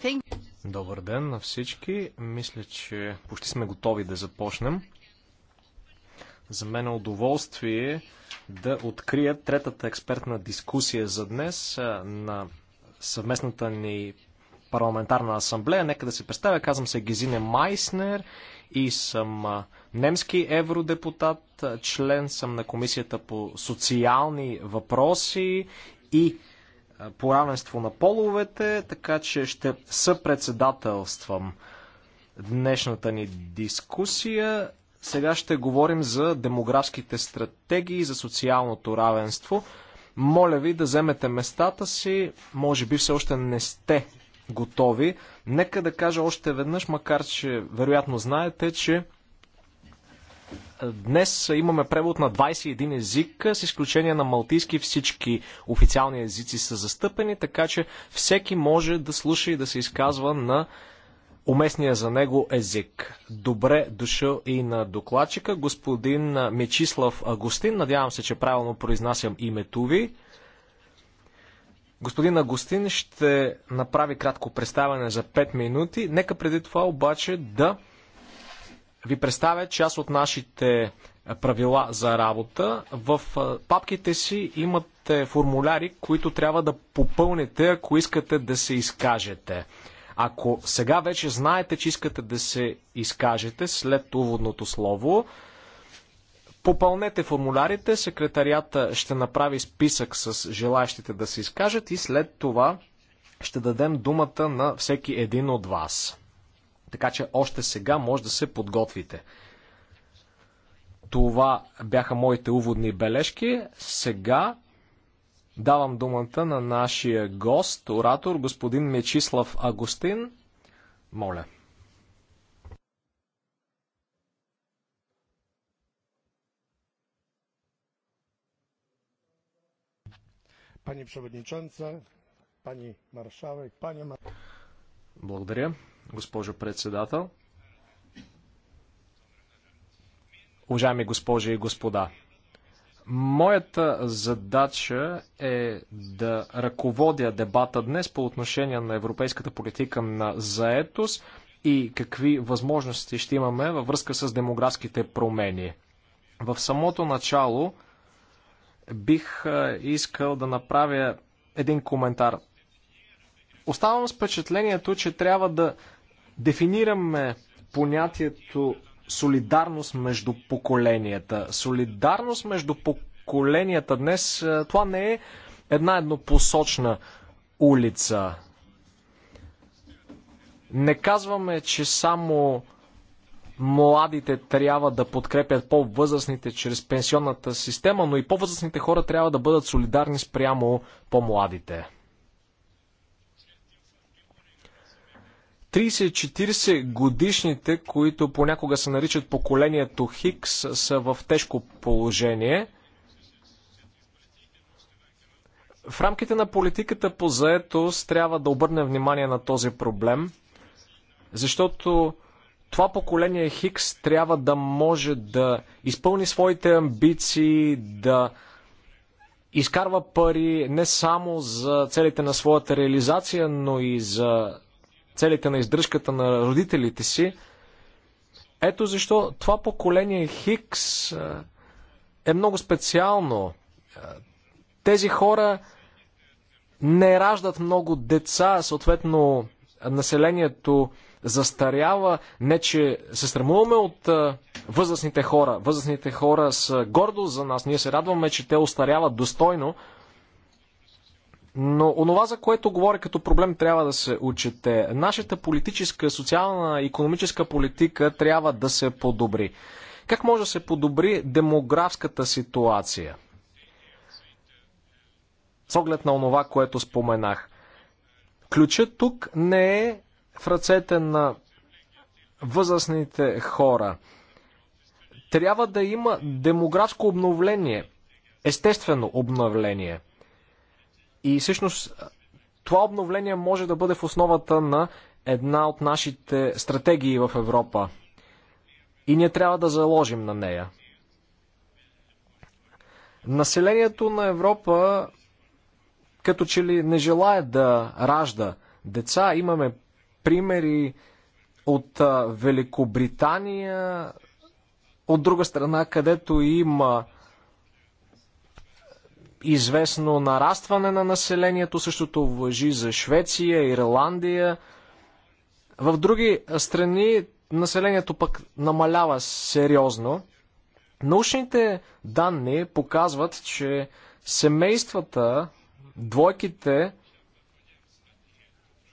Think... Добър ден на всички. Мисля, че почти сме готови да започнем. За мен е удоволствие да открия третата експертна дискусия за днес на съвместната ни парламентарна асамблея. Нека да се представя. Казвам се Гезине Майснер и съм немски евродепутат, член съм на Комисията по социални въпроси и по равенство на половете, така че ще съпредседателствам днешната ни дискусия. Сега ще говорим за демографските стратегии, за социалното равенство. Моля ви да вземете местата си, може би все още не сте готови. Нека да кажа още веднъж, макар че вероятно знаете, че Днес имаме превод на 21 език, с изключение на малтийски всички официални езици са застъпени, така че всеки може да слуша и да се изказва на уместния за него език. Добре дошъл и на докладчика, господин Мечислав Агустин. Надявам се, че правилно произнасям името ви. Господин Агустин ще направи кратко представяне за 5 минути. Нека преди това обаче да ви представя част от нашите е, правила за работа. В е, папките си имате формуляри, които трябва да попълните, ако искате да се изкажете. Ако сега вече знаете, че искате да се изкажете след уводното слово, попълнете формулярите, секретарията ще направи списък с желаящите да се изкажат и след това ще дадем думата на всеки един от вас. Така че още сега може да се подготвите. Това бяха моите уводни бележки. Сега давам думата на нашия гост, оратор, господин Мечислав Агустин. Моля. Пани Пани Маршавек, Пани... Благодаря госпожо председател. Уважаеми госпожи и господа, моята задача е да ръководя дебата днес по отношение на европейската политика на заетост и какви възможности ще имаме във връзка с демографските промени. В самото начало бих искал да направя един коментар. Оставам с впечатлението, че трябва да Дефинираме понятието солидарност между поколенията. Солидарност между поколенията днес, е, това не е една еднопосочна улица. Не казваме, че само младите трябва да подкрепят по-възрастните чрез пенсионната система, но и по-възрастните хора трябва да бъдат солидарни спрямо по-младите. 30-40 годишните, които понякога се наричат поколението Хикс, са в тежко положение. В рамките на политиката по заетост трябва да обърнем внимание на този проблем, защото това поколение Хикс трябва да може да изпълни своите амбиции, да изкарва пари не само за целите на своята реализация, но и за целите на издръжката на родителите си. Ето защо това поколение Хикс е много специално. Тези хора не раждат много деца, съответно населението застарява. Не, че се срамуваме от възрастните хора. Възрастните хора са гордо за нас. Ние се радваме, че те остаряват достойно. Но онова, за което говоря като проблем, трябва да се учите. Нашата политическа, социална, економическа политика трябва да се подобри. Как може да се подобри демографската ситуация? С оглед на онова, което споменах. Ключът тук не е в ръцете на възрастните хора. Трябва да има демографско обновление, естествено обновление – и всъщност това обновление може да бъде в основата на една от нашите стратегии в Европа. И ние трябва да заложим на нея. Населението на Европа като че ли не желая да ражда деца. Имаме примери от Великобритания, от друга страна, където има известно нарастване на населението. Същото въжи за Швеция, Ирландия. В други страни населението пък намалява сериозно. Научните данни показват, че семействата, двойките,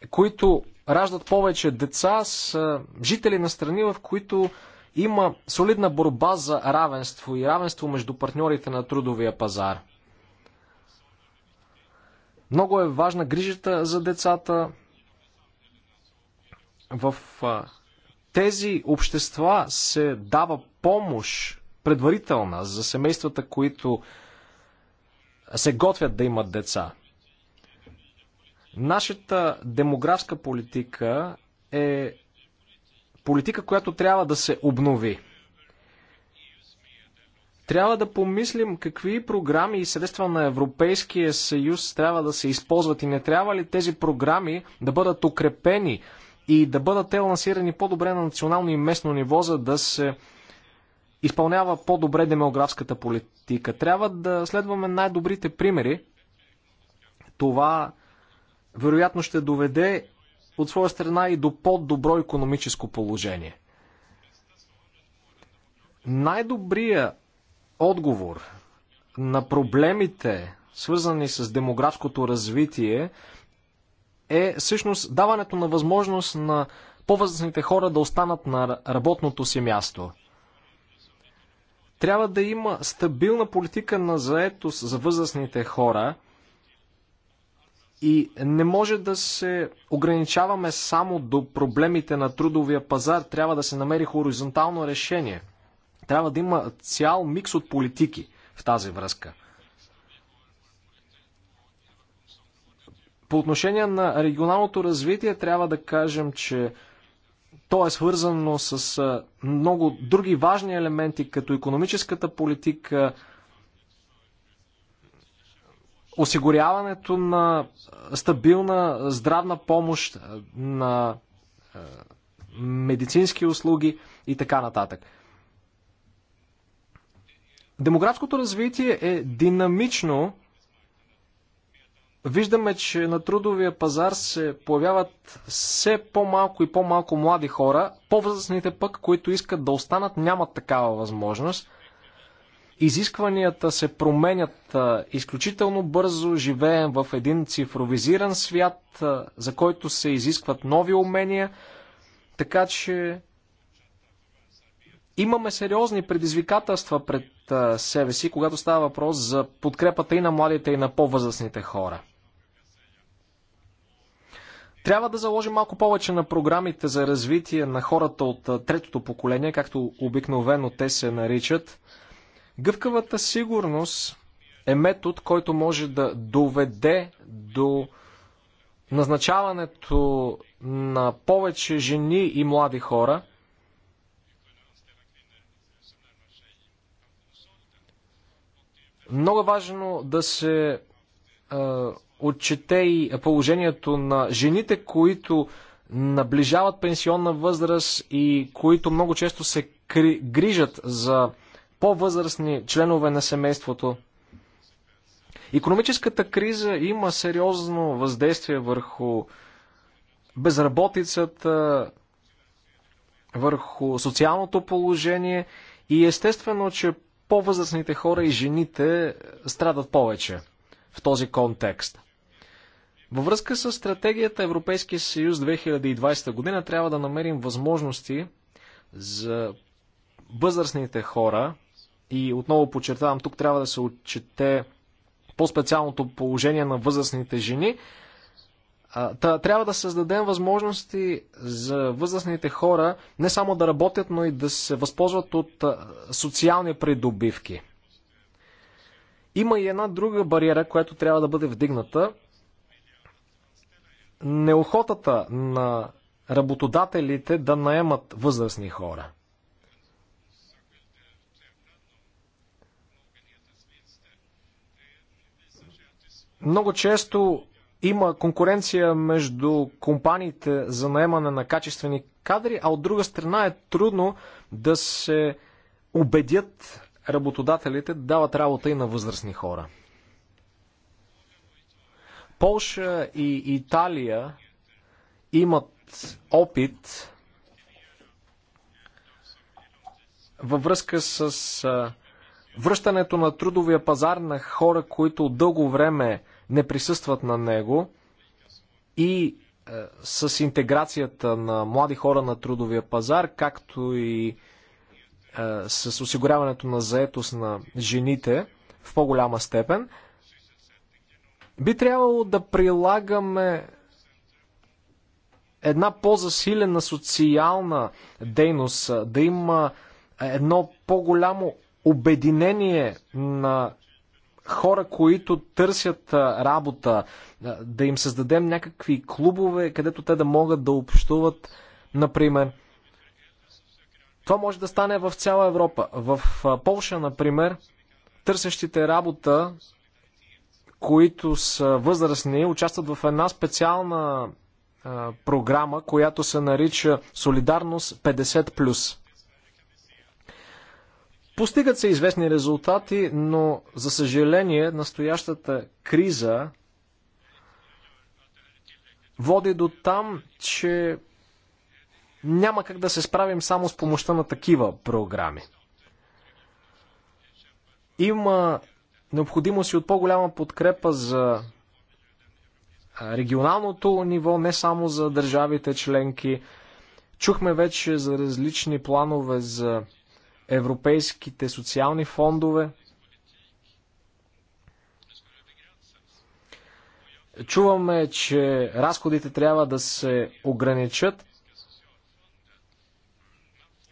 които раждат повече деца, са жители на страни, в които има солидна борба за равенство и равенство между партньорите на трудовия пазар. Много е важна грижата за децата. В тези общества се дава помощ предварителна за семействата, които се готвят да имат деца. Нашата демографска политика е политика, която трябва да се обнови. Трябва да помислим какви програми и средства на Европейския съюз трябва да се използват и не трябва ли тези програми да бъдат укрепени и да бъдат те лансирани по-добре на национално и местно ниво, за да се изпълнява по-добре демографската политика. Трябва да следваме най-добрите примери. Това вероятно ще доведе от своя страна и до по-добро економическо положение. най добрият отговор на проблемите, свързани с демографското развитие, е всъщност даването на възможност на по-възрастните хора да останат на работното си място. Трябва да има стабилна политика на заетост за възрастните хора и не може да се ограничаваме само до проблемите на трудовия пазар, трябва да се намери хоризонтално решение – трябва да има цял микс от политики в тази връзка. По отношение на регионалното развитие трябва да кажем, че то е свързано с много други важни елементи, като економическата политика, осигуряването на стабилна здравна помощ, на медицински услуги и така нататък. Демографското развитие е динамично. Виждаме, че на трудовия пазар се появяват все по-малко и по-малко млади хора. По-възрастните пък, които искат да останат, нямат такава възможност. Изискванията се променят изключително бързо. Живеем в един цифровизиран свят, за който се изискват нови умения. Така че Имаме сериозни предизвикателства пред себе си, когато става въпрос за подкрепата и на младите, и на по-възрастните хора. Трябва да заложим малко повече на програмите за развитие на хората от третото поколение, както обикновено те се наричат. Гъвкавата сигурност е метод, който може да доведе до назначаването на повече жени и млади хора – Много е важно да се а, отчете и положението на жените, които наближават пенсионна възраст и които много често се грижат за по-възрастни членове на семейството. Економическата криза има сериозно въздействие върху безработицата, върху социалното положение и естествено, че по-възрастните хора и жените страдат повече в този контекст. Във връзка с стратегията Европейския съюз 2020 година трябва да намерим възможности за възрастните хора и отново подчертавам, тук трябва да се отчете по-специалното положение на възрастните жени – Та, трябва да създадем възможности за възрастните хора не само да работят, но и да се възползват от социални придобивки. Има и една друга бариера, която трябва да бъде вдигната. Неохотата на работодателите да наемат възрастни хора. Много често има конкуренция между компаниите за наемане на качествени кадри, а от друга страна е трудно да се убедят работодателите да дават работа и на възрастни хора. Полша и Италия имат опит във връзка с връщането на трудовия пазар на хора, които дълго време не присъстват на него и е, с интеграцията на млади хора на трудовия пазар, както и е, с осигуряването на заетост на жените в по-голяма степен, би трябвало да прилагаме една по-засилена социална дейност, е, да има е, едно по-голямо обединение на хора, които търсят работа, да им създадем някакви клубове, където те да могат да общуват, например. Това може да стане в цяла Европа. В Полша, например, търсещите работа, които са възрастни, участват в една специална програма, която се нарича Солидарност 50+. Постигат се известни резултати, но за съжаление настоящата криза води до там, че няма как да се справим само с помощта на такива програми. Има необходимост и от по-голяма подкрепа за регионалното ниво, не само за държавите членки. Чухме вече за различни планове за европейските социални фондове. Чуваме, че разходите трябва да се ограничат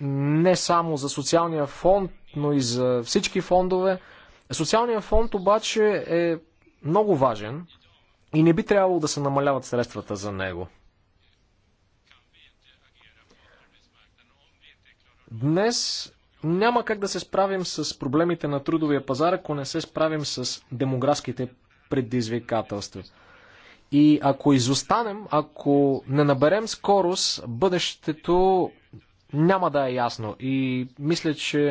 не само за социалния фонд, но и за всички фондове. Социалният фонд обаче е много важен и не би трябвало да се намаляват средствата за него. Днес няма как да се справим с проблемите на трудовия пазар, ако не се справим с демографските предизвикателства. И ако изостанем, ако не наберем скорост, бъдещето няма да е ясно. И мисля, че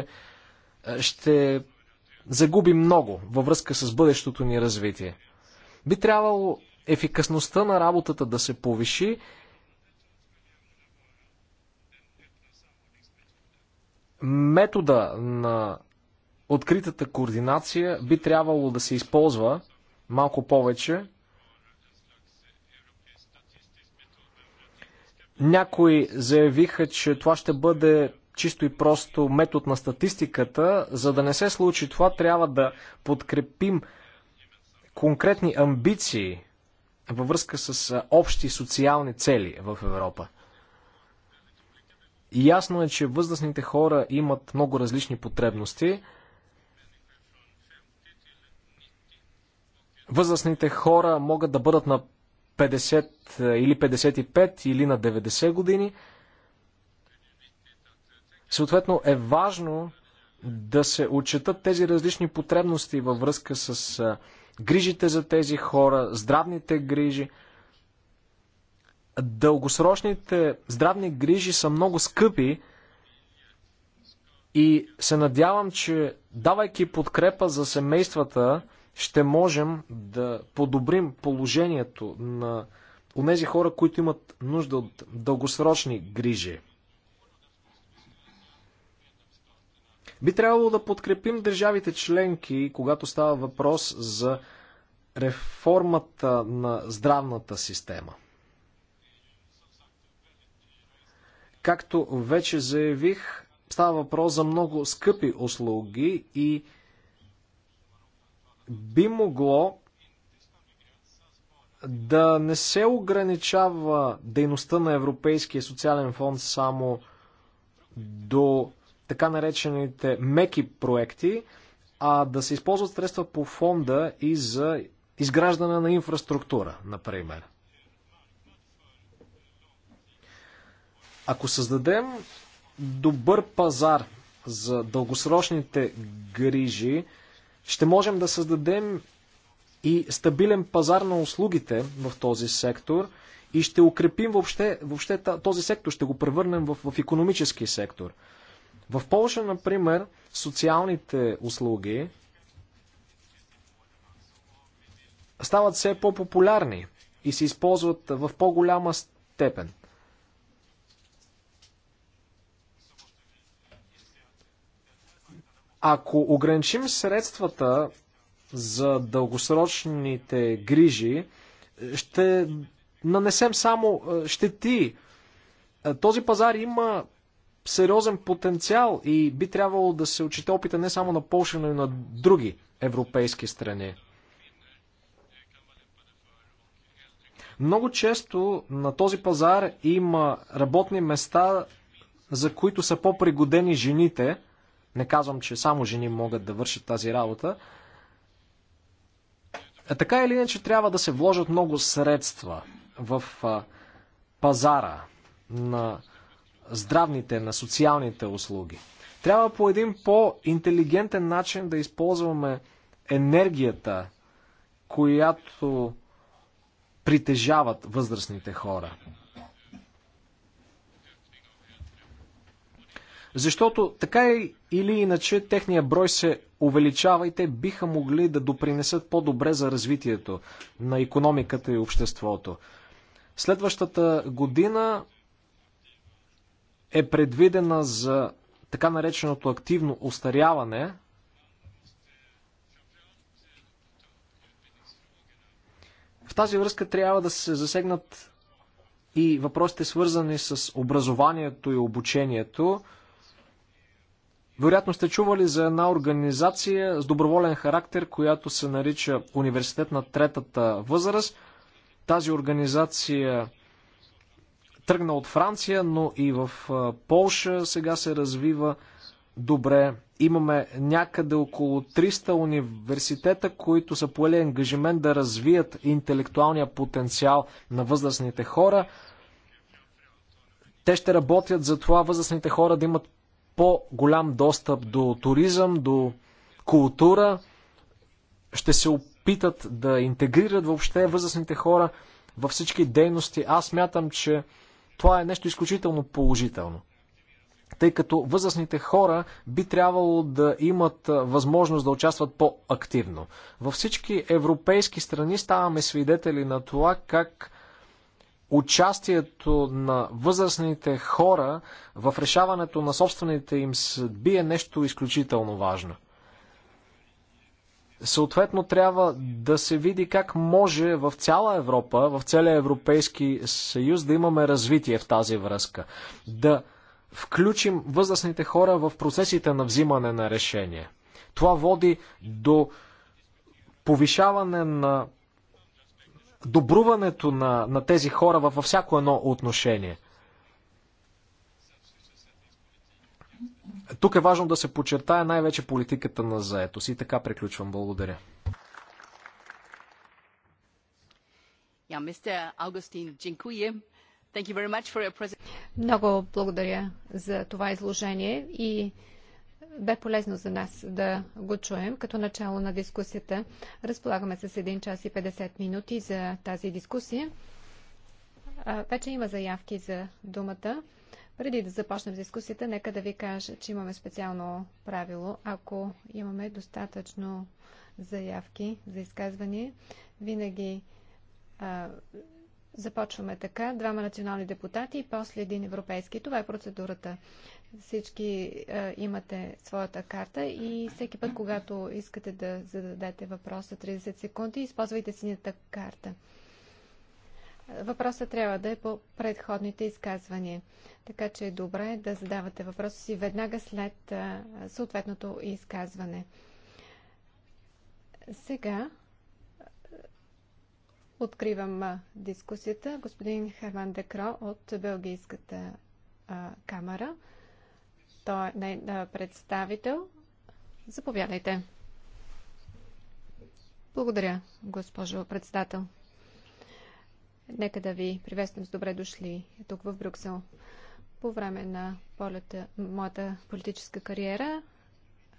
е, ще загуби много във връзка с бъдещото ни развитие. Би трябвало ефикасността на работата да се повиши метода на откритата координация би трябвало да се използва малко повече. Някои заявиха, че това ще бъде чисто и просто метод на статистиката. За да не се случи това, трябва да подкрепим конкретни амбиции във връзка с общи социални цели в Европа. Ясно е, че възрастните хора имат много различни потребности. Възрастните хора могат да бъдат на 50 е, или 55 или на 90 години. Съответно е важно да се отчетат тези различни потребности във връзка с е, грижите за тези хора, здравните грижи дългосрочните здравни грижи са много скъпи и се надявам, че давайки подкрепа за семействата, ще можем да подобрим положението на тези хора, които имат нужда от дългосрочни грижи. Би трябвало да подкрепим държавите членки, когато става въпрос за реформата на здравната система. Както вече заявих, става въпрос за много скъпи услуги и би могло да не се ограничава дейността на Европейския социален фонд само до така наречените меки проекти, а да се използват средства по фонда и за изграждане на инфраструктура, например. Ако създадем добър пазар за дългосрочните грижи, ще можем да създадем и стабилен пазар на услугите в този сектор и ще укрепим въобще, въобще този сектор, ще го превърнем в, в економически сектор. В Польша, например, социалните услуги стават все по-популярни и се използват в по-голяма степен. Ако ограничим средствата за дългосрочните грижи, ще нанесем само е, щети. Е, този пазар има сериозен потенциал и би трябвало да се очите опита не само на Польша, но и на други европейски страни. Много често на този пазар има работни места, за които са по-пригодени жените – не казвам, че само жени могат да вършат тази работа. А така или иначе трябва да се вложат много средства в а, пазара на здравните, на социалните услуги. Трябва по един по-интелигентен начин да използваме енергията, която притежават възрастните хора. Защото така е или иначе техния брой се увеличава и те биха могли да допринесат по-добре за развитието на економиката и обществото. Следващата година е предвидена за така нареченото активно устаряване. В тази връзка трябва да се засегнат и въпросите свързани с образованието и обучението. Вероятно сте чували за една организация с доброволен характер, която се нарича Университет на третата възраст. Тази организация тръгна от Франция, но и в Полша сега се развива добре. Имаме някъде около 300 университета, които са поели ангажимент да развият интелектуалния потенциал на възрастните хора. Те ще работят за това възрастните хора да имат по-голям достъп до туризъм, до култура, ще се опитат да интегрират въобще възрастните хора във всички дейности. Аз мятам, че това е нещо изключително положително. Тъй като възрастните хора би трябвало да имат възможност да участват по-активно. Във всички европейски страни ставаме свидетели на това как участието на възрастните хора в решаването на собствените им съдби е нещо изключително важно. Съответно, трябва да се види как може в цяла Европа, в целия Европейски съюз да имаме развитие в тази връзка. Да включим възрастните хора в процесите на взимане на решения. Това води до повишаване на добруването на, на тези хора във всяко едно отношение. Тук е важно да се подчертае най-вече политиката на заетост. И така приключвам. Благодаря. Много благодаря за това изложение и бе полезно за нас да го чуем като начало на дискусията. Разполагаме с 1 час и 50 минути за тази дискусия. Вече има заявки за думата. Преди да започнем дискусията, нека да ви кажа, че имаме специално правило. Ако имаме достатъчно заявки за изказване, винаги а, започваме така. Двама национални депутати и после един европейски. Това е процедурата. Всички а, е, имате своята карта и всеки път, когато искате да зададете въпроса 30 секунди, използвайте синята карта. Въпросът трябва да е по предходните изказвания. Така че е добре да задавате въпроса си веднага след а, е, съответното изказване. Сега е, откривам дискусията. Господин Харван Декро от Белгийската камера. Той е представител. Заповядайте. Благодаря, госпожо председател. Нека да ви приветствам с добре дошли тук в Брюксел. По време на полета, моята политическа кариера,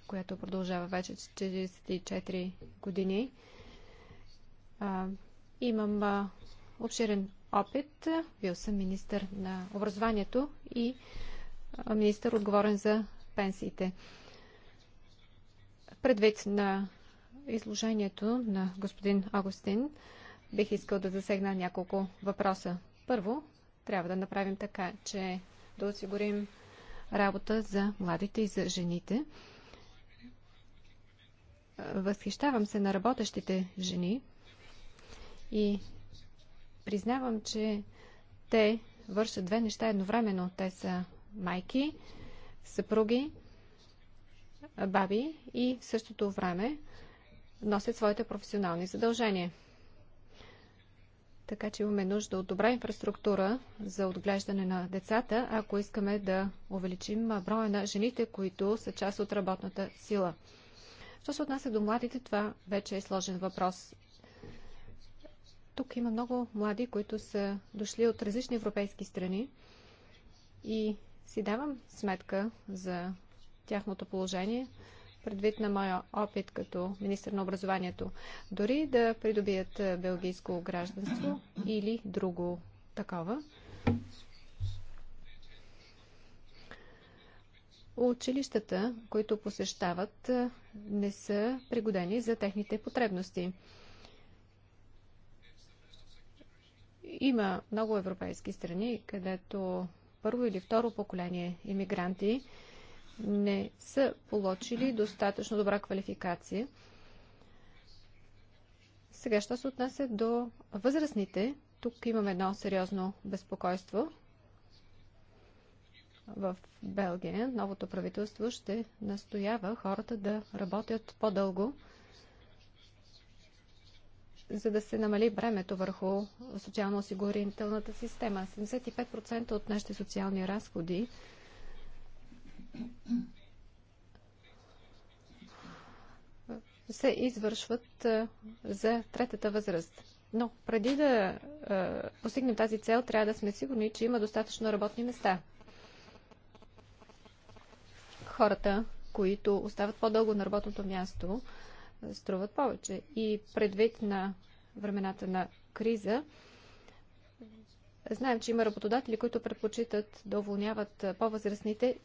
която продължава вече 44 години, а, имам а, обширен опит. Бил съм министър на образованието и министър, отговорен за пенсиите. Предвид на изложението на господин Агустин, бих искал да засегна няколко въпроса. Първо, трябва да направим така, че да осигурим работа за младите и за жените. Възхищавам се на работещите жени и признавам, че те вършат две неща едновременно. Те са майки, съпруги, баби и в същото време носят своите професионални задължения. Така че имаме нужда от добра инфраструктура за отглеждане на децата, ако искаме да увеличим броя на жените, които са част от работната сила. Що се отнася до младите, това вече е сложен въпрос. Тук има много млади, които са дошли от различни европейски страни и си давам сметка за тяхното положение, предвид на моя опит като министр на образованието, дори да придобият белгийско гражданство или друго такова. Училищата, които посещават, не са пригодени за техните потребности. Има много европейски страни, където първо или второ поколение иммигранти не са получили достатъчно добра квалификация. Сега, що се отнася до възрастните, тук имаме едно сериозно безпокойство. В Белгия новото правителство ще настоява хората да работят по-дълго, за да се намали бремето върху социално-осигурителната система. 75% от нашите социални разходи се извършват за третата възраст. Но преди да постигнем тази цел, трябва да сме сигурни, че има достатъчно работни места. Хората, които остават по-дълго на работното място, струват повече. И предвид на времената на криза, знаем, че има работодатели, които предпочитат да уволняват по-възрастните.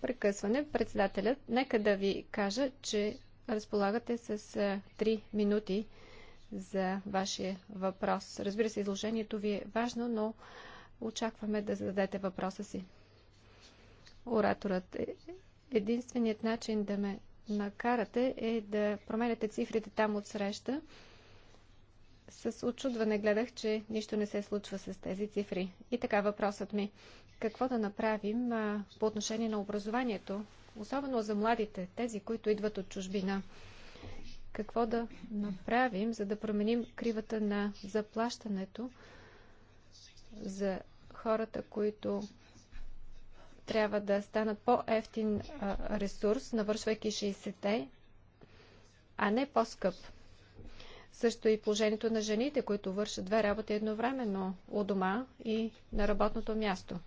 Прекъсване. Председателят, нека да ви кажа, че разполагате с 3 е, минути за вашия въпрос. Разбира се, изложението ви е важно, но очакваме да зададете въпроса си. Ораторът е единственият начин да ме накарате е да променяте цифрите там от среща. С очудване гледах, че нищо не се случва с тези цифри. И така въпросът ми. Какво да направим а, по отношение на образованието, особено за младите, тези, които идват от чужбина? Какво да направим, за да променим кривата на заплащането за хората, които трябва да станат по-ефтин ресурс, навършвайки 60-те, а не по-скъп. Също и положението на жените, които вършат две работи едновременно у дома и на работното място.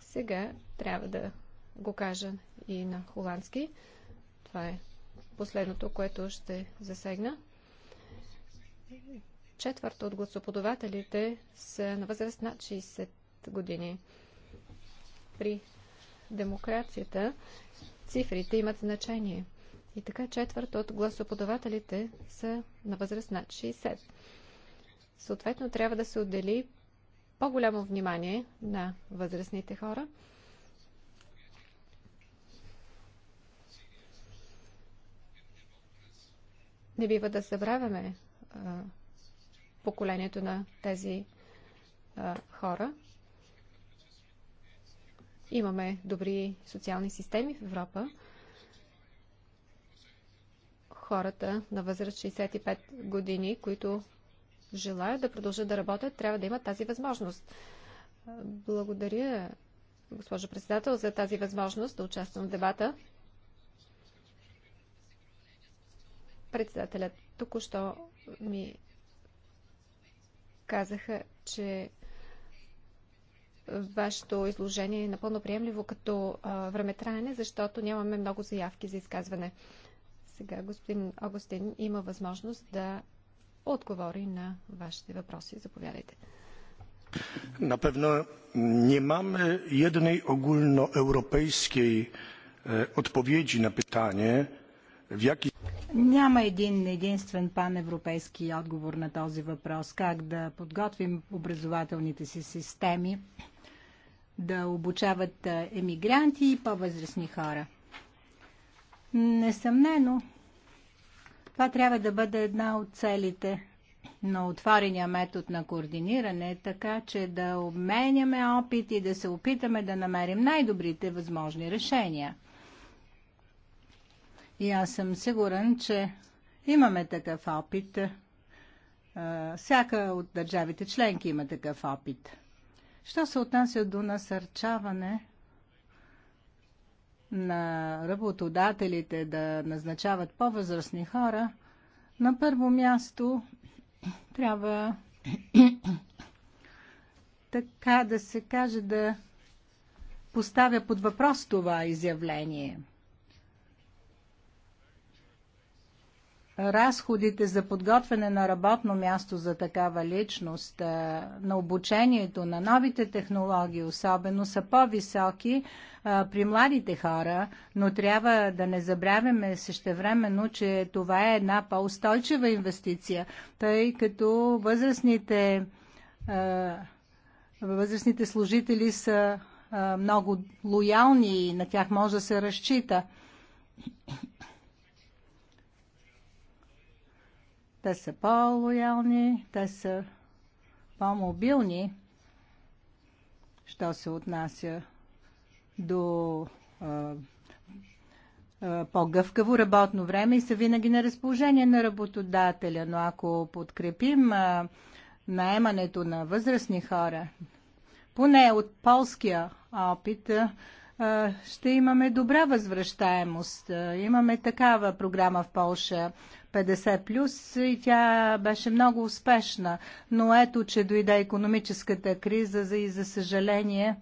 Сега трябва да го кажа и на холандски. Това е последното, което ще засегна. Четвърто от гласоподавателите са на възраст над 60 години при демокрацията цифрите имат значение. И така четвърт от гласоподавателите са на възраст над 60. Съответно, трябва да се отдели по-голямо внимание на възрастните хора. Не бива да забравяме а, поколението на тези а, хора – Имаме добри социални системи в Европа. Хората на възраст 65 години, които желаят да продължат да работят, трябва да имат тази възможност. Благодаря, госпожо председател, за тази възможност да участвам в дебата. Председателят току-що ми казаха, че Вашето изложение е напълно приемливо като времетраене, защото нямаме много заявки за изказване. Сега господин Огостин има възможност да отговори на вашите въпроси. Заповядайте. Na pewno nie mamy jednej ogólnoeuropejskiej odpowiedzi na pytanie, w няма един единствен паневропейски отговор на този въпрос. Как да подготвим образователните си системи да обучават емигранти и по-възрастни хора. Несъмнено, това трябва да бъде една от целите на отворения метод на координиране, така че да обменяме опит и да се опитаме да намерим най-добрите възможни решения. И аз съм сигурен, че имаме такъв опит. Всяка от държавите членки има такъв опит. Що се отнася до насърчаване на работодателите да назначават по-възрастни хора, на първо място трябва така да се каже да поставя под въпрос това изявление – разходите за подготвяне на работно място за такава личност, на обучението, на новите технологии особено са по-високи при младите хора, но трябва да не забравяме същевременно, че това е една по-устойчива инвестиция, тъй като възрастните, възрастните служители са много лоялни и на тях може да се разчита. Те са по-лоялни, те са по-мобилни, що се отнася до по-гъвкаво работно време и са винаги на разположение на работодателя. Но ако подкрепим а, наемането на възрастни хора, поне от полския опит, а, ще имаме добра възвръщаемост. Имаме такава програма в Полша 50+, плюс и тя беше много успешна. Но ето, че дойде економическата криза и за съжаление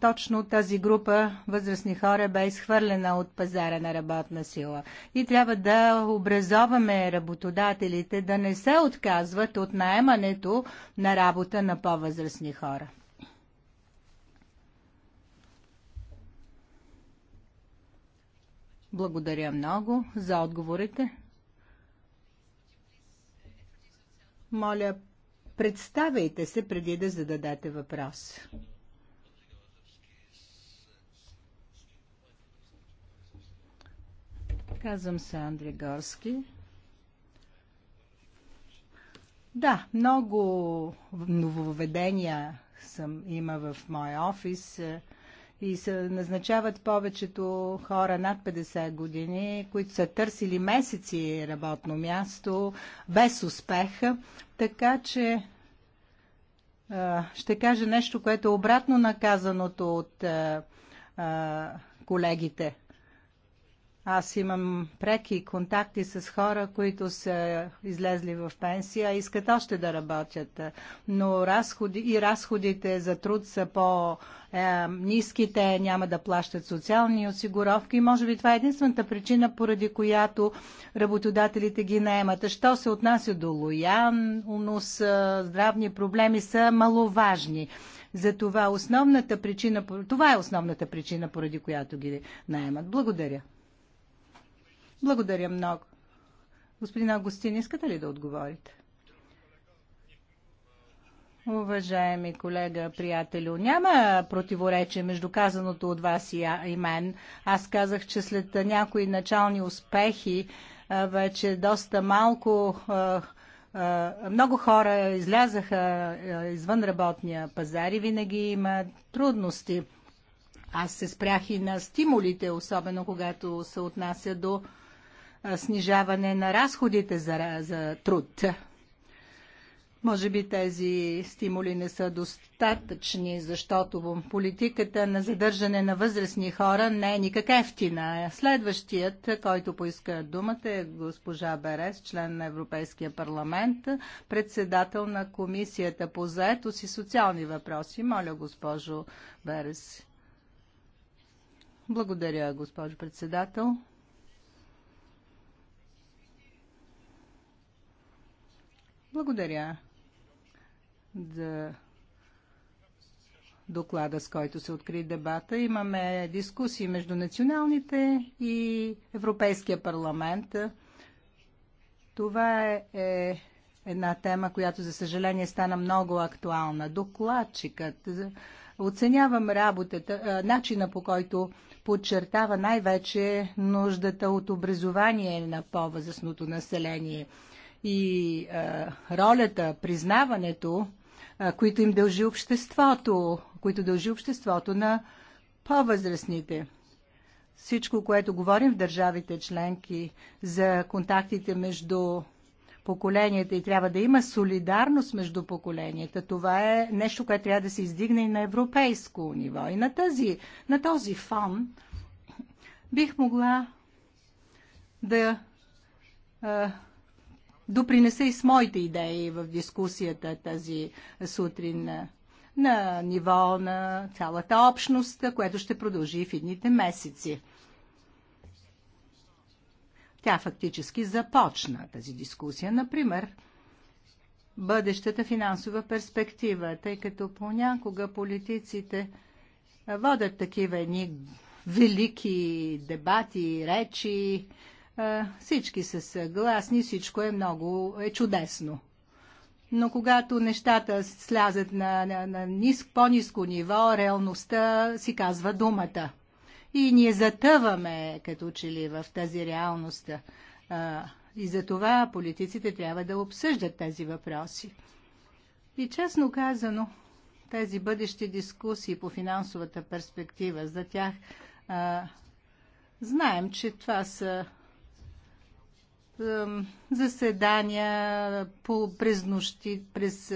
точно тази група възрастни хора бе изхвърлена от пазара на работна сила. И трябва да образоваме работодателите да не се отказват от наемането на работа на по-възрастни хора. Благодаря много за отговорите. Моля, представяйте се преди да зададете въпрос. Казвам се Андре Горски. Да, много нововведения съм има в моя офис и се назначават повечето хора над 50 години, които са търсили месеци работно място без успех. Така че ще кажа нещо, което е обратно наказаното от колегите. Аз имам преки контакти с хора, които са излезли в пенсия, искат още да работят, но разходи, и разходите за труд са по-низките, е, няма да плащат социални осигуровки. Може би това е единствената причина, поради която работодателите ги наемат. А що се отнася до лоялност, е, здравни проблеми са маловажни. Затова основната причина, това е основната причина, поради която ги наемат. Благодаря. Благодаря много. Господин Августин, искате ли да отговорите? Уважаеми колега, приятелю, няма противоречие между казаното от вас и, и мен. Аз казах, че след някои начални успехи вече доста малко, много хора излязаха извън работния пазар и винаги има трудности. Аз се спрях и на стимулите, особено когато се отнася до снижаване на разходите за, за труд. Може би тези стимули не са достатъчни, защото политиката на задържане на възрастни хора не е никак ефтина. Следващият, който поиска думата е госпожа Берес, член на Европейския парламент, председател на Комисията по заетост и социални въпроси. Моля, госпожо Берес. Благодаря, госпожо председател. Благодаря за доклада, с който се откри дебата. Имаме дискусии между националните и Европейския парламент. Това е, една тема, която за съжаление стана много актуална. Докладчикът. Оценявам работата, начина по който подчертава най-вече нуждата от образование на по-възрастното население – и ролята, признаването, които им дължи обществото, които дължи обществото на по-възрастните. Всичко, което говорим в държавите членки за контактите между поколенията и трябва да има солидарност между поколенията. Това е нещо, което трябва да се издигне и на европейско ниво. И на, тази, на този фон бих могла да а, допринеса и с моите идеи в дискусията тази сутрин на ниво на цялата общност, което ще продължи в едните месеци. Тя фактически започна тази дискусия. Например, бъдещата финансова перспектива, тъй като понякога политиците водят такива едни велики дебати, речи, всички са съгласни, всичко е много е чудесно. Но когато нещата слязат на, на, на ниск, по-низко ниво, реалността си казва думата. И ние затъваме, като че ли, в тази реалност. И за това политиците трябва да обсъждат тези въпроси. И честно казано, тези бъдещи дискусии по финансовата перспектива, за тях а, знаем, че това са заседания по, през нощи, през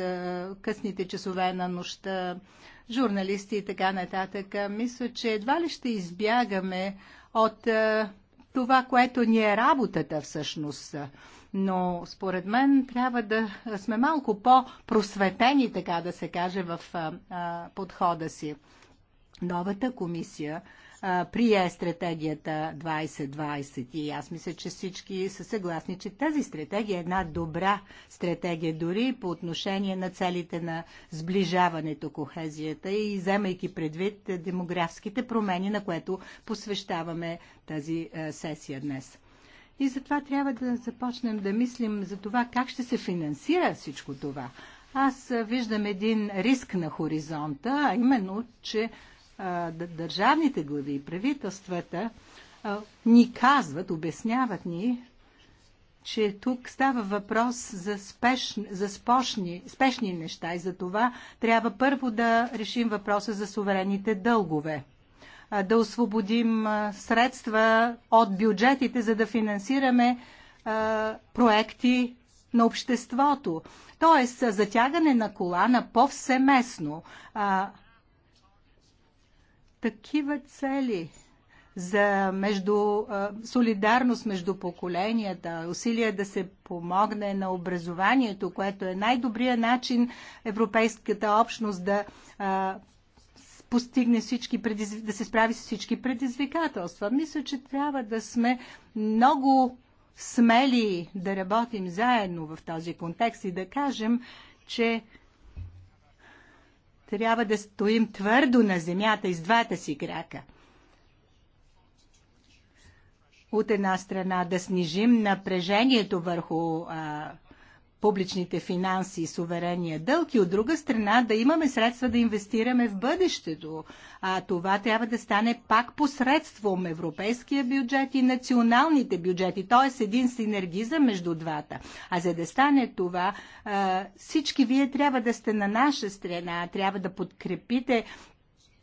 късните часове на нощта, журналисти и така нататък. Мисля, че едва ли ще избягаме от това, което ни е работата всъщност. Но според мен трябва да сме малко по-просветени, така да се каже, в подхода си. Новата комисия прие стратегията 2020 и аз мисля, че всички са съгласни, че тази стратегия е една добра стратегия, дори по отношение на целите на сближаването, кохезията и вземайки предвид демографските промени, на което посвещаваме тази сесия днес. И затова трябва да започнем да мислим за това как ще се финансира всичко това. Аз виждам един риск на хоризонта, а именно, че държавните глави и правителствата ни казват, обясняват ни, че тук става въпрос за, спеш, за спошни, спешни неща и за това трябва първо да решим въпроса за суверените дългове. Да освободим средства от бюджетите, за да финансираме проекти на обществото. Тоест, затягане на колана повсеместно такива цели за между, солидарност между поколенията, усилия да се помогне на образованието, което е най-добрият начин Европейската общност да а, постигне всички предизв... да се справи с всички предизвикателства. Мисля, че трябва да сме много смели да работим заедно в този контекст и да кажем, че трябва да стоим твърдо на земята и с двата си крака. От една страна да снижим напрежението върху а, публичните финанси и суверения дълг и от друга страна да имаме средства да инвестираме в бъдещето. А това трябва да стане пак посредством европейския бюджет и националните бюджети, т.е. един синергизъм между двата. А за да стане това, всички вие трябва да сте на наша страна, трябва да подкрепите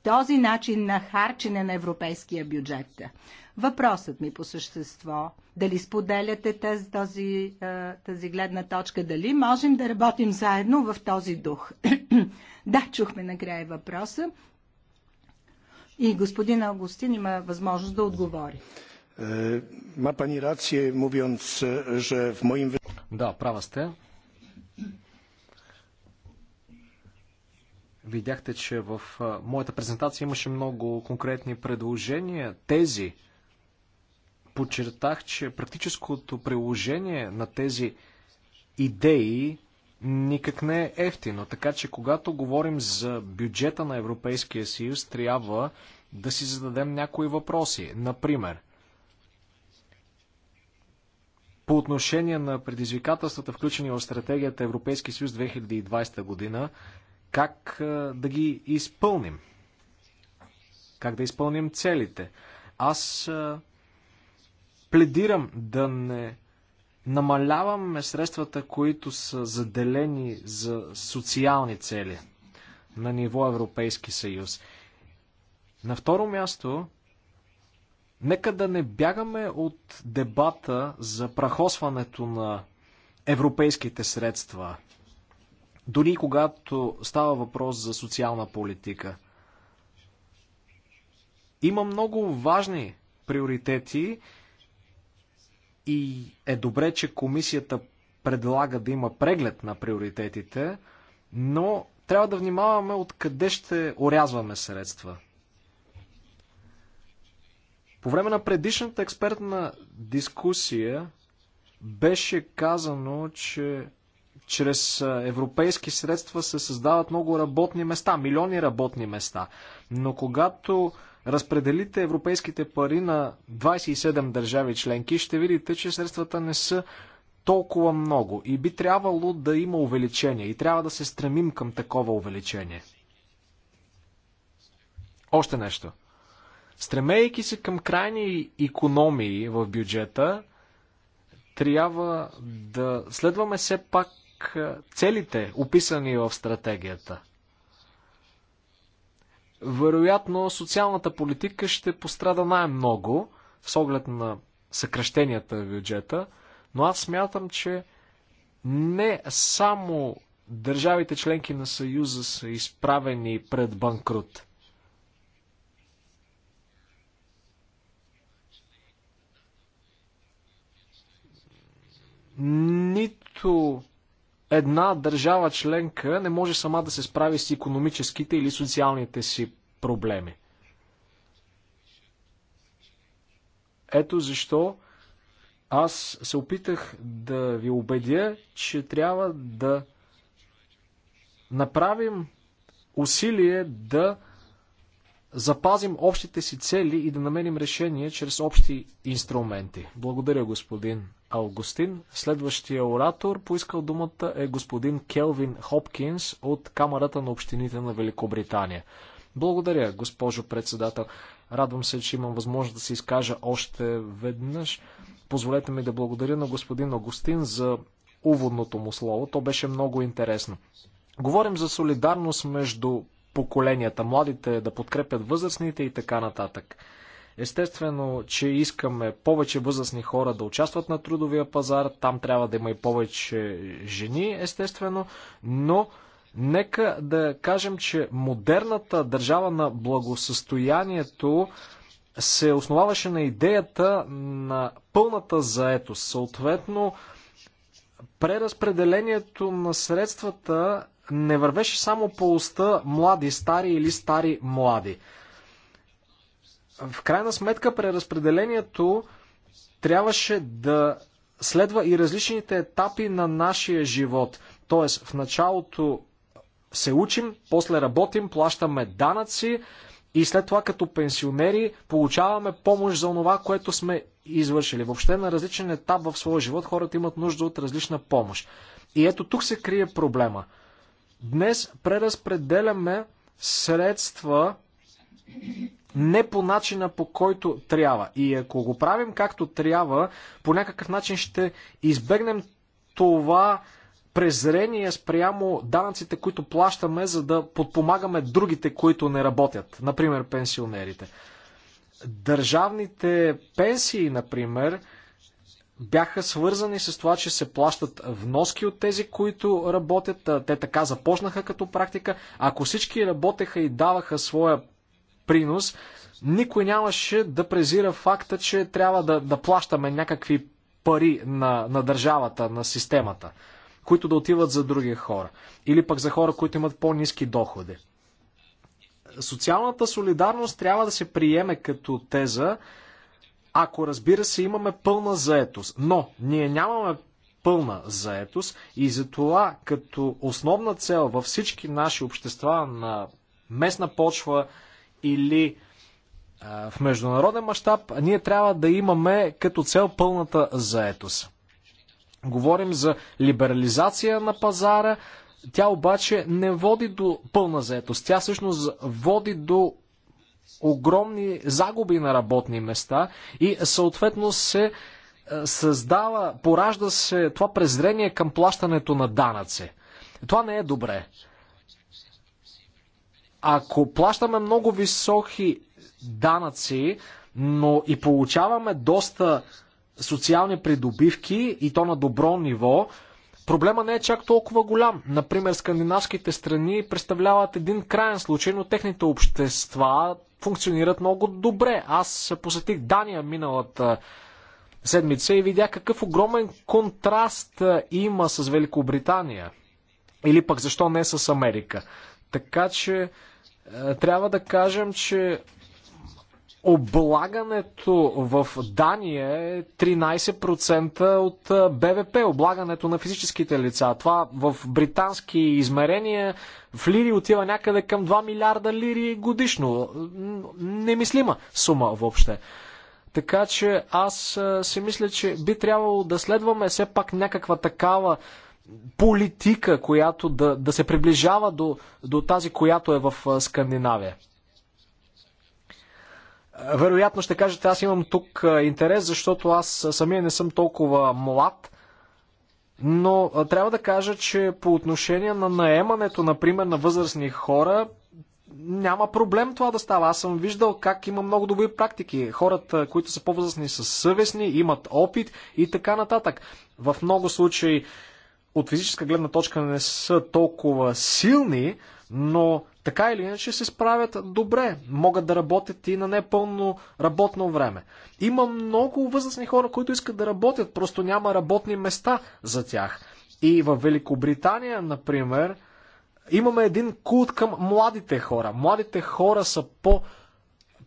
този начин на харчене на европейския бюджет. Въпросът ми по същество, дали споделяте тази, тази, е, тази гледна точка, дали можем да работим заедно в този дух? да, чухме накрая въпроса. И господин Августин има възможност да отговори. Е, ма пани рация, mówiąc, że в моим... Да, права сте. Видяхте, че в е, моята презентация имаше много конкретни предложения, тези, подчертах, че практическото приложение на тези идеи никак не е ефтино. Така че, когато говорим за бюджета на Европейския съюз, трябва да си зададем някои въпроси. Например, по отношение на предизвикателствата, включени в стратегията Европейски съюз 2020 година, как да ги изпълним? Как да изпълним целите? Аз пледирам да не намаляваме средствата, които са заделени за социални цели на ниво Европейски съюз. На второ място, нека да не бягаме от дебата за прахосването на европейските средства, дори когато става въпрос за социална политика. Има много важни приоритети, и е добре, че комисията предлага да има преглед на приоритетите, но трябва да внимаваме откъде ще орязваме средства. По време на предишната експертна дискусия беше казано, че чрез европейски средства се създават много работни места, милиони работни места. Но когато разпределите европейските пари на 27 държави членки, ще видите, че средствата не са толкова много и би трябвало да има увеличение и трябва да се стремим към такова увеличение. Още нещо. Стремейки се към крайни економии в бюджета, трябва да следваме все пак целите, описани в стратегията вероятно социалната политика ще пострада най-много с оглед на съкръщенията в бюджета, но аз смятам, че не само държавите членки на Съюза са изправени пред банкрут. Нито една държава членка не може сама да се справи с економическите или социалните си проблеми. Ето защо аз се опитах да ви убедя, че трябва да направим усилие да запазим общите си цели и да намерим решение чрез общи инструменти. Благодаря, господин Аугустин. Следващия оратор поискал думата е господин Келвин Хопкинс от Камерата на общините на Великобритания. Благодаря, госпожо председател. Радвам се, че имам възможност да се изкажа още веднъж. Позволете ми да благодаря на господин Агустин за уводното му слово. То беше много интересно. Говорим за солидарност между поколенията, младите да подкрепят възрастните и така нататък. Естествено, че искаме повече възрастни хора да участват на трудовия пазар, там трябва да има и повече жени, естествено, но нека да кажем, че модерната държава на благосъстоянието се основаваше на идеята на пълната заетост. Съответно, преразпределението на средствата не вървеше само по уста млади, стари или стари, млади. В крайна сметка преразпределението трябваше да следва и различните етапи на нашия живот. Тоест, в началото се учим, после работим, плащаме данъци и след това като пенсионери получаваме помощ за това, което сме извършили. Въобще на различен етап в своя живот хората имат нужда от различна помощ. И ето тук се крие проблема. Днес преразпределяме средства не по начина по който трябва. И ако го правим както трябва, по някакъв начин ще избегнем това презрение спрямо данъците, които плащаме, за да подпомагаме другите, които не работят, например пенсионерите. Държавните пенсии, например, бяха свързани с това, че се плащат вноски от тези, които работят. Те така започнаха като практика. Ако всички работеха и даваха своя принос, никой нямаше да презира факта, че трябва да, да плащаме някакви пари на, на държавата, на системата, които да отиват за други хора. Или пък за хора, които имат по-низки доходи. Социалната солидарност трябва да се приеме като теза, ако разбира се имаме пълна заетост. Но ние нямаме пълна заетост и затова като основна цел във всички наши общества на местна почва, или в международен мащаб, ние трябва да имаме като цел пълната заетост. Говорим за либерализация на пазара, тя обаче не води до пълна заетост. Тя всъщност води до огромни загуби на работни места и съответно се създава, поражда се това презрение към плащането на данъци. Това не е добре. Ако плащаме много високи данъци, но и получаваме доста социални придобивки и то на добро ниво, проблема не е чак толкова голям. Например, скандинавските страни представляват един крайен случай, но техните общества функционират много добре. Аз посетих Дания миналата седмица и видях какъв огромен контраст има с Великобритания. Или пък защо не с Америка. Така че е, трябва да кажем, че облагането в Дания е 13% от е, БВП, облагането на физическите лица. Това в британски измерения в лири отива някъде към 2 милиарда лири годишно. Немислима сума въобще. Така че аз е, си мисля, че би трябвало да следваме все пак някаква такава политика, която да, да се приближава до, до тази, която е в Скандинавия. Вероятно ще кажете, аз имам тук интерес, защото аз самия не съм толкова млад, но трябва да кажа, че по отношение на наемането, например, на възрастни хора, няма проблем това да става. Аз съм виждал как има много добри практики. Хората, които са по-възрастни, са съвестни, имат опит и така нататък. В много случаи от физическа гледна точка не са толкова силни, но така или иначе се справят добре. Могат да работят и на непълно работно време. Има много възрастни хора, които искат да работят, просто няма работни места за тях. И в Великобритания, например, имаме един култ към младите хора. Младите хора са по-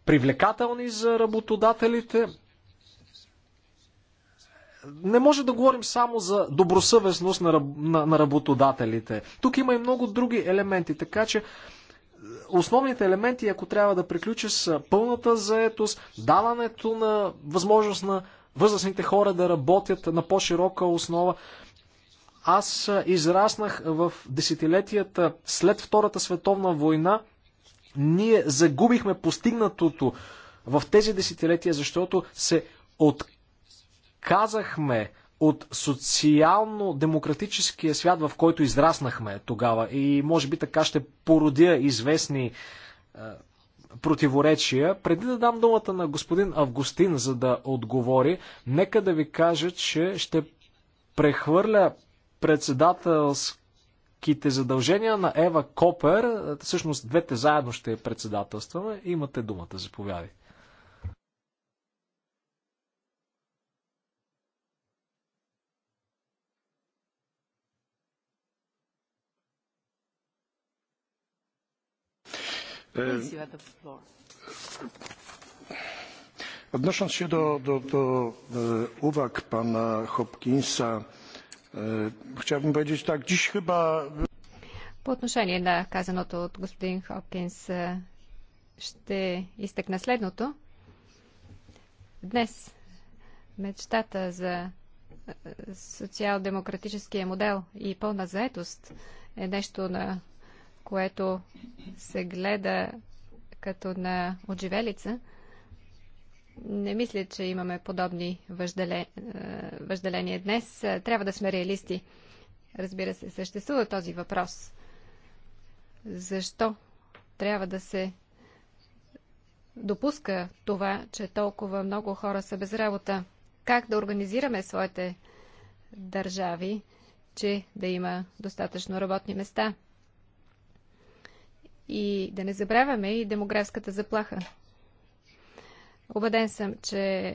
привлекателни за работодателите, не може да говорим само за добросъвестност на, на, на работодателите. Тук има и много други елементи, така че е, основните елементи, ако трябва да приключа, са пълната заетост, даването на възможност на възрастните хора да работят на по-широка основа. Аз е, израснах в десетилетията след Втората световна война. Ние загубихме постигнатото в тези десетилетия, защото се от Казахме от социално-демократическия свят, в който израснахме тогава. И може би така ще породя известни е, противоречия. Преди да дам думата на господин Августин, за да отговори, нека да ви кажа, че ще прехвърля председателските задължения на Ева Копер. Всъщност двете заедно ще председателстваме. Имате думата, заповядайте. Odnosząc się do, e, uwag pana Hopkinsa, e, chciałbym powiedzieć tak, dziś chyba... По отношение на казаното от господин Хопкинс ще изтъкна следното. Днес мечтата за социал-демократическия модел и пълна заетост е нещо, на което се гледа като на отживелица, не мисля, че имаме подобни въжделе, е, въжделения днес. Е, трябва да сме реалисти. Разбира се, съществува този въпрос. Защо трябва да се допуска това, че толкова много хора са без работа? Как да организираме своите държави, че да има достатъчно работни места? И да не забравяме и демографската заплаха. Обеден съм, че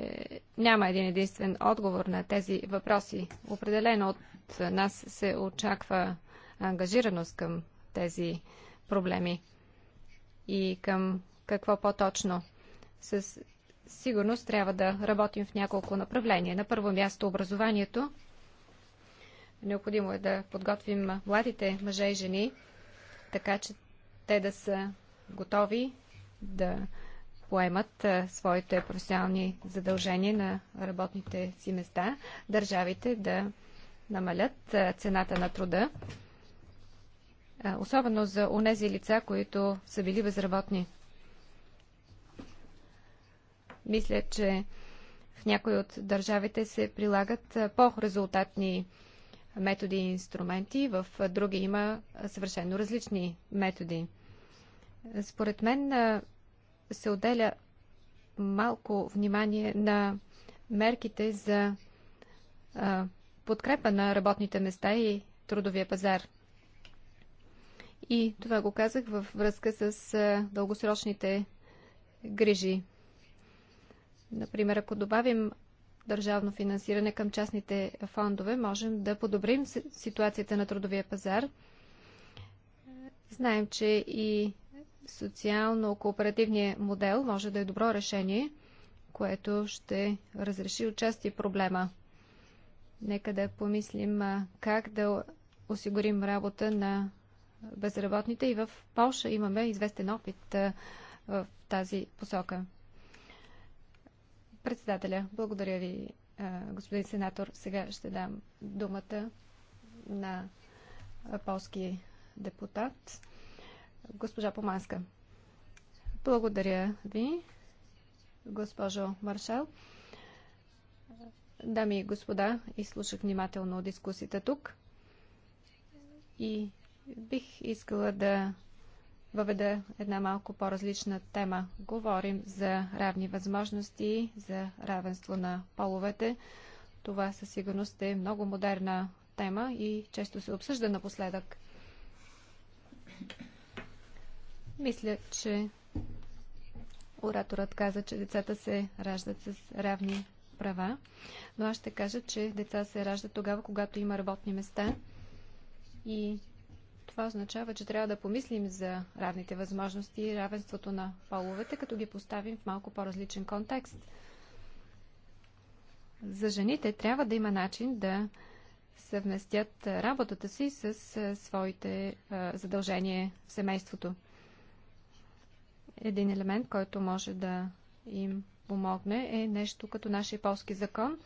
няма един единствен отговор на тези въпроси. Определено от нас се очаква ангажираност към тези проблеми и към какво по-точно. С сигурност трябва да работим в няколко направления. На първо място образованието. Необходимо е да подготвим младите мъже и жени, така че те да са готови да поемат своите професионални задължения на работните си места, държавите да намалят цената на труда, особено за онези лица, които са били безработни. Мисля, че в някои от държавите се прилагат по-резултатни методи и инструменти, в други има съвършено различни методи. Според мен се отделя малко внимание на мерките за подкрепа на работните места и трудовия пазар. И това го казах във връзка с дългосрочните грижи. Например, ако добавим държавно финансиране към частните фондове, можем да подобрим ситуацията на трудовия пазар. Знаем, че и социално кооперативния модел може да е добро решение, което ще разреши отчасти проблема. Нека да помислим как да осигурим работа на безработните и в Польша имаме известен опит в тази посока. Председателя, благодаря ви, господин сенатор. Сега ще дам думата на полски депутат. Госпожа Поманска. Благодаря ви, госпожо Маршал. Дами и господа, изслушах внимателно дискусията тук и бих искала да въведа една малко по-различна тема. Говорим за равни възможности, за равенство на половете. Това със сигурност е много модерна тема и често се обсъжда напоследък. Мисля, че ораторът каза, че децата се раждат с равни права, но аз ще кажа, че деца се раждат тогава, когато има работни места и това означава, че трябва да помислим за равните възможности и равенството на половете, като ги поставим в малко по-различен контекст. За жените трябва да има начин да съвместят работата си с своите задължения в семейството. Един елемент, който може да им помогне е нещо като нашия полски закон,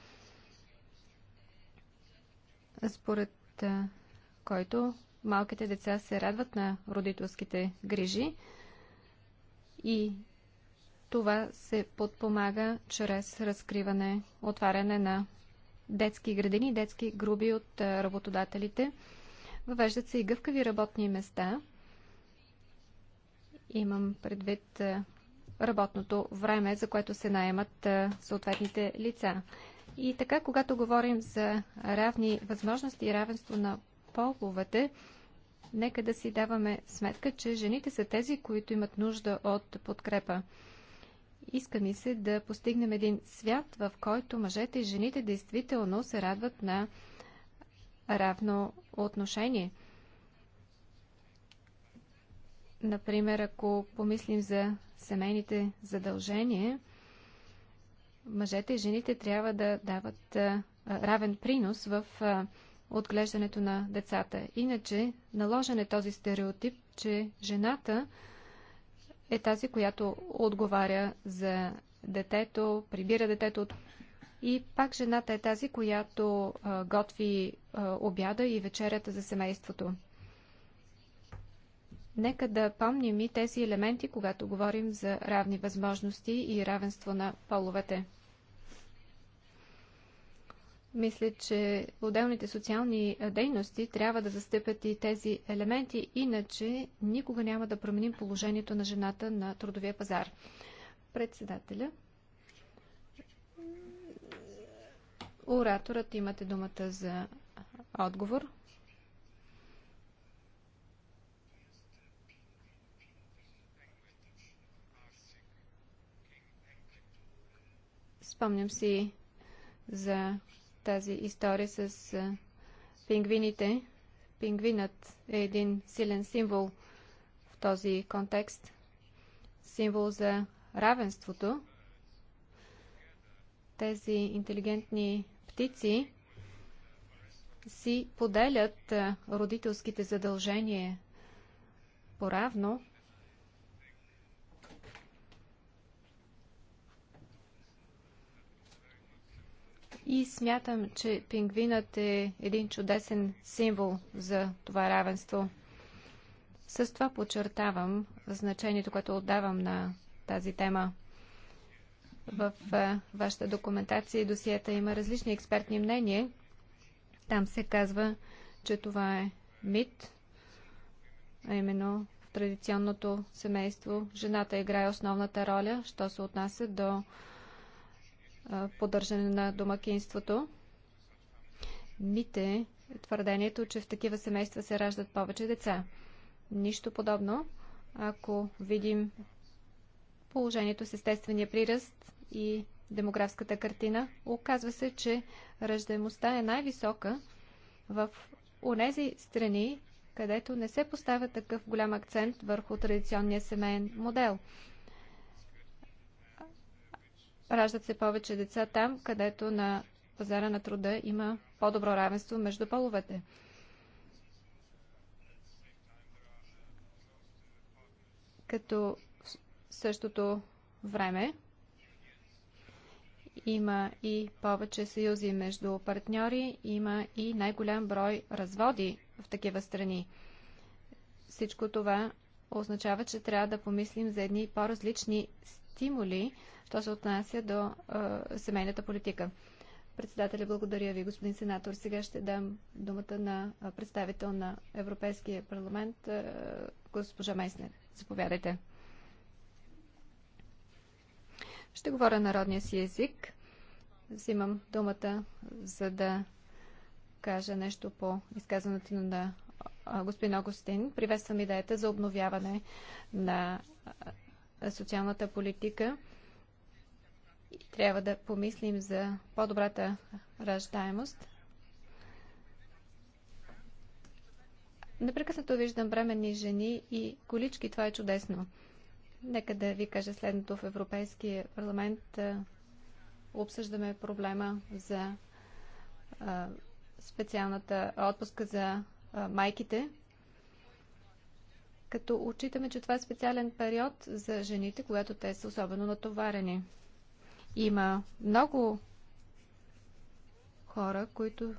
според който малките деца се радват на родителските грижи и това се подпомага чрез разкриване, отваряне на детски градини, детски груби от работодателите. Въвеждат се и гъвкави работни места – Имам предвид е, работното време, за което се наемат е, съответните лица. И така, когато говорим за равни възможности и равенство на половете, нека да си даваме сметка, че жените са тези, които имат нужда от подкрепа. Иска ми се да постигнем един свят, в който мъжете и жените действително се радват на равно отношение – Например, ако помислим за семейните задължения, мъжете и жените трябва да дават равен принос в отглеждането на децата. Иначе наложен е този стереотип, че жената е тази, която отговаря за детето, прибира детето от... И пак жената е тази, която готви обяда и вечерята за семейството. Нека да помним и тези елементи, когато говорим за равни възможности и равенство на половете. Мисля, че отделните социални дейности трябва да застъпят и тези елементи, иначе никога няма да променим положението на жената на трудовия пазар. Председателя. Ораторът имате думата за отговор. Спомням си за тази история с пингвините. Пингвинът е един силен символ в този контекст. Символ за равенството. Тези интелигентни птици си поделят родителските задължения поравно И смятам, че пингвинът е един чудесен символ за това равенство. С това подчертавам значението, което отдавам на тази тема. В вашата документация и досиета има различни експертни мнения. Там се казва, че това е мит, а именно в традиционното семейство жената играе основната роля, що се отнася до поддържане на домакинството. Мите твърдението, че в такива семейства се раждат повече деца. Нищо подобно, ако видим положението с естествения приръст и демографската картина, оказва се, че ръждаемостта е най-висока в онези страни, където не се поставя такъв голям акцент върху традиционния семейен модел. Раждат се повече деца там, където на пазара на труда има по-добро равенство между половете. Като в същото време има и повече съюзи между партньори, има и най-голям брой разводи в такива страни. Всичко това означава, че трябва да помислим за едни по-различни стимули, що се отнася до а, семейната политика. Председателя, благодаря ви, господин сенатор. Сега ще дам думата на представител на Европейския парламент, госпожа Меснер. Заповядайте. Ще говоря народния си език. Взимам думата, за да кажа нещо по изказването на господин Огостин. Приветствам идеята за обновяване на социалната политика. и Трябва да помислим за по-добрата раждаемост. Непрекъснато виждам бременни жени и колички. Това е чудесно. Нека да ви кажа следното. В Европейския парламент обсъждаме проблема за специалната отпуска за майките като отчитаме, че това е специален период за жените, когато те са особено натоварени. Има много хора, които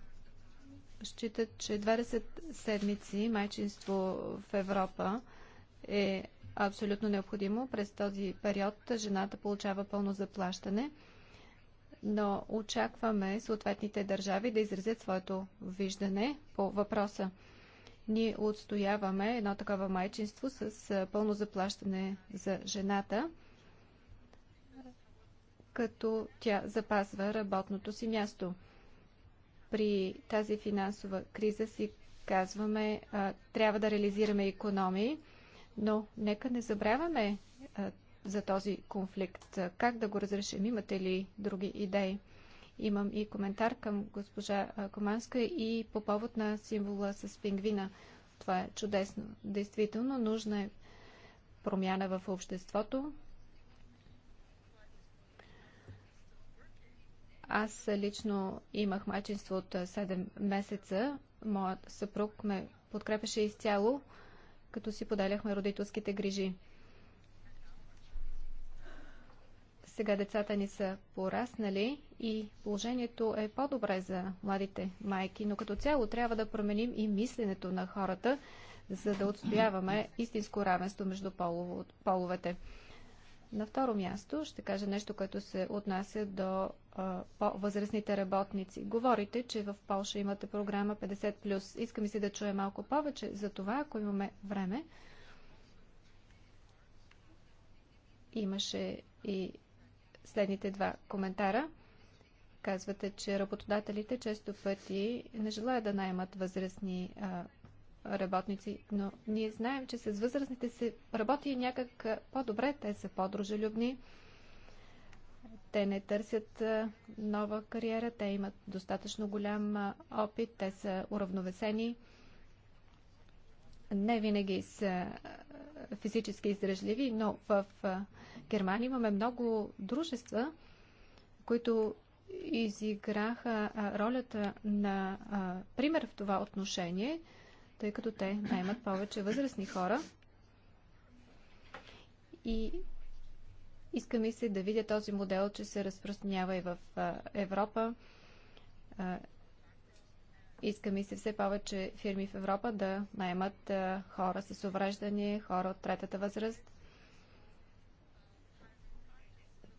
считат, че 20 седмици майчинство в Европа е абсолютно необходимо. През този период жената получава пълно заплащане, но очакваме съответните държави да изразят своето виждане по въпроса. Ние отстояваме едно такова майчинство с пълно заплащане за жената, като тя запазва работното си място. При тази финансова криза си казваме, трябва да реализираме економии, но нека не забравяме за този конфликт. Как да го разрешим? Имате ли други идеи? Имам и коментар към госпожа Команска и по повод на символа с пингвина. Това е чудесно. Действително, нужна е промяна в обществото. Аз лично имах мачинство от 7 месеца. Моят съпруг ме подкрепеше изцяло, като си поделяхме родителските грижи. Сега децата ни са пораснали и положението е по-добре за младите майки, но като цяло трябва да променим и мисленето на хората, за да отстояваме истинско равенство между половете. На второ място ще кажа нещо, което се отнася до а, по-възрастните работници. Говорите, че в Польша имате програма 50+. Искам си да чуя малко повече за това, ако имаме време. Имаше и следните два коментара. Казвате, че работодателите често пъти не желаят да наймат възрастни а, работници, но ние знаем, че с възрастните се работи някак по-добре. Те са по-дружелюбни. Те не търсят нова кариера. Те имат достатъчно голям опит. Те са уравновесени. Не винаги са физически издръжливи, но в Германия имаме много дружества, които изиграха ролята на пример в това отношение, тъй като те наймат повече възрастни хора. И иска ми се да видя този модел, че се разпространява и в Европа иска ми се все повече фирми в Европа да наймат хора с увреждане, хора от третата възраст.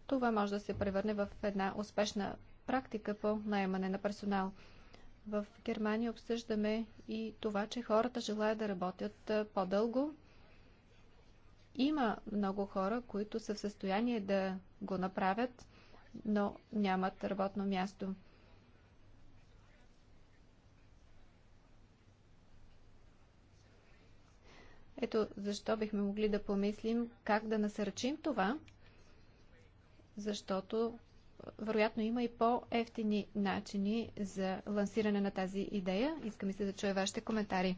Това може да се превърне в една успешна практика по наемане на персонал. В Германия обсъждаме и това, че хората желаят да работят по-дълго. Има много хора, които са в състояние да го направят, но нямат работно място. Ето защо бихме могли да помислим как да насърчим това, защото е, вероятно има и по-ефтини начини за лансиране на тази идея. Искам и се да чуя вашите коментари.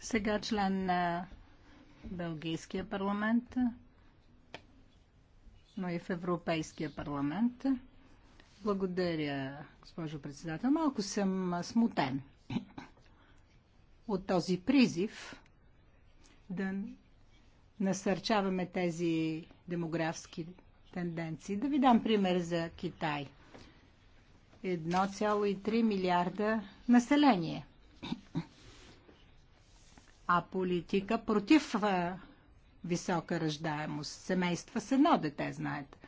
Сега член на Белгийския парламент, но и в Европейския парламент. Благодаря, госпожо председател. Малко съм смутен от този призив да насърчаваме тези демографски тенденции. Да ви дам пример за Китай. 1,3 милиарда население. А политика против висока ръждаемост. Семейства с едно дете, знаете.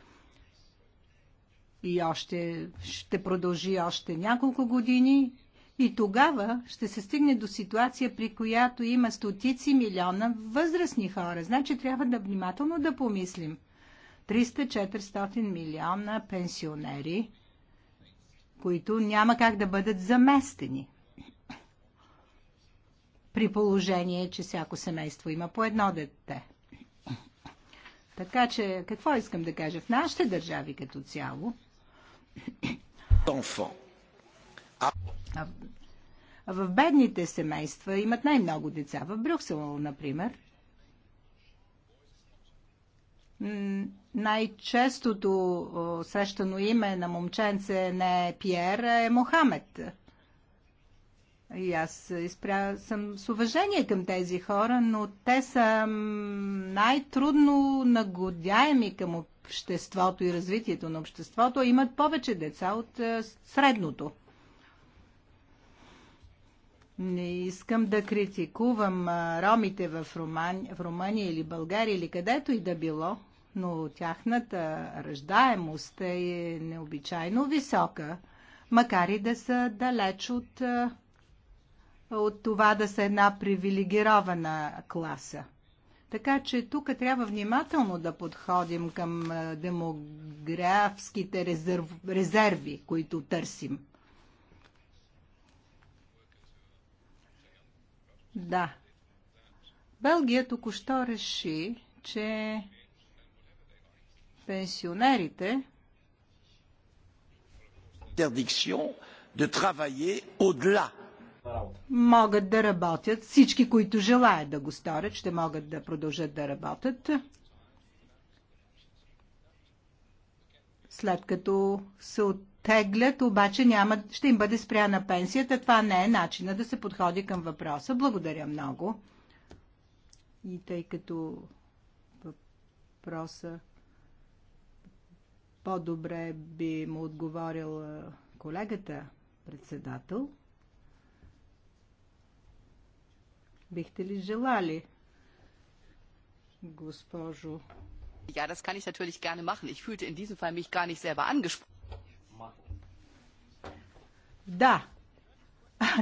И още ще продължи още няколко години и тогава ще се стигне до ситуация, при която има стотици милиона възрастни хора. Значи трябва да внимателно да помислим. 300-400 милиона пенсионери, които няма как да бъдат заместени. При положение, че всяко семейство има по едно дете. Така че, какво искам да кажа? В нашите държави като цяло в бедните семейства имат най-много деца. В Брюксел, например, най-честото срещано име на момченце не е Пьер, а е Мохамед. И аз изпря... съм с уважение към тези хора, но те са най-трудно нагодяеми към обществото и развитието на обществото, имат повече деца от е, средното. Не искам да критикувам ромите в, Руман... в Румъния или България или където и да било, но тяхната ръждаемост е, е необичайно висока, макар и да са далеч от, от това да са една привилегирована класа. Така че тук трябва внимателно да подходим към демографските резерв, резерви, които търсим. Да. Белгия току-що реши, че пенсионерите могат да работят. Всички, които желаят да го сторят, ще могат да продължат да работят. След като се от теглят, обаче няма, ще им бъде спряна пенсията. Това не е начина да се подходи към въпроса. Благодаря много. И тъй като въпроса по-добре би му отговорил колегата председател. Бихте ли желали, госпожо? Ja, das kann ich natürlich gerne machen. Ich fühlte in diesem Fall mich gar nicht selber angesprochen. Да,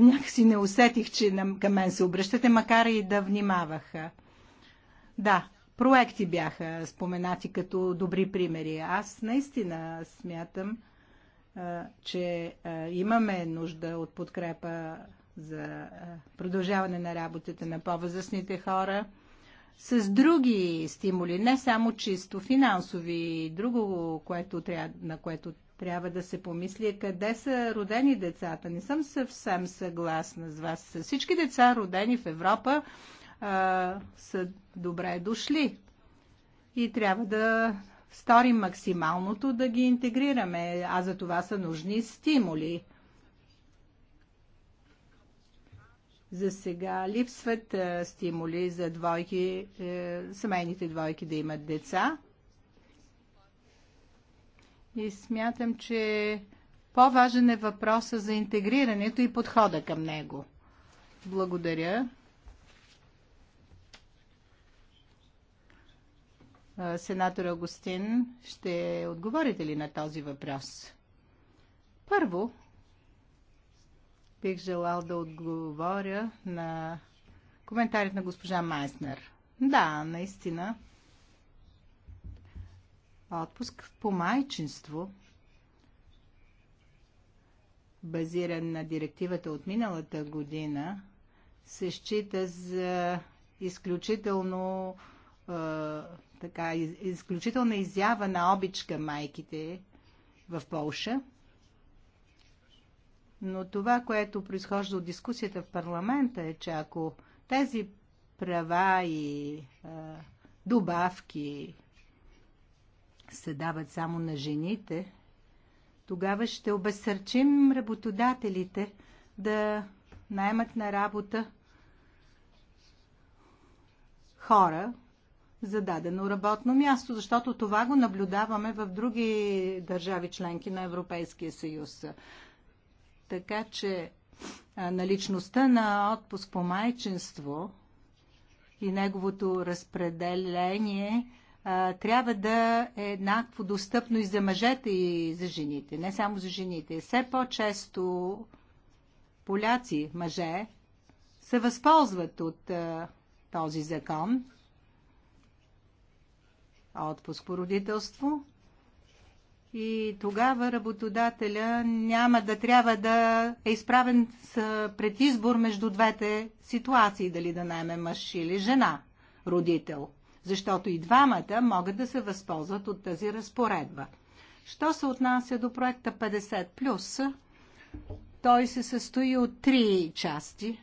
някакси не усетих, че към мен се обръщате, макар и да внимавах. Да, проекти бяха споменати като добри примери. Аз наистина смятам, че имаме нужда от подкрепа за продължаване на работата на по-възрастните хора с други стимули, не само чисто финансови. Друго, което трябва, на което трябва да се помисли е къде са родени децата. Не съм съвсем съгласна с вас. Всички деца, родени в Европа, а, са добре дошли. И трябва да сторим максималното да ги интегрираме, а за това са нужни стимули. За сега липсват стимули за двойки, е, семейните двойки да имат деца и смятам, че по-важен е въпроса за интегрирането и подхода към него. Благодаря. Сенатор Агустин, ще отговорите ли на този въпрос? Първо, бих желал да отговоря на коментарите на госпожа Майснер. Да, наистина отпуск по майчинство, базиран на директивата от миналата година, се счита за изключително така, изключителна изява на обич към майките в Полша. Но това, което произхожда от дискусията в парламента е, че ако тези права и а, добавки се дават само на жените, тогава ще обесърчим работодателите да наймат на работа хора за дадено работно място, защото това го наблюдаваме в други държави членки на Европейския съюз. Така че наличността на отпуск по майчинство и неговото разпределение – а, трябва да е еднакво достъпно и за мъжете, и за жените. Не само за жените. Все по-често поляци, мъже, се възползват от а, този закон. Отпуск по родителство. И тогава работодателя няма да трябва да е изправен пред избор между двете ситуации, дали да найме мъж или жена родител защото и двамата могат да се възползват от тази разпоредба. Що се отнася до проекта 50+, той се състои от три части.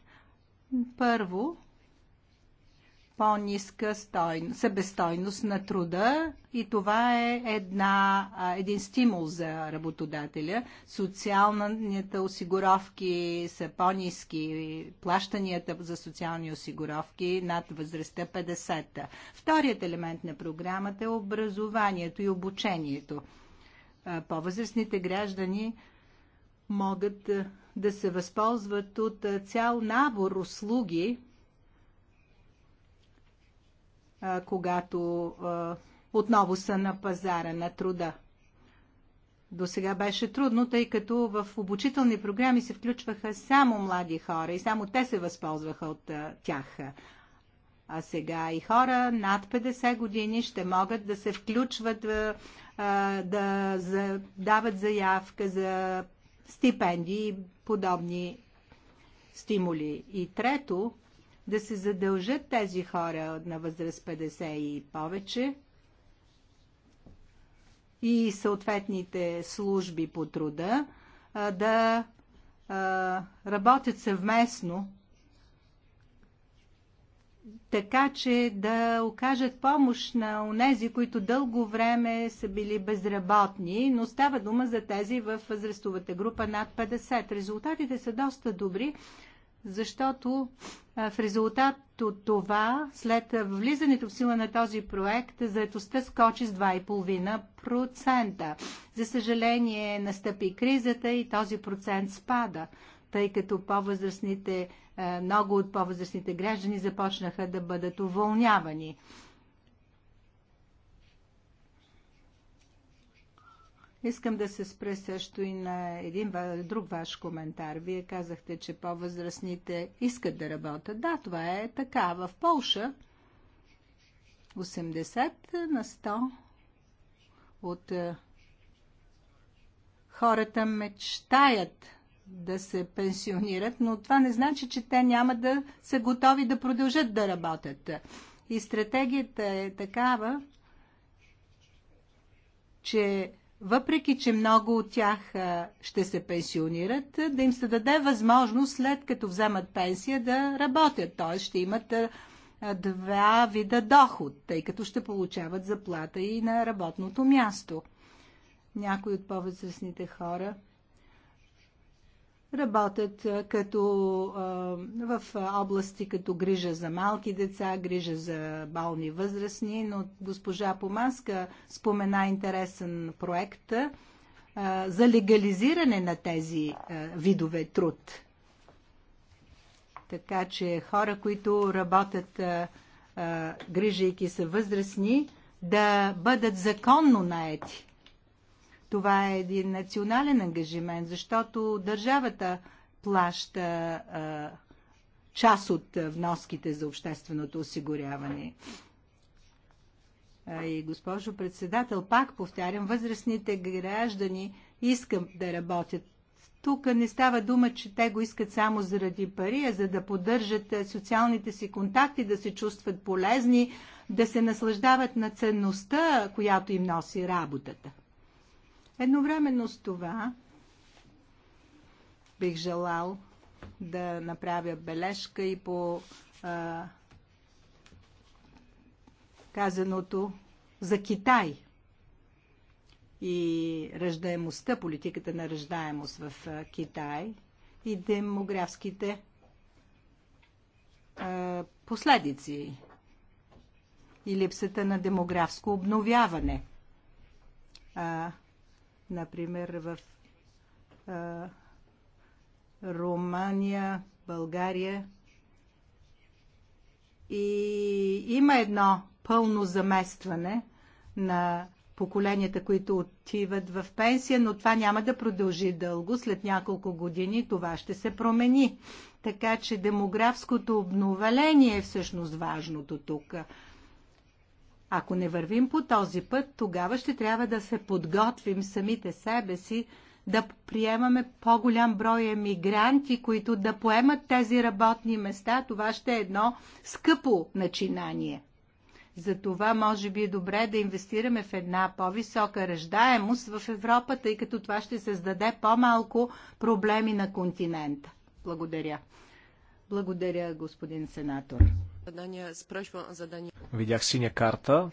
Първо, по-ниска себестойност на труда и това е една, един стимул за работодателя. Социалните осигуровки са по-низки, плащанията за социални осигуровки над възрастта 50-та. Вторият елемент на програмата е образованието и обучението. По-възрастните граждани могат да се възползват от цял набор услуги, когато отново са на пазара на труда. До сега беше трудно, тъй като в обучителни програми се включваха само млади хора и само те се възползваха от тях. А сега и хора над 50 години ще могат да се включват, да дават заявка за стипендии и подобни стимули. И трето, да се задължат тези хора на възраст 50 и повече и съответните служби по труда да работят съвместно, така че да окажат помощ на онези, които дълго време са били безработни, но става дума за тези в възрастовата група над 50. Резултатите са доста добри, защото в резултат от това, след влизането в сила на този проект, заетостта скочи с 2,5%. За съжаление, настъпи кризата и този процент спада, тъй като по-възрастните, много от по-възрастните граждани започнаха да бъдат уволнявани. Искам да се спре също и на един друг ваш коментар. Вие казахте, че по-възрастните искат да работят. Да, това е така. В Полша 80 на 100 от е, хората мечтаят да се пенсионират, но това не значи, че те няма да са готови да продължат да работят. И стратегията е такава, че въпреки че много от тях ще се пенсионират, да им се даде възможност след като вземат пенсия да работят, т.е. ще имат два вида доход, тъй като ще получават заплата и на работното място. Някои от по-възрастните хора работят като в области като грижа за малки деца, грижа за бални възрастни, но госпожа Помаска спомена интересен проект за легализиране на тези видове труд. Така че хора, които работят грижайки се възрастни, да бъдат законно наети. Това е един национален ангажимент, защото държавата плаща а, част от вноските за общественото осигуряване. А, и госпожо председател, пак повтарям, възрастните граждани искам да работят. Тук не става дума, че те го искат само заради пари, а за да поддържат социалните си контакти, да се чувстват полезни, да се наслаждават на ценността, която им носи работата. Едновременно с това бих желал да направя бележка и по а, казаното за Китай и ръждаемостта, политиката на ръждаемост в Китай и демографските а, последици и липсата на демографско обновяване. А, Например, в а, Румания, България. И има едно пълно заместване на поколенията, които отиват в пенсия, но това няма да продължи дълго. След няколко години това ще се промени. Така че демографското обновление е всъщност важното тук. Ако не вървим по този път, тогава ще трябва да се подготвим самите себе си да приемаме по-голям брой емигранти, които да поемат тези работни места. Това ще е едно скъпо начинание. Затова може би е добре да инвестираме в една по-висока ръждаемост в Европа, тъй като това ще създаде по-малко проблеми на континента. Благодаря. Благодаря, господин сенатор. Видях синя карта.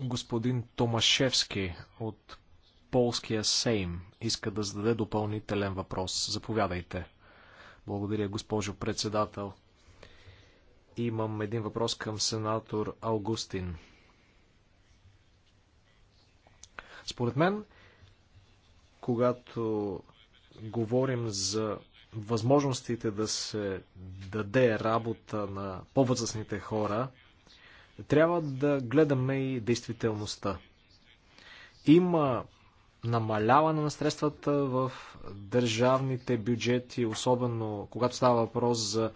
Господин Томашевски от Полския Сейм иска да зададе допълнителен въпрос. Заповядайте. Благодаря, госпожо председател. Имам един въпрос към сенатор Аугустин. Според мен, когато говорим за възможностите да се даде работа на по-възрастните хора, трябва да гледаме и действителността. Има намаляване на средствата в държавните бюджети, особено когато става въпрос за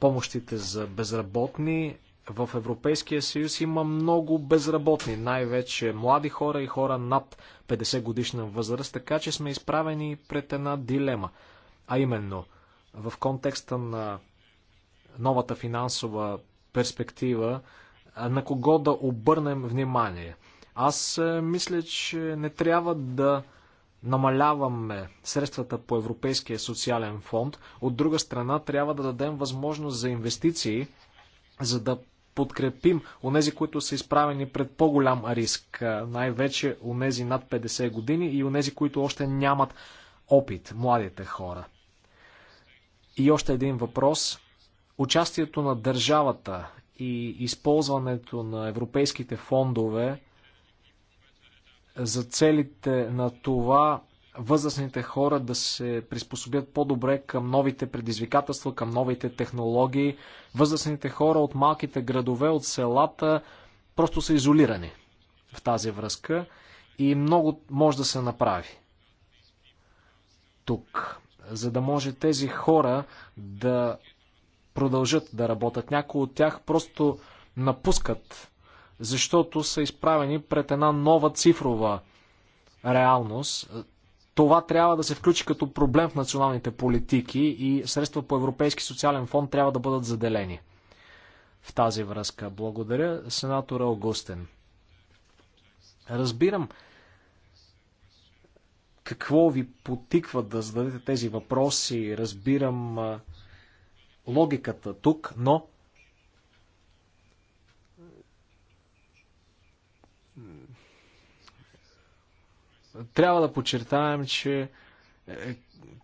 помощите за безработни. В Европейския съюз има много безработни, най-вече млади хора и хора над 50 годишна възраст, така че сме изправени пред една дилема. А именно, в контекста на новата финансова перспектива, на кого да обърнем внимание. Аз е, мисля, че не трябва да намаляваме средствата по Европейския социален фонд. От друга страна, трябва да дадем възможност за инвестиции, за да подкрепим онези, които са изправени пред по-голям риск, най-вече онези над 50 години и онези, които още нямат опит, младите хора. И още един въпрос. Участието на държавата и използването на европейските фондове за целите на това възрастните хора да се приспособят по-добре към новите предизвикателства, към новите технологии. Възрастните хора от малките градове, от селата просто са изолирани в тази връзка и много може да се направи тук за да може тези хора да продължат да работят. Някои от тях просто напускат, защото са изправени пред една нова цифрова реалност. Това трябва да се включи като проблем в националните политики и средства по Европейски социален фонд трябва да бъдат заделени. В тази връзка благодаря сенатора Огустен. Разбирам какво ви потиква да зададете тези въпроси. Разбирам логиката тук, но трябва да подчертаем, че е,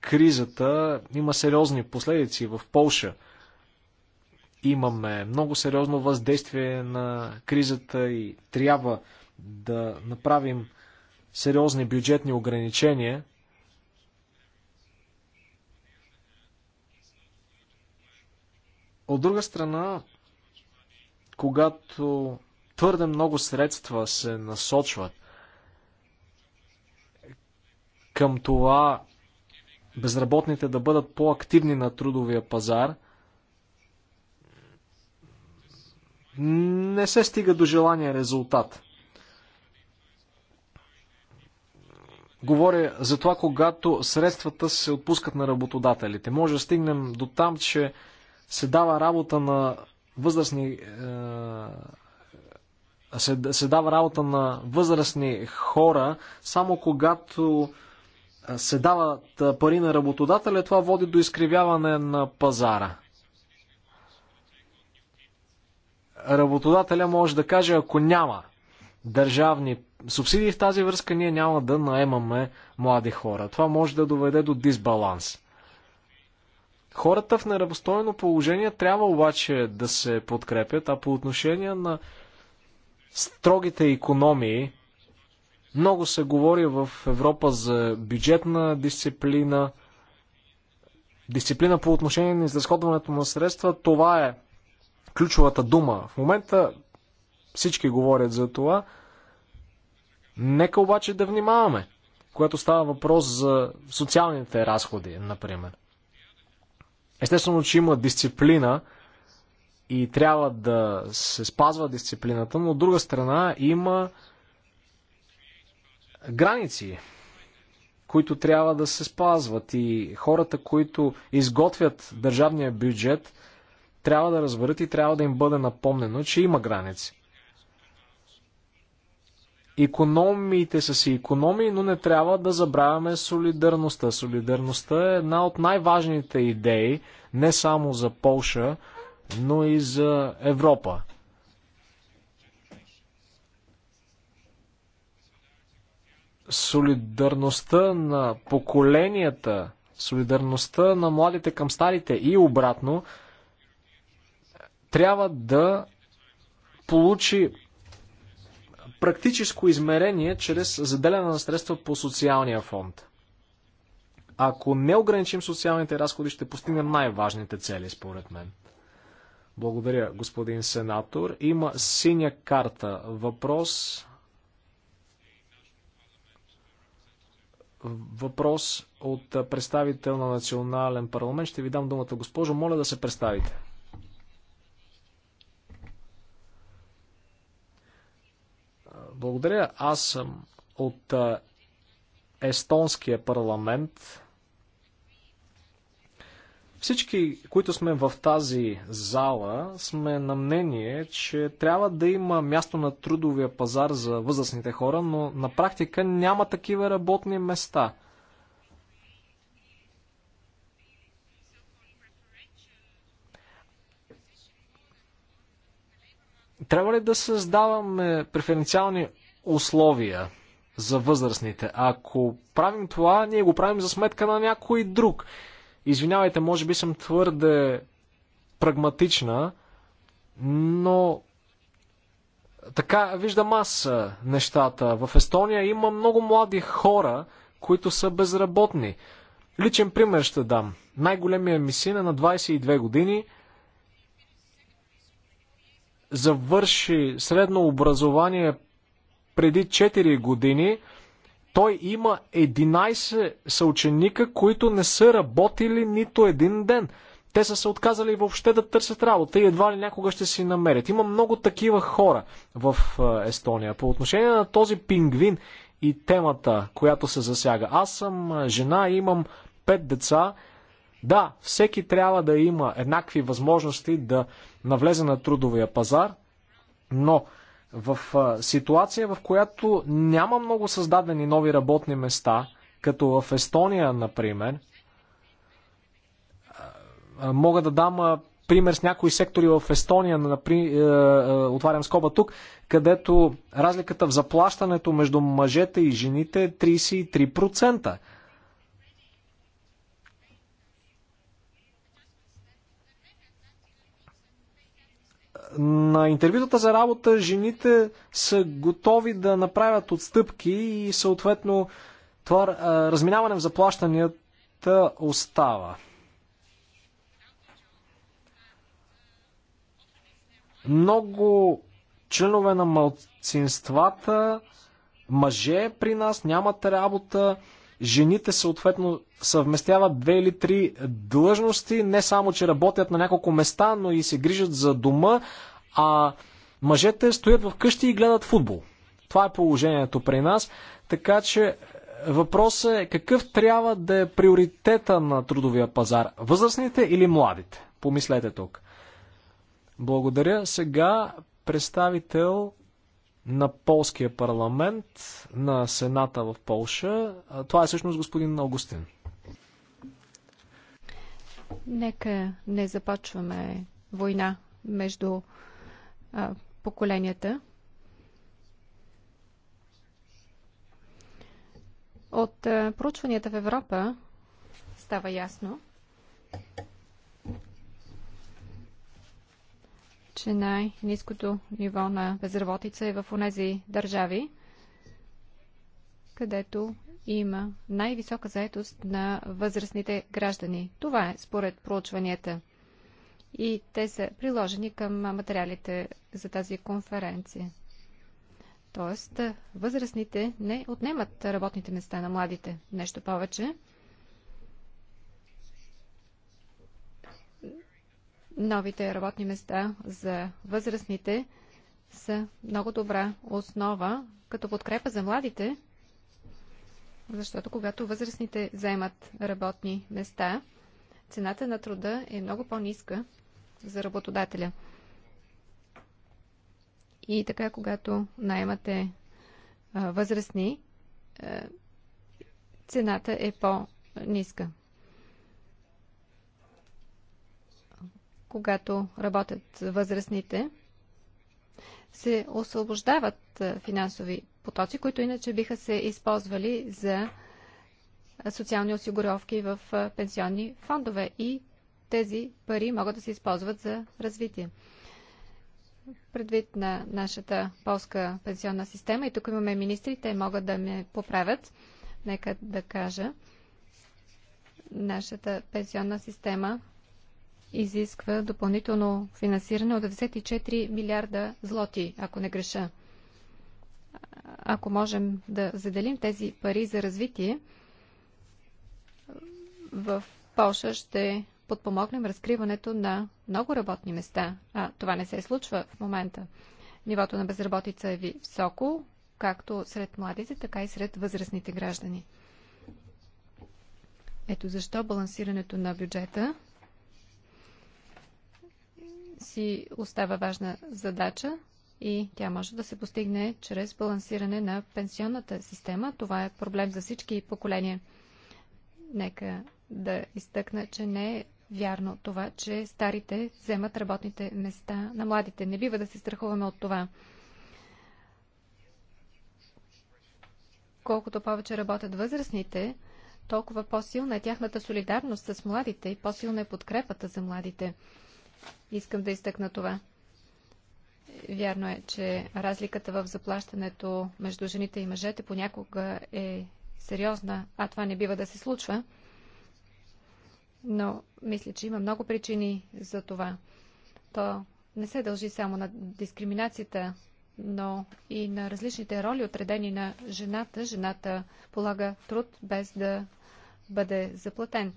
кризата има сериозни последици в Полша. Имаме много сериозно въздействие на кризата и трябва да направим сериозни бюджетни ограничения, От друга страна, когато твърде много средства се насочват към това безработните да бъдат по-активни на трудовия пазар, не се стига до желания резултат. Говоря за това, когато средствата се отпускат на работодателите. Може да стигнем до там, че се дава работа на възрастни е, се, се дава работа на възрастни хора, само когато е, се дават е, пари на работодателя, това води до изкривяване на пазара. Работодателя може да каже, ако няма държавни субсидии в тази връзка, ние няма да наемаме млади хора. Това може да доведе до дисбаланс. Хората в неравностойно положение трябва обаче да се подкрепят, а по отношение на строгите економии, много се говори в Европа за бюджетна дисциплина, дисциплина по отношение на изразходването на средства. Това е ключовата дума. В момента всички говорят за това. Нека обаче да внимаваме, когато става въпрос за социалните разходи, например. Естествено, че има дисциплина и трябва да се спазва дисциплината, но от друга страна има граници, които трябва да се спазват и хората, които изготвят държавния бюджет, трябва да разберат и трябва да им бъде напомнено, че има граници. Економиите са си економии, но не трябва да забравяме солидарността. Солидарността е една от най-важните идеи, не само за Полша, но и за Европа. Солидарността на поколенията, солидарността на младите към старите и обратно, трябва да получи практическо измерение чрез заделяне на средства по социалния фонд. Ако не ограничим социалните разходи, ще постигнем най-важните цели, според мен. Благодаря, господин сенатор. Има синя карта. Въпрос. Въпрос от представител на национален парламент. Ще ви дам думата, госпожо. Моля да се представите. Благодаря. Аз съм от естонския парламент. Всички, които сме в тази зала, сме на мнение, че трябва да има място на трудовия пазар за възрастните хора, но на практика няма такива работни места – Трябва ли да създаваме преференциални условия за възрастните? Ако правим това, ние го правим за сметка на някой друг. Извинявайте, може би съм твърде прагматична, но така виждам аз нещата. В Естония има много млади хора, които са безработни. Личен пример ще дам. Най-големия ми син е на 22 години – завърши средно образование преди 4 години, той има 11 съученика, които не са работили нито един ден. Те са се отказали въобще да търсят работа и едва ли някога ще си намерят. Има много такива хора в е, Естония. По отношение на този пингвин и темата, която се засяга. Аз съм е, жена, имам пет деца. Да, всеки трябва да има еднакви възможности да навлезе на трудовия пазар, но в ситуация, в която няма много създадени нови работни места, като в Естония, например, мога да дам пример с някои сектори в Естония, например, е, отварям скоба тук, където разликата в заплащането между мъжете и жените е 33%. На интервютата за работа жените са готови да направят отстъпки и съответно това разминаване в заплащанията остава. Много членове на малцинствата, мъже при нас нямат работа, Жените съответно съвместяват две или три длъжности, не само, че работят на няколко места, но и се грижат за дома, а мъжете стоят в къщи и гледат футбол. Това е положението при нас, така че е, въпросът е какъв трябва да е приоритета на трудовия пазар? Възрастните или младите? Помислете тук. Благодаря. Сега представител на полския парламент, на Сената в Полша. Това е всъщност господин Августин. Нека не започваме война между а, поколенията. От а, проучванията в Европа става ясно, че най-низкото ниво на безработица е в тези държави, където има най-висока заетост на възрастните граждани. Това е според проучванията. И те са приложени към материалите за тази конференция. Тоест, възрастните не отнемат работните места на младите. Нещо повече, Новите работни места за възрастните са много добра основа като подкрепа за младите, защото когато възрастните заемат работни места, цената на труда е много по-ниска за работодателя. И така, когато наймате възрастни, цената е по-ниска. когато работят възрастните, се освобождават финансови потоци, които иначе биха се използвали за социални осигуровки в пенсионни фондове и тези пари могат да се използват за развитие. Предвид на нашата полска пенсионна система, и тук имаме министри, те могат да ме поправят, нека да кажа, нашата пенсионна система изисква допълнително финансиране от 94 милиарда злоти, ако не греша. Ако можем да заделим тези пари за развитие, в Польша ще подпомогнем разкриването на много работни места, а това не се случва в момента. Нивото на безработица е високо, както сред младите, така и сред възрастните граждани. Ето защо балансирането на бюджета си остава важна задача и тя може да се постигне чрез балансиране на пенсионната система. Това е проблем за всички поколения. Нека да изтъкна, че не е вярно това, че старите вземат работните места на младите. Не бива да се страхуваме от това. Колкото повече работят възрастните, толкова по-силна е тяхната солидарност с младите и по-силна е подкрепата за младите. Искам да изтъкна това. Вярно е, че разликата в заплащането между жените и мъжете понякога е сериозна, а това не бива да се случва. Но мисля, че има много причини за това. То не се дължи само на дискриминацията, но и на различните роли, отредени на жената. Жената полага труд без да бъде заплатен.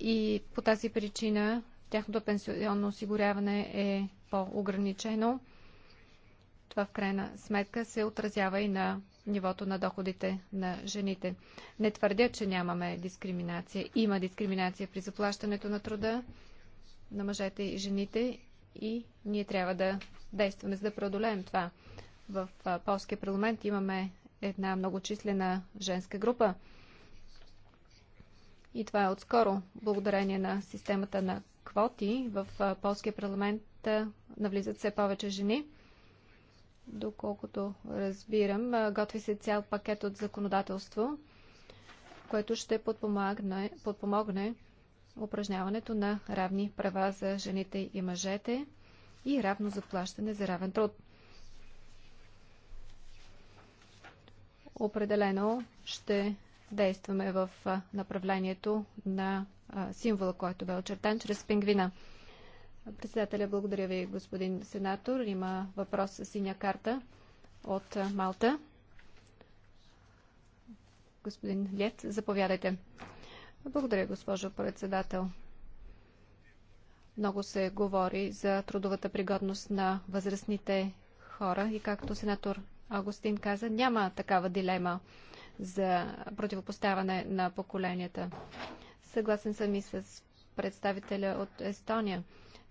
и по тази причина тяхното пенсионно осигуряване е по-ограничено. Това в крайна сметка се отразява и на нивото на доходите на жените. Не твърдя, че нямаме дискриминация. Има дискриминация при заплащането на труда на мъжете и жените и ние трябва да действаме, за да преодолеем това. В Полския парламент имаме една многочислена женска група, и това е отскоро, благодарение на системата на квоти в полския парламент навлизат все повече жени. Доколкото разбирам, готви се цял пакет от законодателство, което ще подпомогне, подпомогне упражняването на равни права за жените и мъжете и равно заплащане за равен труд. Определено ще действаме в направлението на символа, който бе очертан чрез пингвина. Председателя, благодаря ви, господин сенатор. Има въпрос с синя карта от Малта. Господин Лет, заповядайте. Благодаря, госпожо председател. Много се говори за трудовата пригодност на възрастните хора и както сенатор Агустин каза, няма такава дилема за противопоставяне на поколенията. Съгласен съм и с представителя от Естония.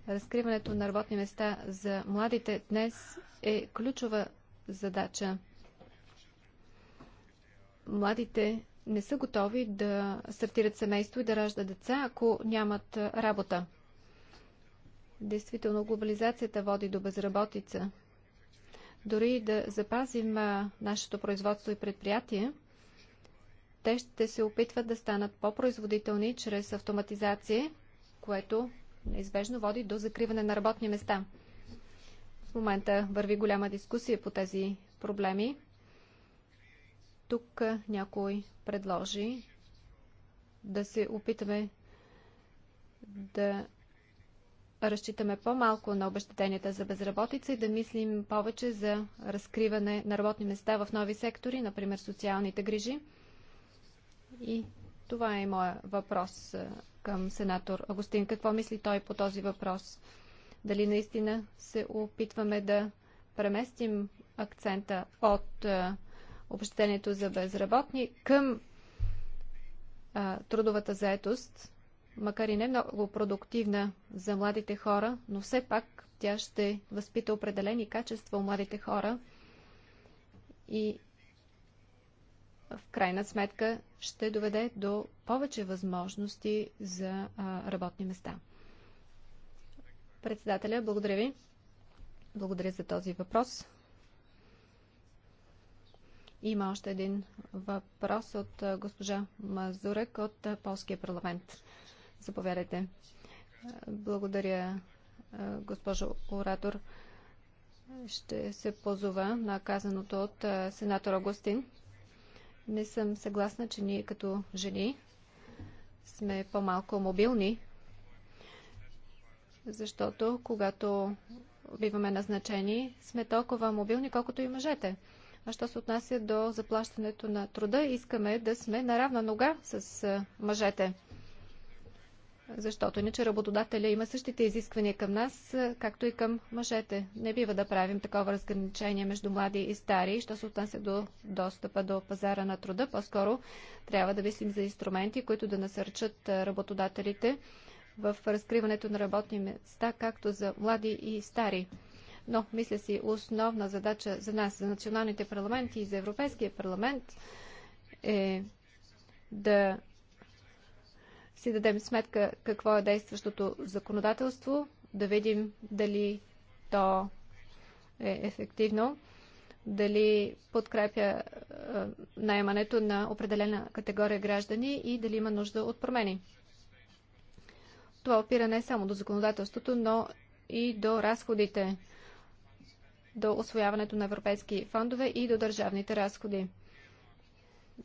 Разкриването на работни места за младите днес е ключова задача. Младите не са готови да стартират семейство и да раждат деца, ако нямат работа. Действително, глобализацията води до безработица. Дори да запазим нашето производство и предприятие, те ще се опитват да станат по-производителни чрез автоматизация, което неизбежно води до закриване на работни места. В момента върви голяма дискусия по тези проблеми. Тук някой предложи да се опитаме да разчитаме по-малко на обещетенията за безработица и да мислим повече за разкриване на работни места в нови сектори, например социалните грижи. И това е моя въпрос е, към сенатор Агустин. Какво мисли той по този въпрос? Дали наистина се опитваме да преместим акцента от е, общението за безработни към а, е, трудовата заетост, макар и не много продуктивна за младите хора, но все пак тя ще възпита определени качества у младите хора и в крайна сметка ще доведе до повече възможности за работни места. Председателя, благодаря ви. Благодаря за този въпрос. Има още един въпрос от госпожа Мазурек от Полския парламент. Заповядайте. Благодаря, госпожо оратор. Ще се позова на казаното от сенатор Агустин. Не съм съгласна, че ние като жени сме по-малко мобилни, защото когато биваме назначени, сме толкова мобилни, колкото и мъжете. А що се отнася до заплащането на труда, искаме да сме на равна нога с мъжете защото иначе работодателя има същите изисквания към нас, както и към мъжете. Не бива да правим такова разграничение между млади и стари, що се отнася до достъпа до пазара на труда. По-скоро трябва да мислим за инструменти, които да насърчат работодателите в разкриването на работни места, както за млади и стари. Но, мисля си, основна задача за нас, за националните парламенти и за Европейския парламент е да си дадем сметка какво е действащото законодателство, да видим дали то е ефективно, дали подкрепя е, найемането на определена категория граждани и дали има нужда от промени. Това опира не само до законодателството, но и до разходите, до освояването на европейски фондове и до държавните разходи.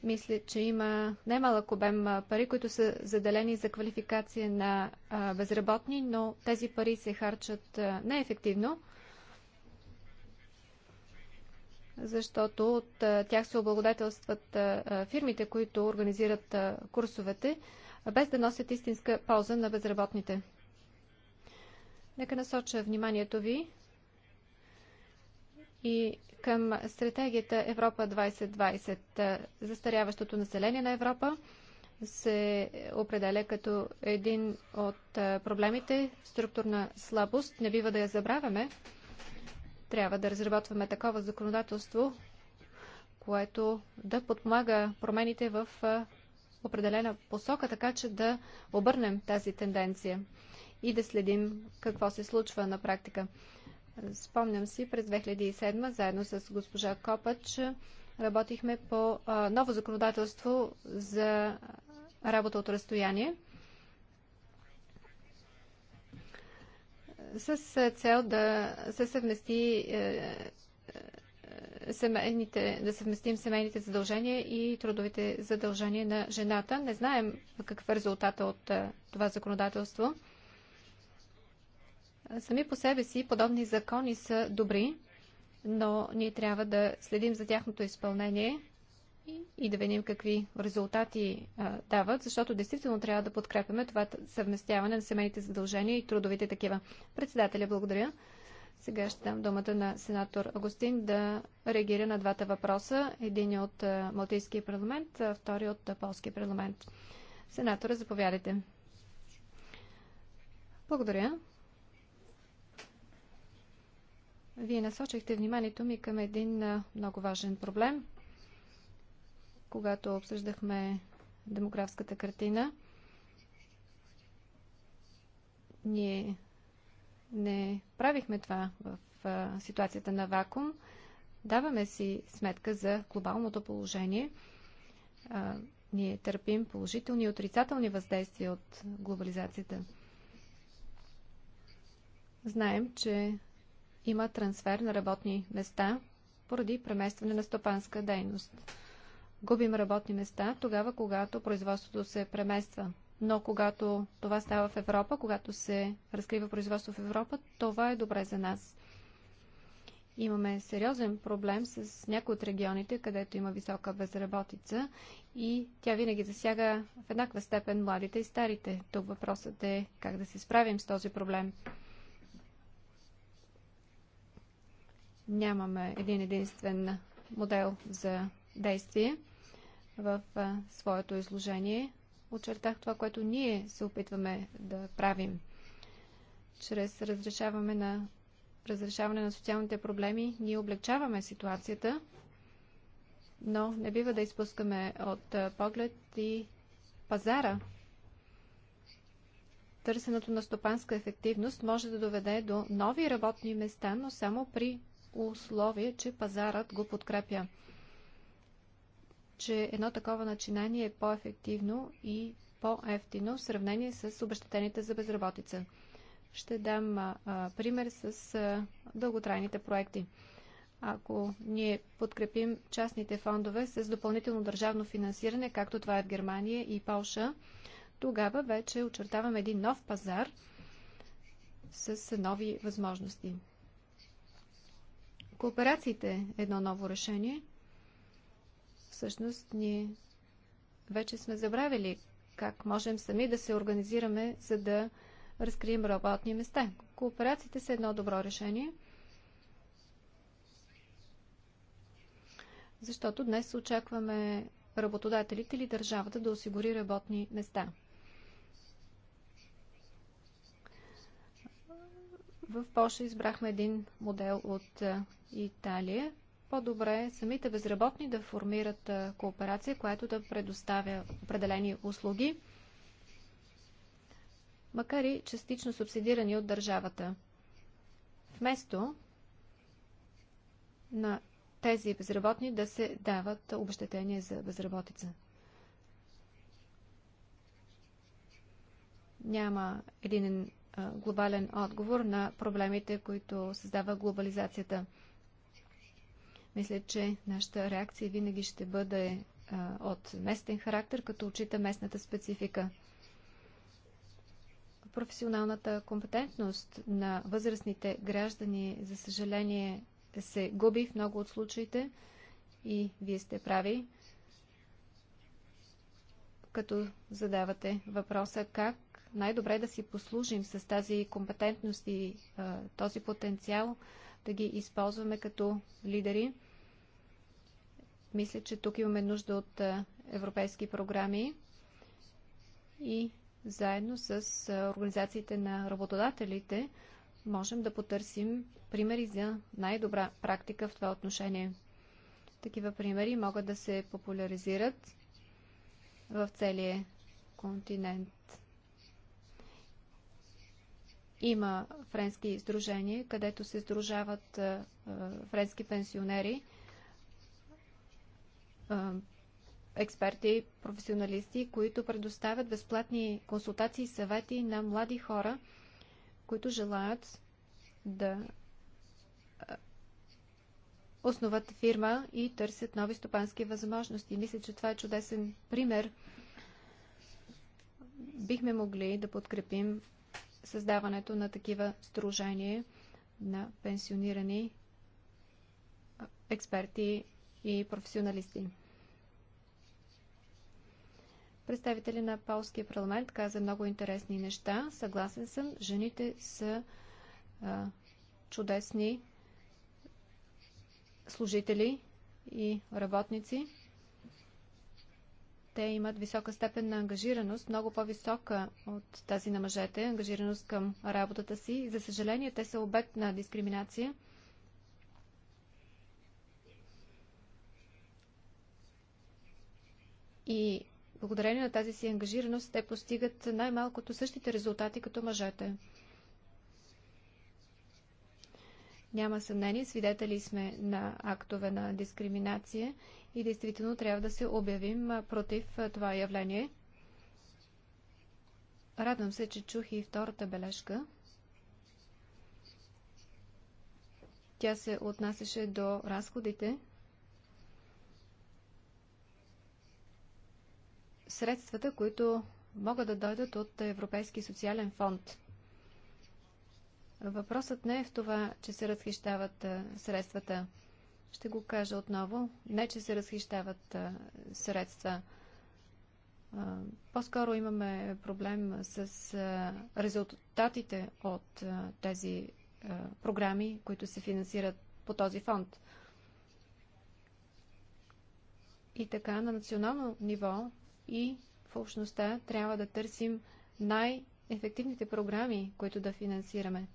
Мисля, че има немалък обем пари, които са заделени за квалификация на безработни, но тези пари се харчат неефективно, защото от тях се облагодателстват фирмите, които организират курсовете, без да носят истинска полза на безработните. Нека насоча вниманието ви и към стратегията Европа 2020. Застаряващото население на Европа се определя като един от проблемите, структурна слабост. Не бива да я забравяме. Трябва да разработваме такова законодателство, което да подпомага промените в определена посока, така че да обърнем тази тенденция и да следим какво се случва на практика. Спомням си, през 2007 заедно с госпожа Копач работихме по ново законодателство за работа от разстояние с цел да се съвмести е, е, семейните, да съвместим семейните задължения и трудовите задължения на жената. Не знаем какъв е резултата от е, това законодателство. Сами по себе си подобни закони са добри, но ние трябва да следим за тяхното изпълнение и да видим какви резултати а, дават, защото действително трябва да подкрепяме това съвместяване на семейните задължения и трудовите такива. Председателя, благодаря. Сега ще дам думата на сенатор Агустин да реагира на двата въпроса. Един е от Малтийския парламент, а втори от Полския парламент. Сенатора, заповядайте. Благодаря. Вие насочихте вниманието ми към един много важен проблем. Когато обсъждахме демографската картина, ние не правихме това в ситуацията на вакуум. Даваме си сметка за глобалното положение. Ние търпим положителни и отрицателни въздействия от глобализацията. Знаем, че има трансфер на работни места поради преместване на стопанска дейност. Губим работни места тогава, когато производството се премества. Но когато това става в Европа, когато се разкрива производство в Европа, това е добре за нас. Имаме сериозен проблем с някои от регионите, където има висока безработица и тя винаги засяга в еднаква степен младите и старите. Тук въпросът е как да се справим с този проблем. нямаме един единствен модел за действие в своето изложение. Очертах това, което ние се опитваме да правим чрез разрешаване на, разрешаване на социалните проблеми. Ние облегчаваме ситуацията, но не бива да изпускаме от поглед и пазара. Търсенето на стопанска ефективност може да доведе до нови работни места, но само при условие, че пазарът го подкрепя. Че едно такова начинание е по-ефективно и по-ефтино в сравнение с обещетените за безработица. Ще дам а, пример с а, дълготрайните проекти. Ако ние подкрепим частните фондове с допълнително държавно финансиране, както това е в Германия и Полша, тогава вече очертаваме един нов пазар с нови възможности. Кооперациите е едно ново решение. Всъщност ние вече сме забравили как можем сами да се организираме, за да разкрием работни места. Кооперациите са едно добро решение, защото днес очакваме работодателите или държавата да осигури работни места. В Польша избрахме един модел от Италия, по-добре е самите безработни да формират кооперация, която да предоставя определени услуги, макар и частично субсидирани от държавата. Вместо на тези безработни да се дават обещетения за безработица. Няма един глобален отговор на проблемите, които създава глобализацията – мисля, че нашата реакция винаги ще бъде а, от местен характер, като учита местната специфика. Професионалната компетентност на възрастните граждани, за съжаление, се губи в много от случаите и вие сте прави, като задавате въпроса как най-добре да си послужим с тази компетентност и а, този потенциал – да ги използваме като лидери. Мисля, че тук имаме нужда от европейски програми и заедно с организациите на работодателите можем да потърсим примери за най-добра практика в това отношение. Такива примери могат да се популяризират в целия континент. Има френски сдружение, където се сдружават френски пенсионери, експерти, професионалисти, които предоставят безплатни консултации и съвети на млади хора, които желаят да основат фирма и търсят нови стопански възможности. Мисля, че това е чудесен пример. Бихме могли да подкрепим създаването на такива сдружения на пенсионирани експерти и професионалисти. Представители на Полския парламент каза много интересни неща. Съгласен съм, жените са а, чудесни служители и работници те имат висока степен на ангажираност, много по-висока от тази на мъжете, ангажираност към работата си. За съжаление, те са обект на дискриминация. И благодарение на тази си ангажираност, те постигат най-малкото същите резултати като мъжете. Няма съмнение, свидетели сме на актове на дискриминация и действително трябва да се обявим против това явление. Радвам се, че чух и втората бележка. Тя се отнасяше до разходите. Средствата, които могат да дойдат от Европейски социален фонд. Въпросът не е в това, че се разхищават средствата. Ще го кажа отново. Не, че се разхищават а, средства. По-скоро имаме проблем с а, резултатите от а, тези програми, които се финансират по този фонд. И така на национално ниво и в общността трябва да търсим най-ефективните програми, които да финансираме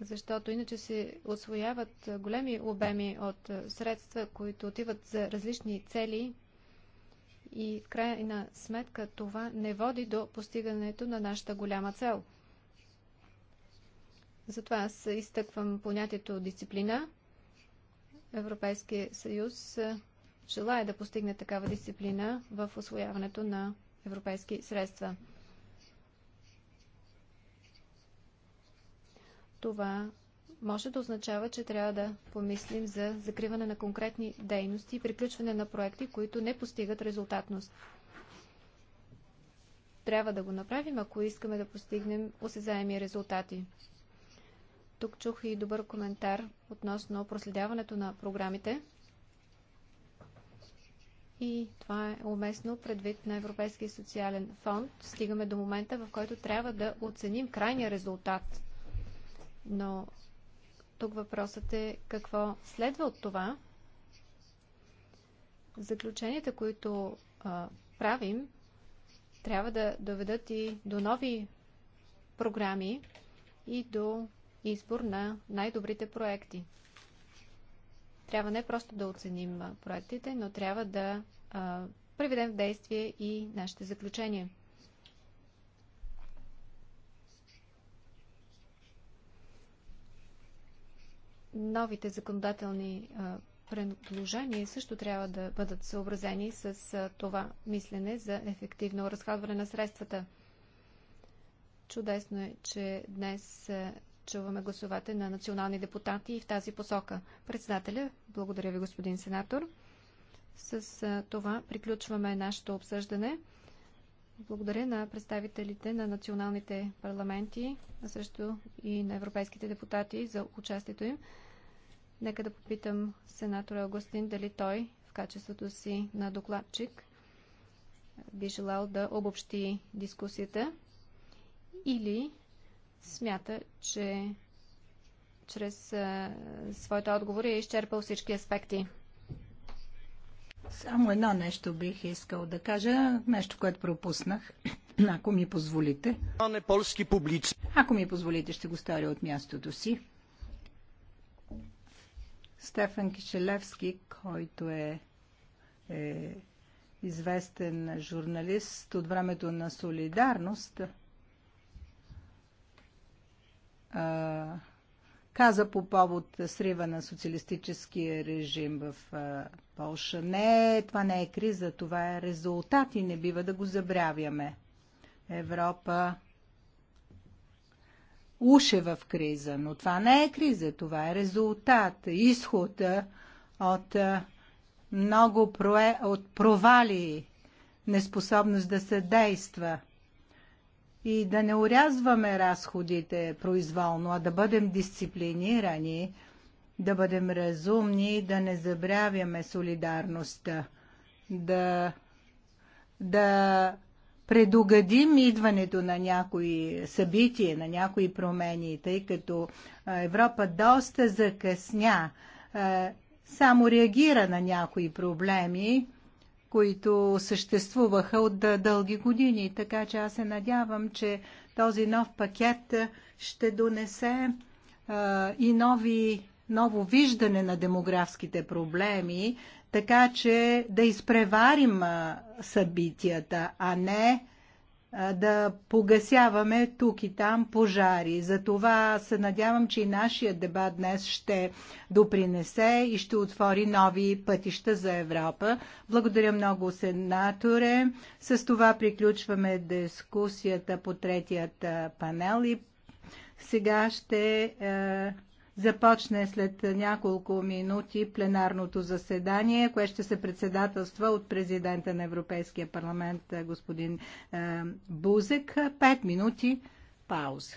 защото иначе се освояват големи обеми от средства, които отиват за различни цели и в крайна сметка това не води до постигането на нашата голяма цел. Затова аз изтъквам понятието дисциплина. Европейския съюз желая да постигне такава дисциплина в освояването на европейски средства. това може да означава, че трябва да помислим за закриване на конкретни дейности и приключване на проекти, които не постигат резултатност. Трябва да го направим, ако искаме да постигнем осезаеми резултати. Тук чух и добър коментар относно проследяването на програмите. И това е уместно предвид на Европейския социален фонд. Стигаме до момента, в който трябва да оценим крайния резултат но тук въпросът е какво следва от това. Заключенията, които а, правим, трябва да доведат и до нови програми и до избор на най-добрите проекти. Трябва не просто да оценим проектите, но трябва да а, приведем в действие и нашите заключения. новите законодателни предложения също трябва да бъдат съобразени с това мислене за ефективно разходване на средствата. Чудесно е, че днес чуваме гласовете на национални депутати и в тази посока. Председателя, благодаря ви, господин сенатор. С това приключваме нашето обсъждане. Благодаря на представителите на националните парламенти, а също и на европейските депутати за участието им. Нека да попитам сенатора Агустин дали той в качеството си на докладчик би желал да обобщи дискусията или смята, че чрез а, своите отговори е изчерпал всички аспекти. Само едно нещо бих искал да кажа, нещо, което пропуснах, ако ми позволите. Ако ми позволите, ще го сторя от мястото си. Стефан Кишелевски, който е, е известен журналист от времето на Солидарност, а, каза по повод срива на социалистическия режим в а, Полша. Не, това не е криза, това е резултат и не бива да го забравяме. Европа уж е в криза, но това не е криза, това е резултат, изход от много прое, от провали, неспособност да се действа и да не урязваме разходите произволно, а да бъдем дисциплинирани, да бъдем разумни, да не забравяме солидарността, да, да предугадим идването на някои събития, на някои промени, тъй като Европа доста закъсня, само реагира на някои проблеми, които съществуваха от дълги години. Така че аз се надявам, че този нов пакет ще донесе и нови, ново виждане на демографските проблеми, така че да изпреварим събитията, а не да погасяваме тук и там пожари. Затова се надявам, че и нашия дебат днес ще допринесе и ще отвори нови пътища за Европа. Благодаря много, сенаторе. С това приключваме дискусията по третият панел и сега ще е, започне след няколко минути пленарното заседание, което ще се председателства от президента на Европейския парламент господин Бузек. Пет минути пауза.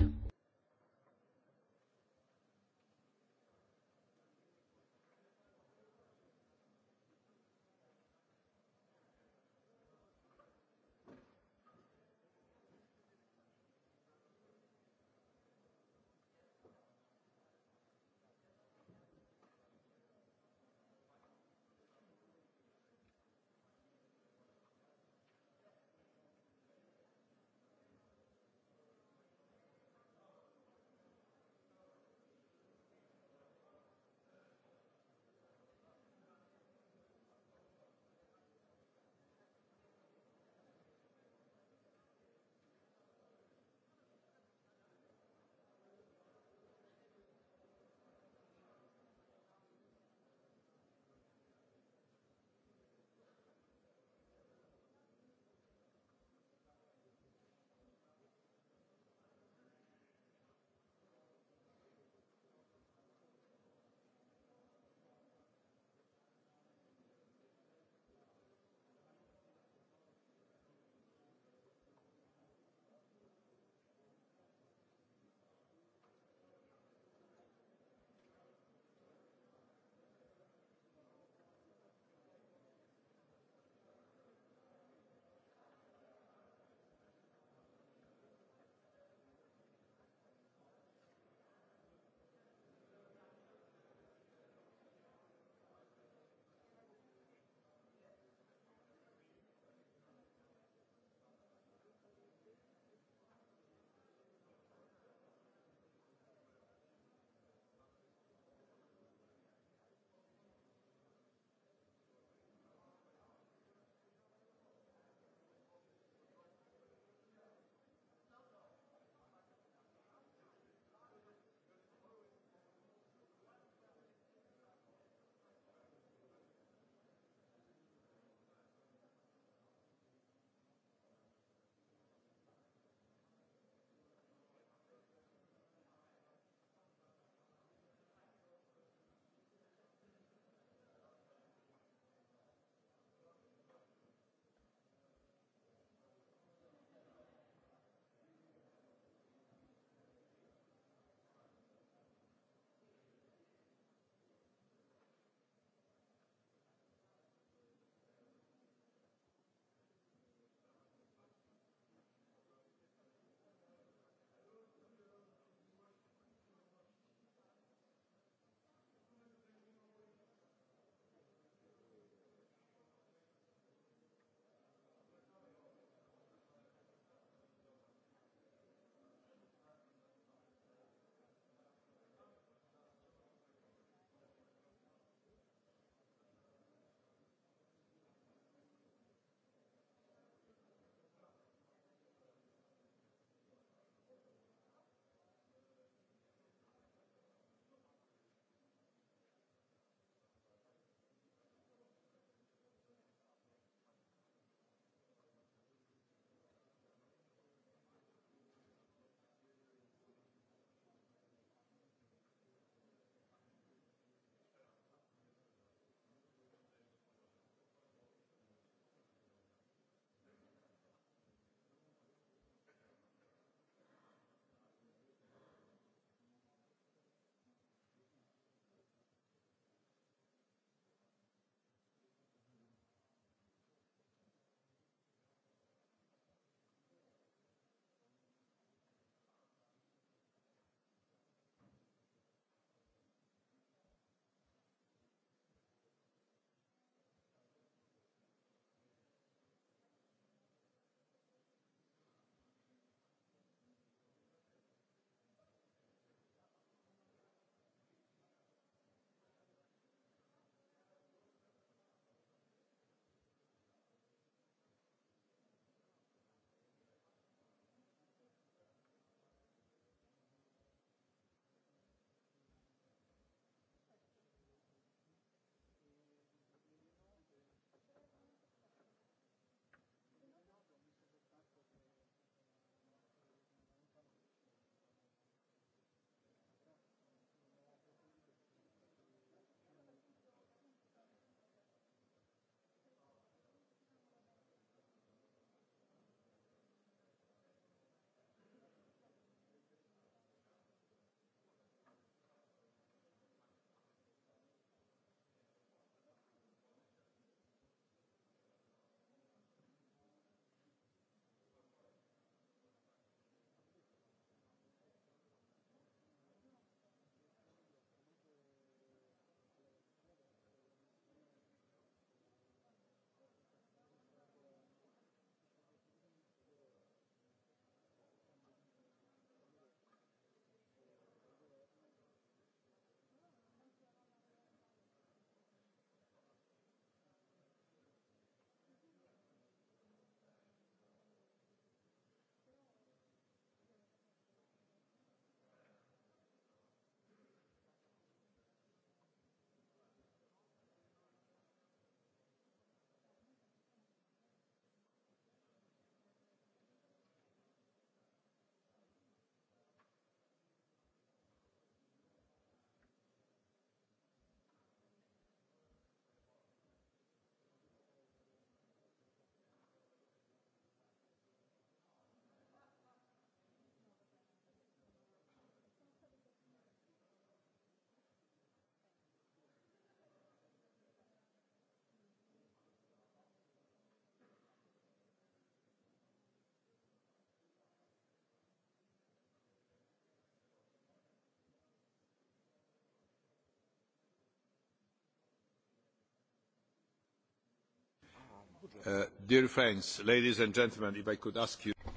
Uh,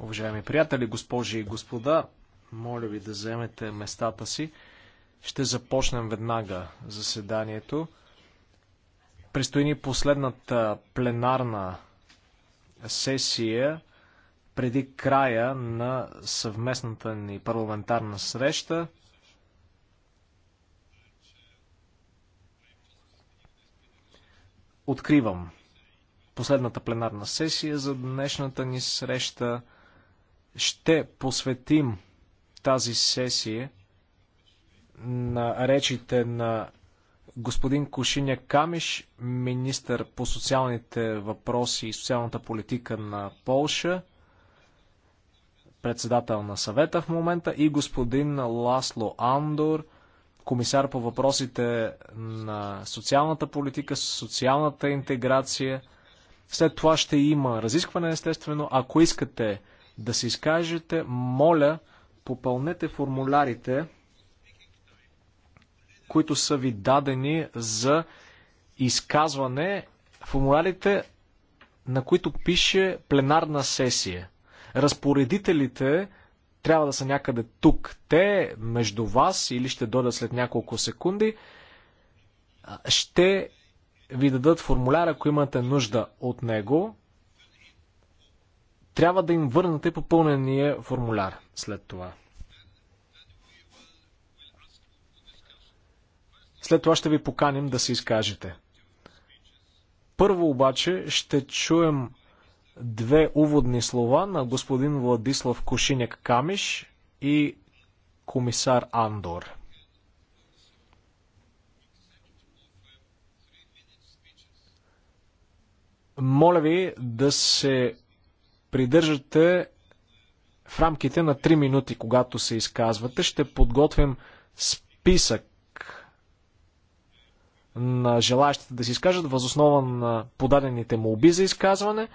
Уважаеми приятели, госпожи и господа, моля ви да вземете местата си. Ще започнем веднага заседанието. Престои ни последната пленарна сесия преди края на съвместната ни парламентарна среща. Откривам последната пленарна сесия за днешната ни среща. Ще посветим тази сесия на речите на господин Кошиня Камиш, министър по социалните въпроси и социалната политика на Полша, председател на съвета в момента, и господин Ласло Андор, комисар по въпросите на социалната политика, социалната интеграция – след това ще има разискване, естествено. Ако искате да се изкажете, моля, попълнете формулярите, които са ви дадени за изказване, формулярите, на които пише пленарна сесия. Разпоредителите трябва да са някъде тук. Те между вас или ще дойдат след няколко секунди. Ще ви дадат формуляр, ако имате нужда от него. Трябва да им върнете попълнения формуляр след това. След това ще ви поканим да се изкажете. Първо обаче ще чуем две уводни слова на господин Владислав Кошиняк Камиш и комисар Андор. Моля ви да се придържате в рамките на 3 минути, когато се изказвате. Ще подготвим списък на желаящите да се изкажат възоснова на подадените молби за изказване.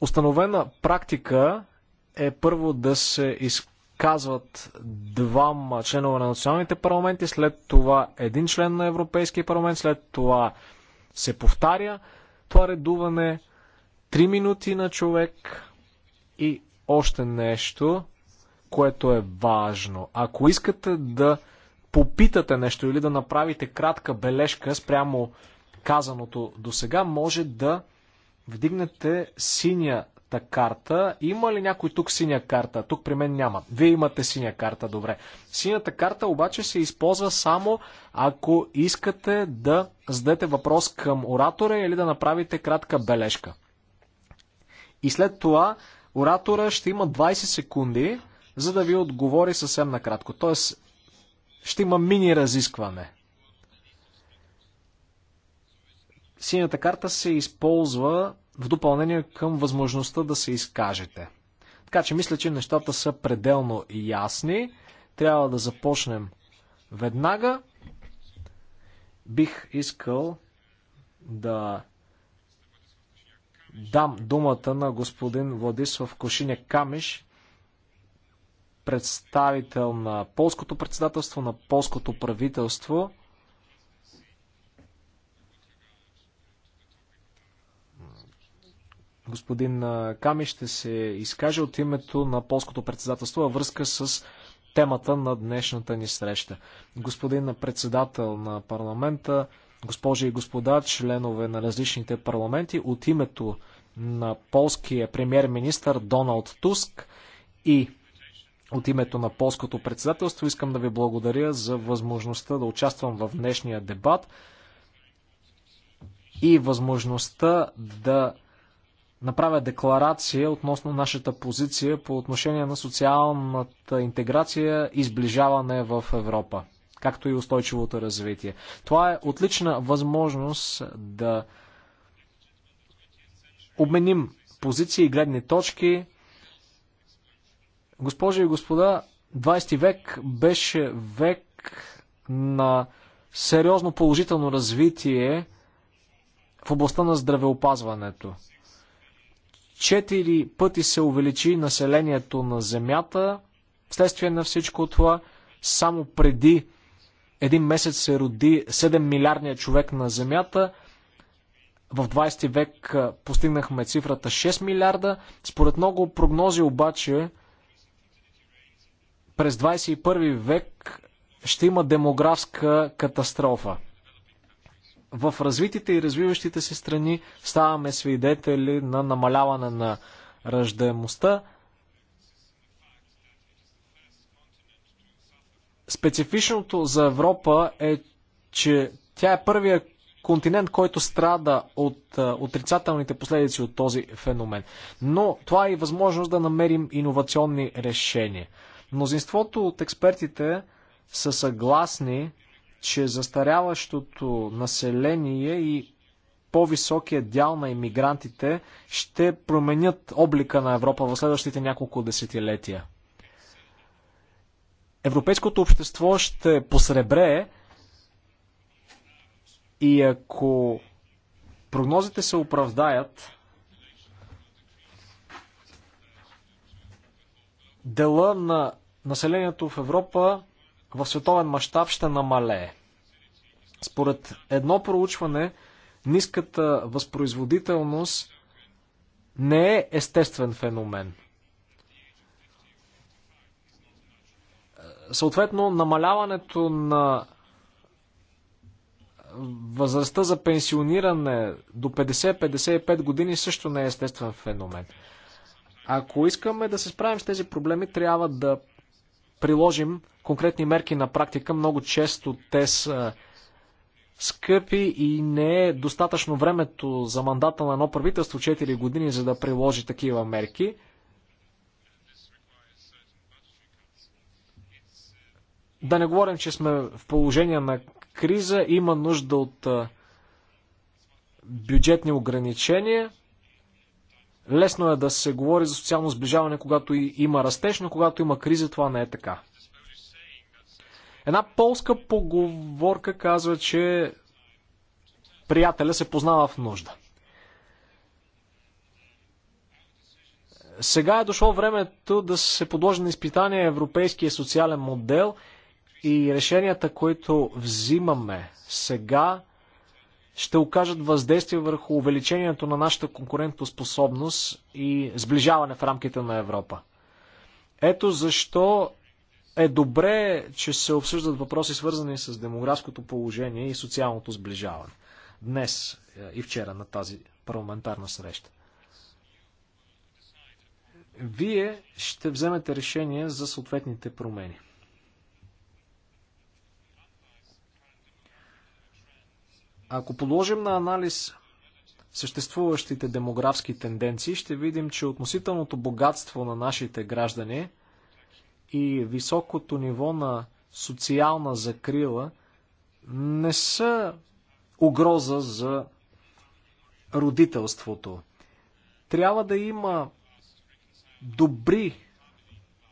Установена практика е първо да се изкажат Казват двама членове на националните парламенти, след това един член на Европейския парламент, след това се повтаря това редуване, Три минути на човек и още нещо, което е важно. Ако искате да попитате нещо или да направите кратка бележка спрямо казаното до сега, може да вдигнете синя синята карта. Има ли някой тук синя карта? Тук при мен няма. Вие имате синя карта, добре. Синята карта обаче се използва само ако искате да зададете въпрос към оратора или да направите кратка бележка. И след това оратора ще има 20 секунди, за да ви отговори съвсем накратко. Тоест, ще има мини разискване. Синята карта се използва в допълнение към възможността да се изкажете. Така че мисля, че нещата са пределно ясни. Трябва да започнем веднага. Бих искал да дам думата на господин Владислав Кошиня Камиш, представител на полското председателство, на полското правителство. Господин Ками ще се изкаже от името на полското председателство във връзка с темата на днешната ни среща. Господин председател на парламента, госпожи и господа, членове на различните парламенти, от името на полския премьер-министр Доналд Туск и от името на полското председателство искам да ви благодаря за възможността да участвам в днешния дебат и възможността да направя декларация относно нашата позиция по отношение на социалната интеграция и сближаване в Европа, както и устойчивото развитие. Това е отлична възможност да обменим позиции и гледни точки. Госпожи и господа, 20 век беше век на сериозно положително развитие в областта на здравеопазването четири пъти се увеличи населението на Земята, вследствие на всичко това, само преди един месец се роди 7 милиардния човек на Земята, в 20 век постигнахме цифрата 6 милиарда. Според много прогнози обаче, през 21 век ще има демографска катастрофа в развитите и развиващите се страни ставаме свидетели на намаляване на ръждаемостта. Специфичното за Европа е, че тя е първия континент, който страда от отрицателните последици от този феномен. Но това е и възможност да намерим иновационни решения. Мнозинството от експертите са съгласни, че застаряващото население и по-високия дял на иммигрантите ще променят облика на Европа в следващите няколко десетилетия. Европейското общество ще посребрее и ако прогнозите се оправдаят, дела на населението в Европа в световен мащаб ще намалее. Според едно проучване, ниската възпроизводителност не е естествен феномен. Съответно, намаляването на възрастта за пенсиониране до 50-55 години също не е естествен феномен. Ако искаме да се справим с тези проблеми, трябва да приложим конкретни мерки на практика. Много често те са скъпи и не е достатъчно времето за мандата на едно правителство 4 години, за да приложи такива мерки. Да не говорим, че сме в положение на криза, има нужда от бюджетни ограничения. Лесно е да се говори за социално сближаване, когато има растеж, но когато има криза, това не е така. Една полска поговорка казва, че приятеля се познава в нужда. Сега е дошло времето да се подложи на изпитание европейския социален модел и решенията, които взимаме сега, ще окажат въздействие върху увеличението на нашата конкурентоспособност и сближаване в рамките на Европа. Ето защо е добре, че се обсъждат въпроси свързани с демографското положение и социалното сближаване. Днес е, и вчера на тази парламентарна среща. Вие ще вземете решение за съответните промени. Ако подложим на анализ съществуващите демографски тенденции, ще видим, че относителното богатство на нашите граждани и високото ниво на социална закрила не са угроза за родителството. Трябва да има добри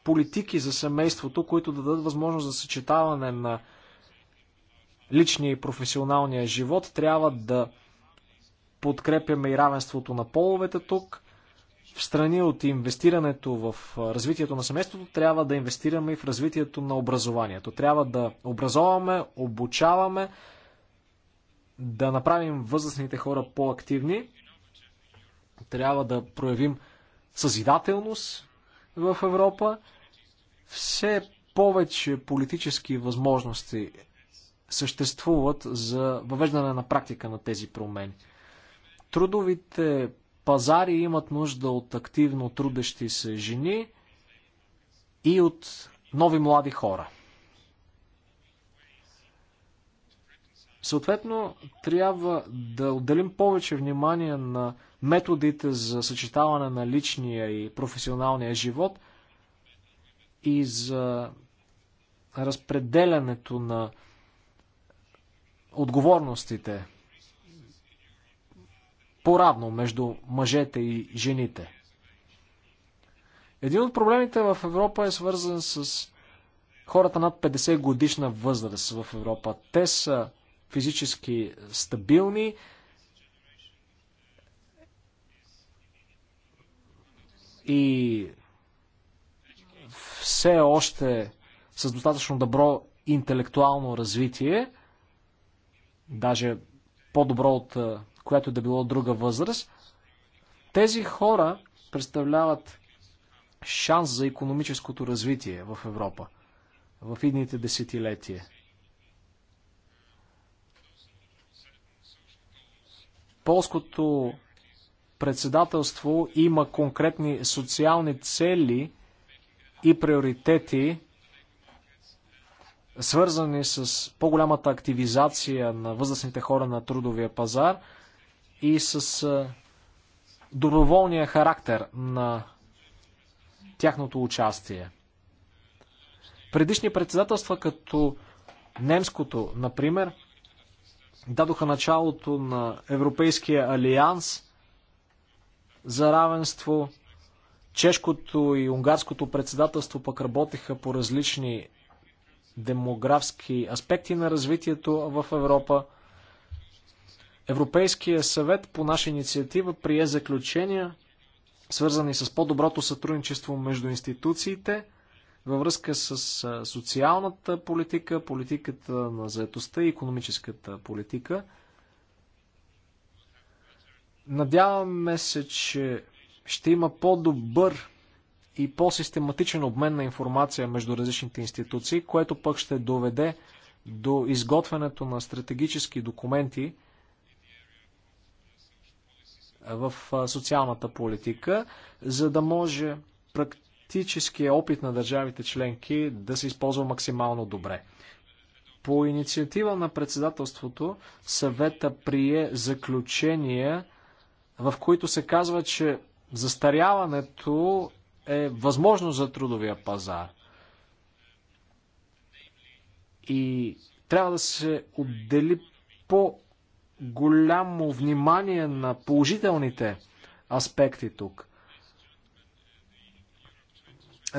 политики за семейството, които да дадат възможност за съчетаване на личния и професионалния живот. Трябва да подкрепяме и равенството на половете тук. В страни от инвестирането в развитието на семейството, трябва да инвестираме и в развитието на образованието. Трябва да образоваме, обучаваме, да направим възрастните хора по-активни. Трябва да проявим съзидателност в Европа. Все повече политически възможности съществуват за въвеждане на практика на тези промени. Трудовите пазари имат нужда от активно трудещи се жени и от нови млади хора. Съответно, трябва да отделим повече внимание на методите за съчетаване на личния и професионалния живот и за разпределянето на отговорностите по-равно между мъжете и жените. Един от проблемите в Европа е свързан с хората над 50 годишна възраст в Европа. Те са физически стабилни. И все още с достатъчно добро интелектуално развитие, даже по-добро от която да било друга възраст, тези хора представляват шанс за економическото развитие в Европа в идните десетилетия. Полското председателство има конкретни социални цели и приоритети, свързани с по-голямата активизация на възрастните хора на трудовия пазар и с доброволния характер на тяхното участие. Предишни председателства, като немското, например, дадоха началото на Европейския алианс за равенство. Чешкото и унгарското председателство пък работеха по различни демографски аспекти на развитието в Европа. Европейския съвет по наша инициатива прие заключения, свързани с по-доброто сътрудничество между институциите във връзка с социалната политика, политиката на заетостта и економическата политика. Надяваме се, че ще има по-добър и по-систематичен обмен на информация между различните институции, което пък ще доведе до изготвянето на стратегически документи в социалната политика, за да може практическия опит на държавите членки да се използва максимално добре. По инициатива на председателството съвета прие заключения, в които се казва, че застаряването е възможно за трудовия пазар. И трябва да се отдели по-голямо внимание на положителните аспекти тук.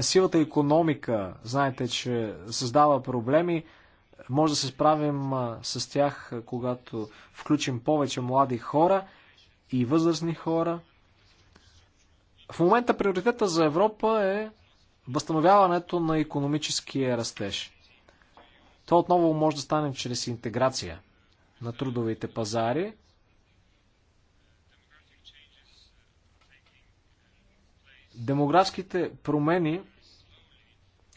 Силата економика, знаете, че създава проблеми. Може да се справим с тях, когато включим повече млади хора и възрастни хора. В момента приоритета за Европа е възстановяването на економическия растеж. То отново може да стане чрез интеграция на трудовите пазари. Демографските промени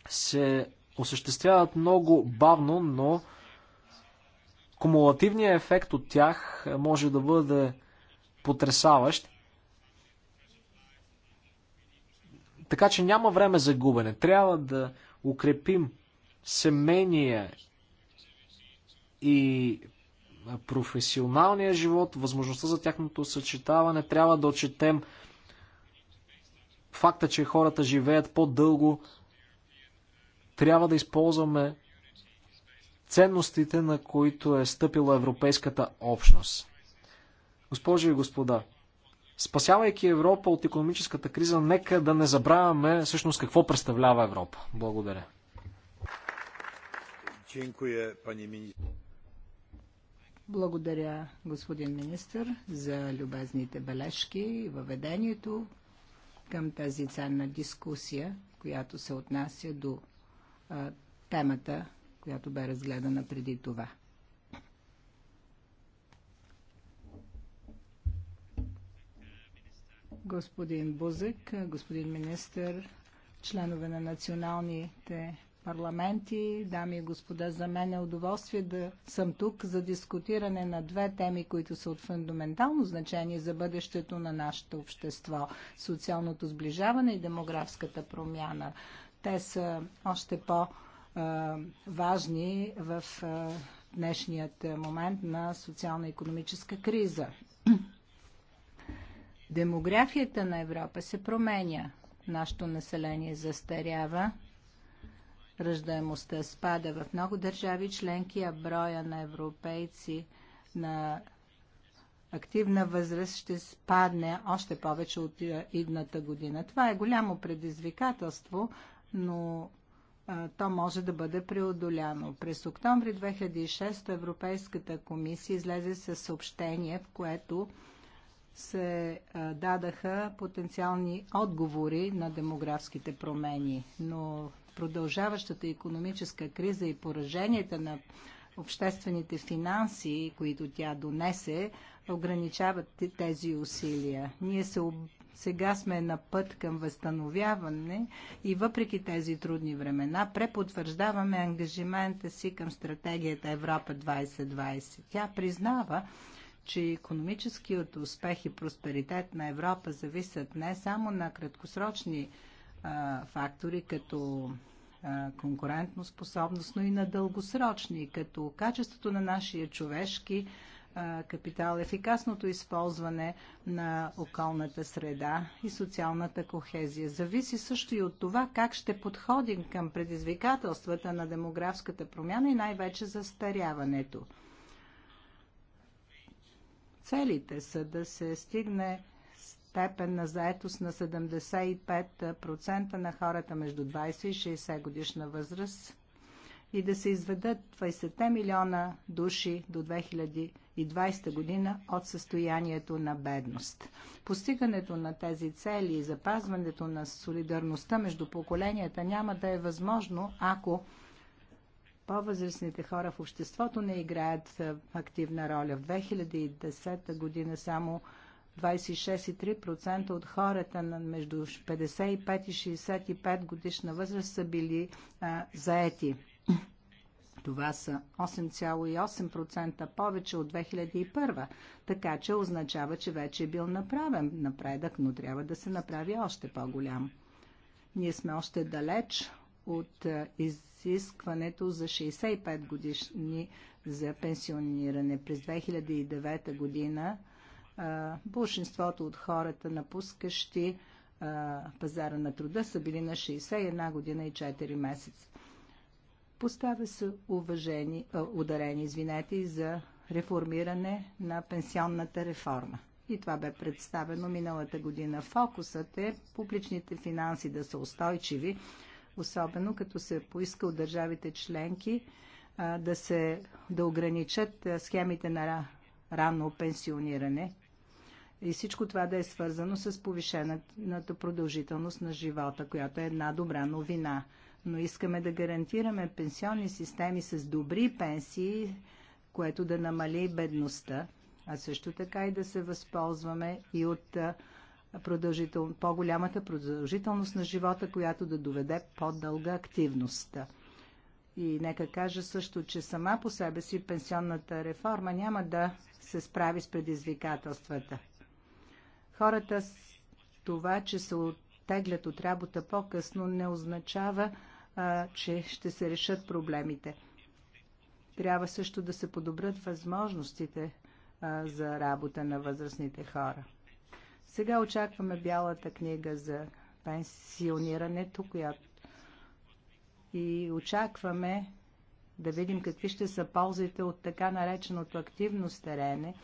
се осъществяват много бавно, но кумулативният ефект от тях може да бъде потресаващ. Така че няма време за губене. Трябва да укрепим семейния и професионалния живот, възможността за тяхното съчетаване. Трябва да отчетем факта, че хората живеят по-дълго. Трябва да използваме ценностите, на които е стъпила Европейската общност. Госпожи и господа, Спасявайки Европа от економическата криза, нека да не забравяме всъщност какво представлява Европа. Благодаря. Благодаря, господин министр, за любезните бележки и въведението към тази ценна дискусия, която се отнася до а, темата, която бе разгледана преди това. господин Бузък, господин министър, членове на националните парламенти, дами и господа, за мен е удоволствие да съм тук за дискутиране на две теми, които са от фундаментално значение за бъдещето на нашето общество – социалното сближаване и демографската промяна. Те са още по-важни в днешният момент на социално-економическа криза. Демографията на Европа се променя. Нашето население застарява, ръждаемостта спада в много държави членки, а броя на европейци на активна възраст ще спадне още повече от е, идната година. Това е голямо предизвикателство, но а, то може да бъде преодоляно. През октомври 2006 Европейската комисия излезе със съобщение, в което се дадаха потенциални отговори на демографските промени, но продължаващата економическа криза и пораженията на обществените финанси, които тя донесе, ограничават тези усилия. Ние се, сега сме на път към възстановяване и въпреки тези трудни времена препотвърждаваме ангажимента си към стратегията Европа 2020. Тя признава, че економическият успех и просперитет на Европа зависят не само на краткосрочни а, фактори, като конкурентно способност, но и на дългосрочни, като качеството на нашия човешки а, капитал, ефикасното използване на околната среда и социалната кохезия. Зависи също и от това как ще подходим към предизвикателствата на демографската промяна и най-вече застаряването. Целите са да се стигне степен на заетост на 75% на хората между 20 и 60 годишна възраст и да се изведат 20 милиона души до 2020 година от състоянието на бедност. Постигането на тези цели и запазването на солидарността между поколенията няма да е възможно, ако по-възрастните хора в обществото не играят активна роля. В 2010 година само 26,3% от хората на между 55 и 65 годишна възраст са били а, заети. Това са 8,8% повече от 2001. Така че означава, че вече е бил направен напредък, но трябва да се направи още по-голям. Ние сме още далеч от из изискването за 65 годишни за пенсиониране. През 2009 година большинството от хората напускащи пазара на труда са били на 61 година и 4 месеца. Поставя се уважени, ударени извинете, за реформиране на пенсионната реформа. И това бе представено миналата година. Фокусът е публичните финанси да са устойчиви, особено като се поиска от държавите членки а, да се да ограничат схемите на ранно пенсиониране и всичко това да е свързано с повишената продължителност на живота, която е една добра новина. Но искаме да гарантираме пенсионни системи с добри пенсии, което да намали бедността, а също така и да се възползваме и от продължител... по-голямата продължителност на живота, която да доведе по-дълга активност. И нека кажа също, че сама по себе си пенсионната реформа няма да се справи с предизвикателствата. Хората с това, че се оттеглят от работа по-късно, не означава, а, че ще се решат проблемите. Трябва също да се подобрят възможностите а, за работа на възрастните хора. Сега очакваме бялата книга за пенсионирането, която и очакваме да видим какви ще са ползите от така нареченото активно старене,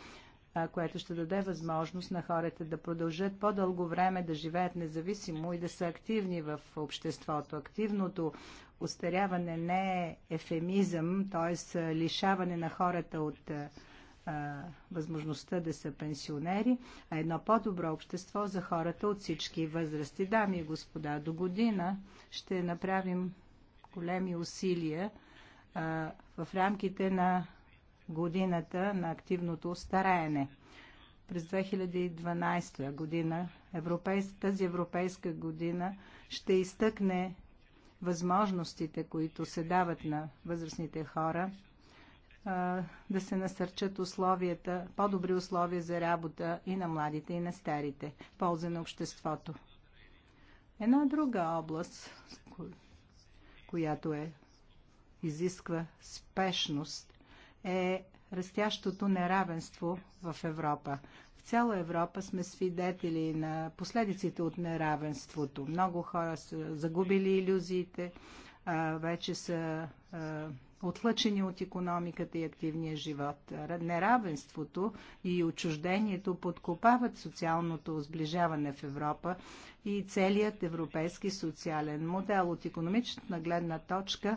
което ще даде възможност на хората да продължат по-дълго време да живеят независимо и да са активни в обществото. Активното устаряване не е ефемизъм, т.е. лишаване на хората от а, възможността да са пенсионери, а едно по-добро общество за хората от всички възрасти. Дами и господа, до година ще направим големи усилия а, в рамките на годината на активното стараене. През 2012 година, европейс, тази европейска година, ще изтъкне възможностите, които се дават на възрастните хора – да се насърчат условията, по-добри условия за работа и на младите, и на старите, полза на обществото. Една друга област, която е, изисква спешност, е растящото неравенство в Европа. В цяла Европа сме свидетели на последиците от неравенството. Много хора са загубили иллюзиите, вече са отлъчени от економиката и активния живот. Неравенството и отчуждението подкопават социалното сближаване в Европа и целият европейски социален модел. От економична гледна точка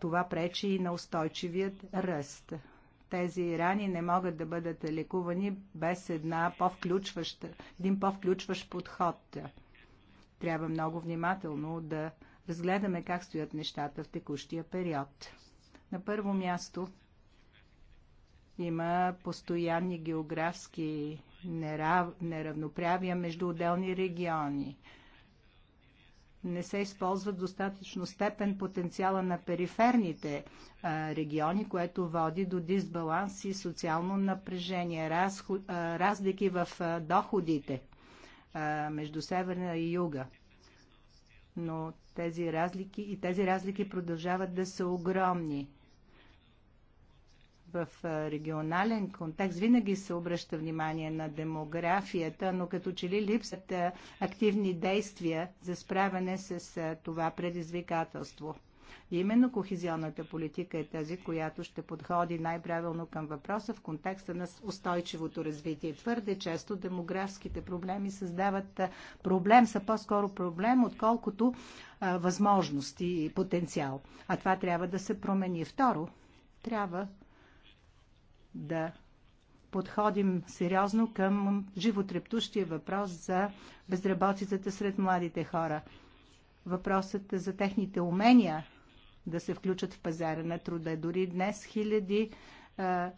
това пречи и на устойчивият ръст. Тези рани не могат да бъдат лекувани без една по един по-включващ подход. Трябва много внимателно да разгледаме как стоят нещата в текущия период. На първо място има постоянни географски нерав... неравноправия между отделни региони. Не се използват достатъчно степен потенциала на периферните а, региони, което води до дисбаланс и социално напрежение, разход... а, разлики в а, доходите а, между северна и юга но тези разлики и тези разлики продължават да са огромни. В регионален контекст винаги се обръща внимание на демографията, но като че ли липсват активни действия за справяне с това предизвикателство. И именно кохезионната политика е тази, която ще подходи най-правилно към въпроса в контекста на устойчивото развитие. Твърде често демографските проблеми създават проблем, са по-скоро проблем, отколкото а, възможности и потенциал. А това трябва да се промени. Второ, трябва да подходим сериозно към животрептущия въпрос за безработицата сред младите хора. Въпросът за техните умения да се включат в пазара на труда. Дори днес хиляди а,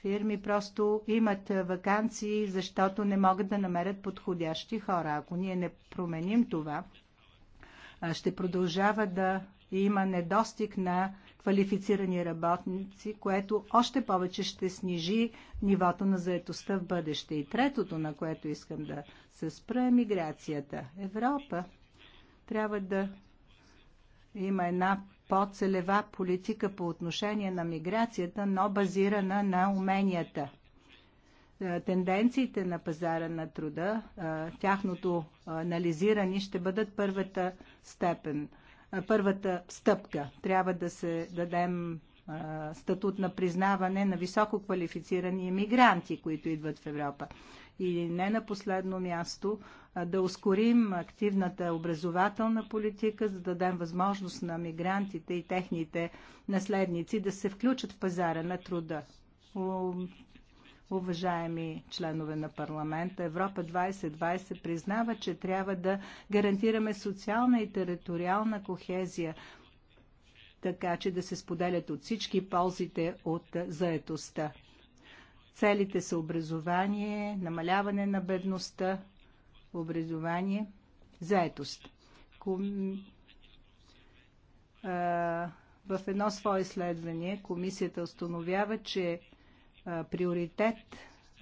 фирми просто имат вакансии, защото не могат да намерят подходящи хора. Ако ние не променим това, ще продължава да има недостиг на квалифицирани работници, което още повече ще снижи нивото на заетостта в бъдеще. И третото, на което искам да се спра, е миграцията. Европа трябва да има една по-целева политика по отношение на миграцията, но базирана на уменията. Е, тенденциите на пазара на труда, е, тяхното анализиране ще бъдат първата степен, е, първата стъпка. Трябва да се дадем статут на признаване на високо квалифицирани иммигранти, които идват в Европа. И не на последно място да ускорим активната образователна политика, за да дадем възможност на мигрантите и техните наследници да се включат в пазара на труда. Уважаеми членове на парламента, Европа 2020 признава, че трябва да гарантираме социална и териториална кохезия, така че да се споделят от всички ползите от заетостта. Целите са образование, намаляване на бедността, образование, заетост. Ком... в едно свое изследване комисията установява, че приоритет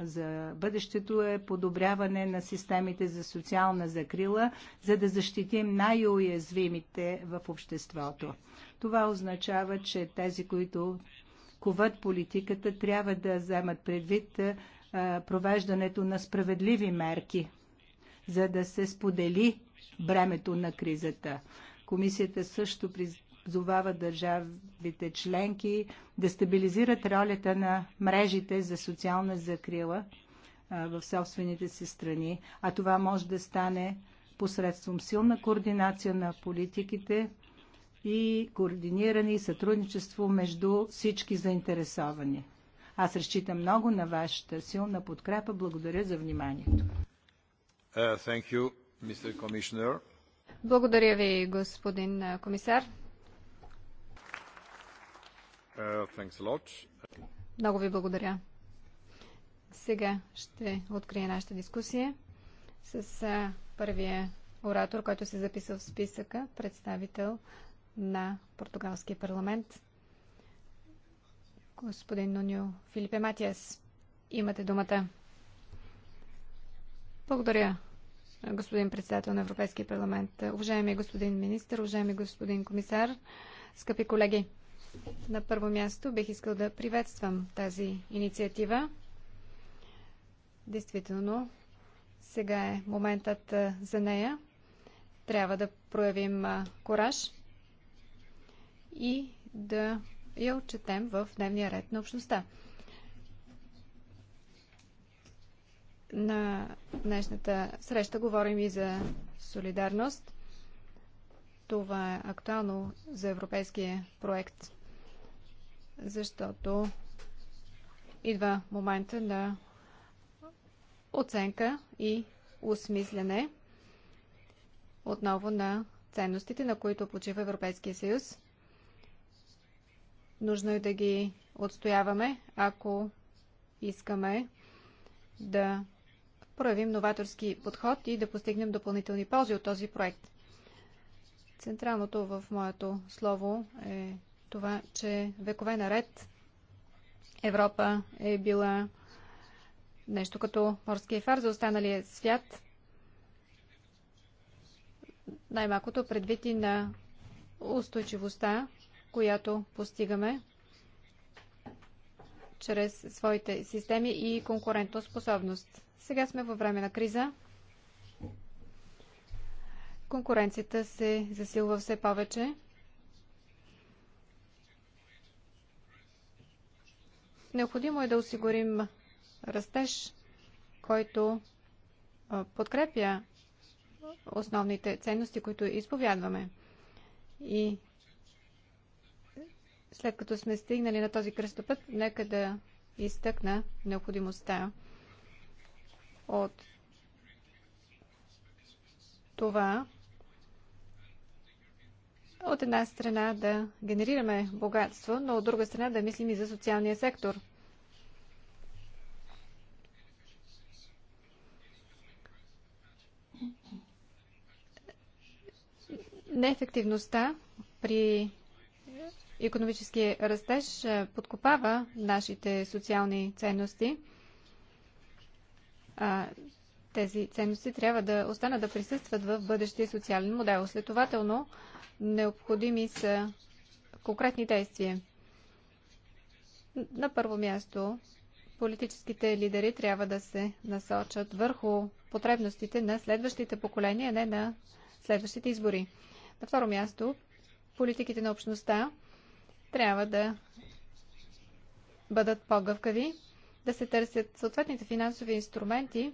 за бъдещето е подобряване на системите за социална закрила, за да защитим най-уязвимите в обществото. Това означава, че тези, които куват политиката, трябва да вземат предвид провеждането на справедливи мерки – за да се сподели бремето на кризата. Комисията също призовава държавите членки да стабилизират ролята на мрежите за социална закрила в собствените си страни, а това може да стане посредством силна координация на политиките и координиране и сътрудничество между всички заинтересовани. Аз разчитам много на вашата силна подкрепа. Благодаря за вниманието. Uh, you, Благодаря ви, господин комисар. Uh, Много ви благодаря. Сега ще открия нашата дискусия с първия оратор, който се записал в списъка, представител на португалския парламент. Господин Нуньо Филипе Матиас, имате думата. Благодаря, господин председател на Европейския парламент. Уважаеми господин министр, уважаеми господин комисар, скъпи колеги. На първо място бих искал да приветствам тази инициатива. Действително, сега е моментът за нея. Трябва да проявим кораж и да я отчетем в дневния ред на общността. на днешната среща говорим и за солидарност. Това е актуално за европейския проект, защото идва момента на оценка и осмислене отново на ценностите, на които почива Европейския съюз. Нужно е да ги отстояваме, ако искаме да проявим новаторски подход и да постигнем допълнителни ползи от този проект. Централното в моето слово е това, че векове наред Европа е била нещо като морския фар за останалия свят. Най-малкото предвид и на устойчивостта, която постигаме чрез своите системи и конкурентоспособност. Сега сме във време на криза. Конкуренцията се засилва все повече. Необходимо е да осигурим растеж, който подкрепя основните ценности, които изповядваме. И след като сме стигнали на този кръстопът, нека да изтъкна необходимостта от това от една страна да генерираме богатство, но от друга страна да мислим и за социалния сектор. Неефективността при економически растеж е, подкопава нашите социални ценности. А, тези ценности трябва да останат да присъстват в бъдещия социален модел. Следователно, необходими са конкретни действия. На първо място, политическите лидери трябва да се насочат върху потребностите на следващите поколения, а не на следващите избори. На второ място, политиките на общността трябва да бъдат по-гъвкави, да се търсят съответните финансови инструменти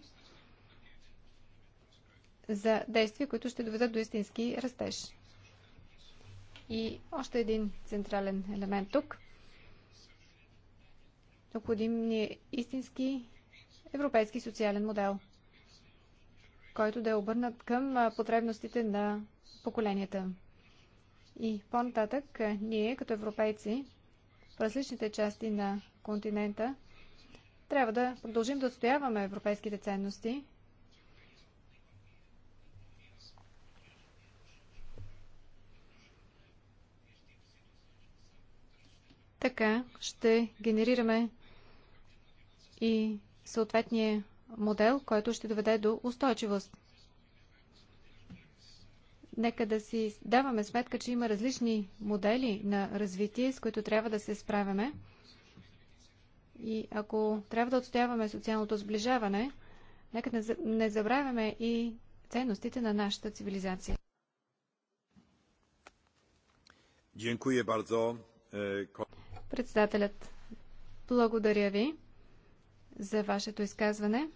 за действия, които ще доведат до истински растеж. И още един централен елемент тук. Необходим ни е истински европейски социален модел, който да е обърнат към потребностите на поколенията. И по-нататък е, ние, като европейци, в различните части на континента, трябва да продължим да отстояваме европейските ценности. Така ще генерираме и съответния модел, който ще доведе до устойчивост. Нека да си даваме сметка, че има различни модели на развитие, с които трябва да се справяме. И ако трябва да отстояваме социалното сближаване, нека не забравяме и ценностите на нашата цивилизация. E, Председателят, благодаря ви за вашето изказване.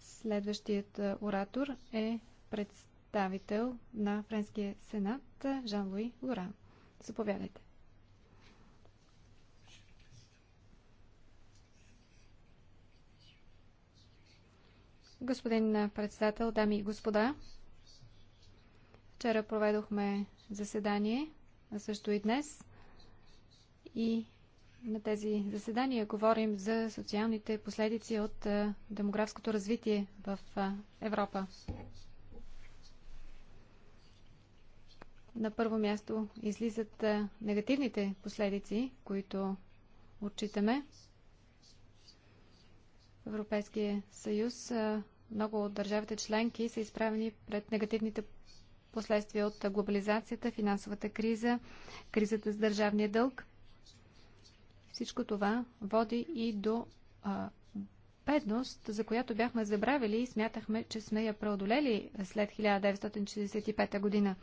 Следващият е, оратор е представител представител на Френския сенат Жан-Луи Лоран. Заповядайте. Господин председател, дами и господа, вчера проведохме заседание, а също и днес. И на тези заседания говорим за социалните последици от демографското развитие в Европа. На първо място излизат негативните последици, които отчитаме. В Европейския съюз много от държавите членки са изправени пред негативните последствия от глобализацията, финансовата криза, кризата с държавния дълг. Всичко това води и до бедност, за която бяхме забравили и смятахме, че сме я преодолели след 1945 година.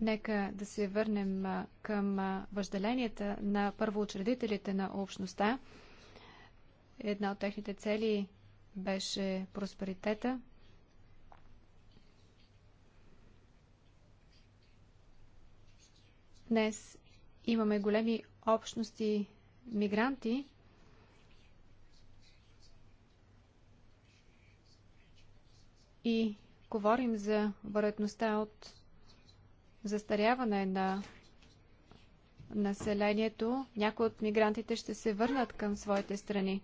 Нека да се върнем към въжделенията на първоочредителите на общността. Една от техните цели беше просперитета. Днес имаме големи общности мигранти, и говорим за вероятността от застаряване на населението, някои от мигрантите ще се върнат към своите страни.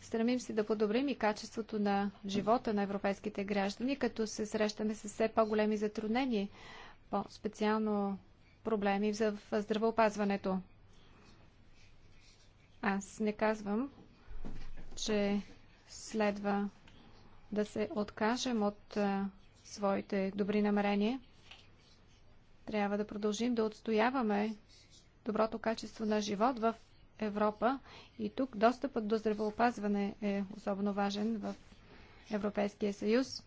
Стремим се да подобрим и качеството на живота на европейските граждани, като се срещаме с все по-големи затруднения, по-специално проблеми в здравеопазването. Аз не казвам, че следва да се откажем от е, своите добри намерения. Трябва да продължим да отстояваме доброто качество на живот в Европа и тук достъпът до здравеопазване е особено важен в Европейския съюз.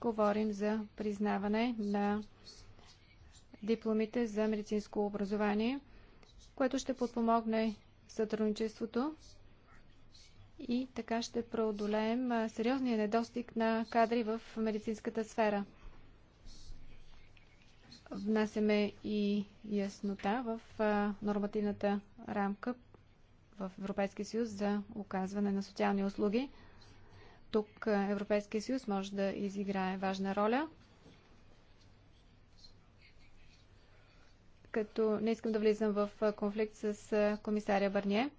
Говорим за признаване на дипломите за медицинско образование, което ще подпомогне сътрудничеството и така ще преодолеем сериозния недостиг на кадри в медицинската сфера. Внасяме и яснота в нормативната рамка в Европейския съюз за оказване на социални услуги. Тук Европейския съюз може да изиграе важна роля. Като не искам да влизам в конфликт с комисаря Барние.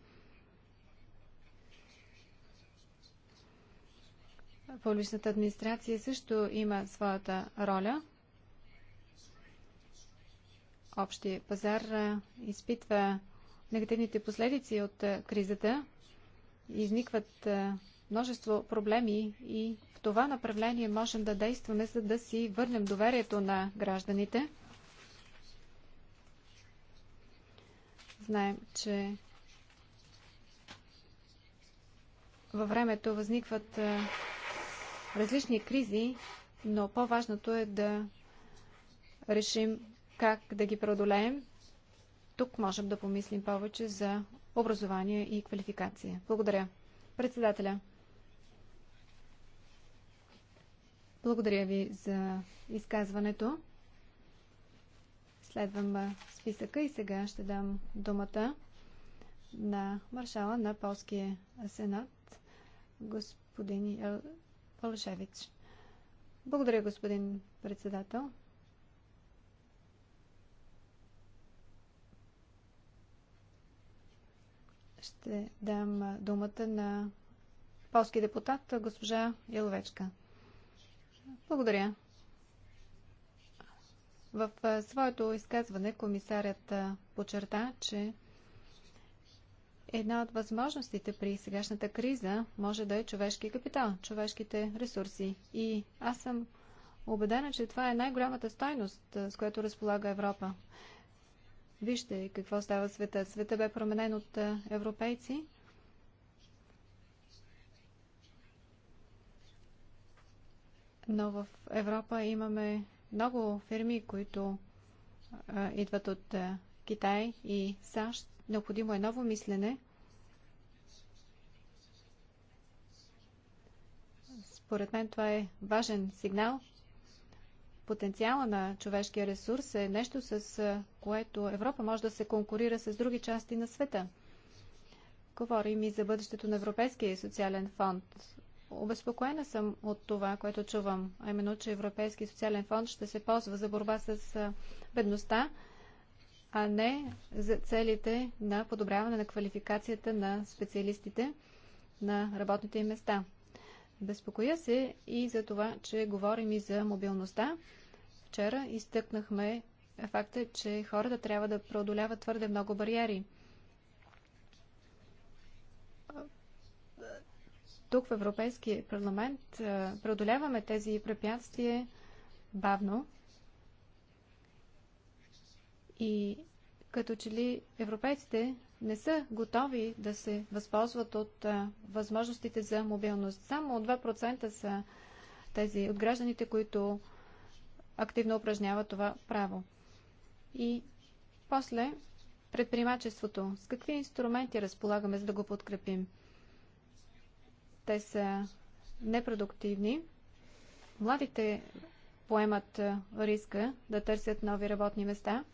Публичната администрация също има своята роля. Общия пазар изпитва негативните последици от кризата. Изникват множество проблеми и в това направление можем да действаме, за да си върнем доверието на гражданите. Знаем, че във времето възникват различни кризи, но по-важното е да решим как да ги преодолеем. Тук можем да помислим повече за образование и квалификация. Благодаря. Председателя. Благодаря ви за изказването. Следвам списъка и сега ще дам думата на маршала на Полския сенат, господин Пълшевич. Благодаря, господин председател. Ще дам думата на полски депутат госпожа Яловечка. Благодаря. В своето изказване комисарят подчерта, че Една от възможностите при сегашната криза може да е човешки капитал, човешките ресурси. И аз съм убедена, че това е най-голямата стойност, с която разполага Европа. Вижте какво става света. Света бе променен от европейци. Но в Европа имаме много фирми, които а, идват от а, Китай и САЩ Необходимо е ново мислене. Според мен това е важен сигнал. Потенциала на човешкия ресурс е нещо, с което Европа може да се конкурира с други части на света. Говорим и за бъдещето на Европейския социален фонд. Обезпокоена съм от това, което чувам, а именно, че Европейския социален фонд ще се ползва за борба с бедността, а не за целите на подобряване на квалификацията на специалистите на работните им места. Безпокоя се и за това, че говорим и за мобилността. Вчера изтъкнахме факта, че хората трябва да преодоляват твърде много бариери. Тук в Европейския парламент преодоляваме тези препятствия бавно, и като че ли европейците не са готови да се възползват от а, възможностите за мобилност. Само 2% са тези от гражданите, които активно упражняват това право. И после предприемачеството. С какви инструменти разполагаме, за да го подкрепим? Те са непродуктивни. Младите поемат риска да търсят нови работни места –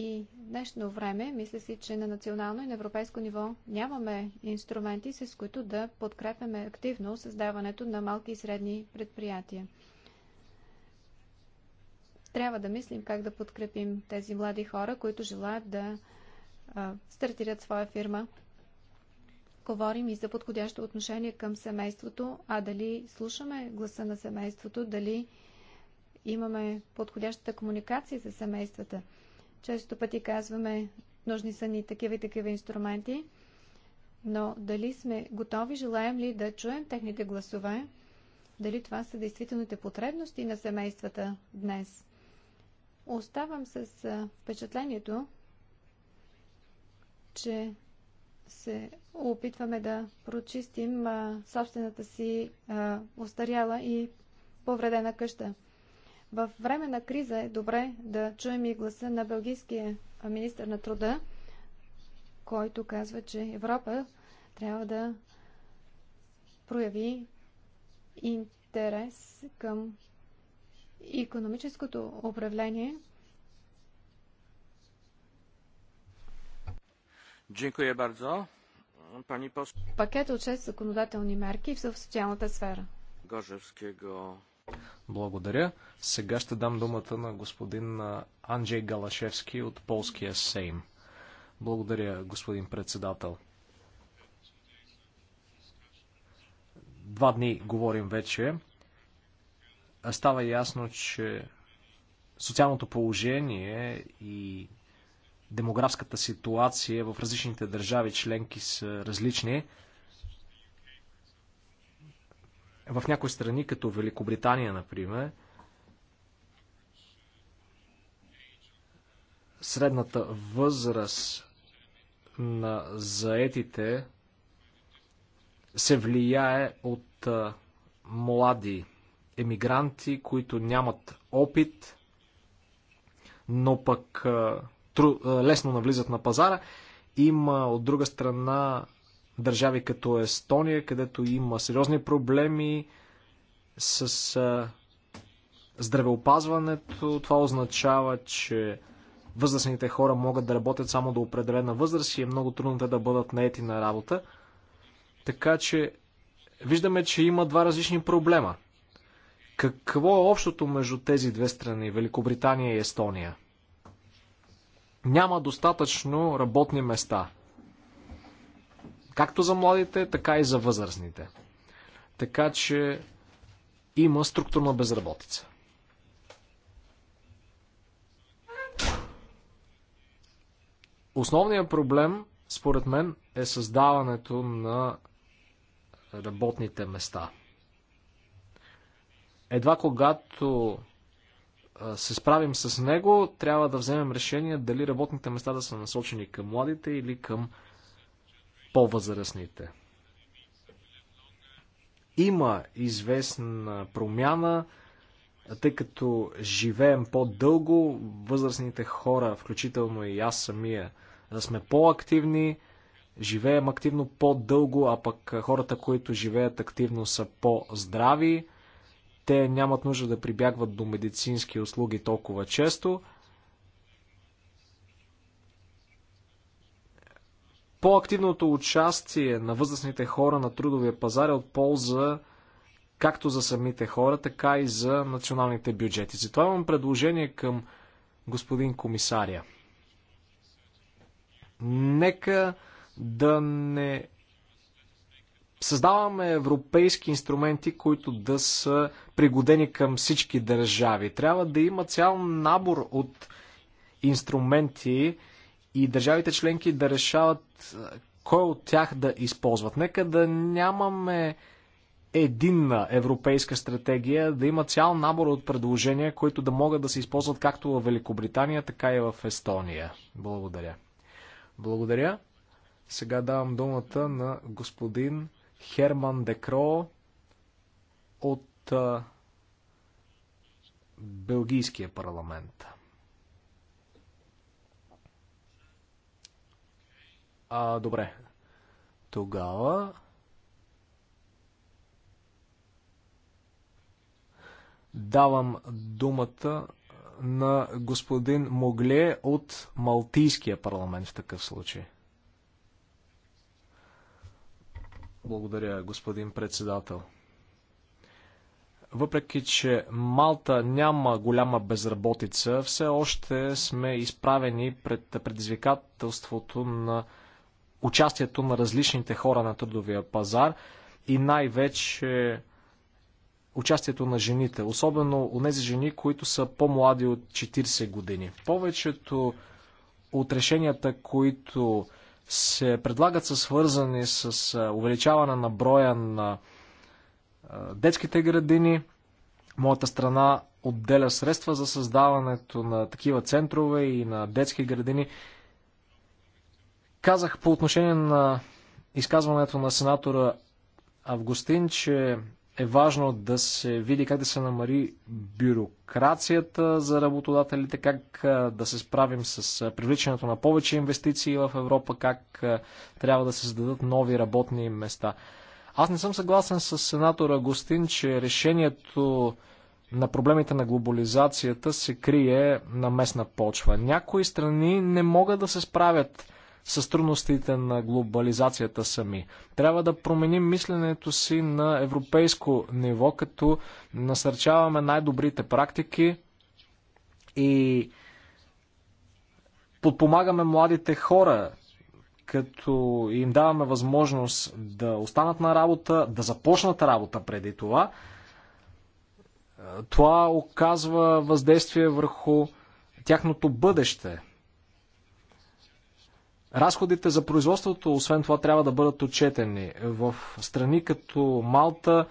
и днешно време, мисля си, че на национално и на европейско ниво нямаме инструменти, с които да подкрепяме активно създаването на малки и средни предприятия. Трябва да мислим как да подкрепим тези млади хора, които желаят да а, стартират своя фирма. Говорим и за подходящо отношение към семейството, а дали слушаме гласа на семейството, дали имаме подходящата комуникация за семействата. Често пъти казваме, нужни са ни такива и такива инструменти, но дали сме готови, желаем ли да чуем техните гласове, дали това са действителните потребности на семействата днес. Оставам с впечатлението, че се опитваме да прочистим а, собствената си а, устаряла и повредена къща. В време на криза е добре да чуем и гласа на бългийския министр на труда, който казва, че Европа трябва да прояви интерес към економическото управление. Dziękuję от 6 законодателни мерки в социалната сфера. Благодаря. Сега ще дам думата на господин Анджей Галашевски от Полския Сейм. Благодаря, господин председател. Два дни говорим вече. Става ясно, че социалното положение и демографската ситуация в различните държави членки са различни. В някои страни, като Великобритания, например, средната възраст на заетите се влияе от а, млади емигранти, които нямат опит, но пък а, тру, а, лесно навлизат на пазара. Има от друга страна държави като Естония, където има сериозни проблеми с здравеопазването. Това означава, че възрастните хора могат да работят само до определена възраст и е много трудно те да бъдат наети на работа. Така че виждаме, че има два различни проблема. Какво е общото между тези две страни, Великобритания и Естония? Няма достатъчно работни места – Както за младите, така и за възрастните. Така че има структурна безработица. Основният проблем, според мен, е създаването на работните места. Едва когато се справим с него, трябва да вземем решение дали работните места да са насочени към младите или към по-възрастните. Има известна промяна, тъй като живеем по-дълго, възрастните хора, включително и аз самия, да сме по-активни, живеем активно по-дълго, а пък хората, които живеят активно са по-здрави, те нямат нужда да прибягват до медицински услуги толкова често – По-активното участие на възрастните хора на трудовия пазар е от полза както за самите хора, така и за националните бюджети. Затова имам предложение към господин комисаря. Нека да не създаваме европейски инструменти, които да са пригодени към всички държави. Трябва да има цял набор от инструменти, и държавите членки да решават кой от тях да използват. Нека да нямаме единна европейска стратегия, да има цял набор от предложения, които да могат да се използват както в Великобритания, така и в Естония. Благодаря. Благодаря. Сега давам думата на господин Херман Декро от Белгийския парламент. А, добре. Тогава... Давам думата на господин Могле от Малтийския парламент в такъв случай. Благодаря, господин председател. Въпреки, че Малта няма голяма безработица, все още сме изправени пред предизвикателството на участието на различните хора на трудовия пазар и най-вече участието на жените, особено у нези жени, които са по-млади от 40 години. Повечето от решенията, които се предлагат са свързани с увеличаване на броя на детските градини. Моята страна отделя средства за създаването на такива центрове и на детски градини. Казах по отношение на изказването на сенатора Августин, че е важно да се види как да се намари бюрокрацията за работодателите, как да се справим с привличането на повече инвестиции в Европа, как трябва да се създадат нови работни места. Аз не съм съгласен с сенатора Агустин, че решението на проблемите на глобализацията се крие на местна почва. Някои страни не могат да се справят с трудностите на глобализацията сами. Трябва да променим мисленето си на европейско ниво, като насърчаваме най-добрите практики и подпомагаме младите хора, като им даваме възможност да останат на работа, да започнат работа преди това. Е, това оказва въздействие върху тяхното бъдеще. Разходите за производството, освен това, трябва да бъдат отчетени. В страни като Малта,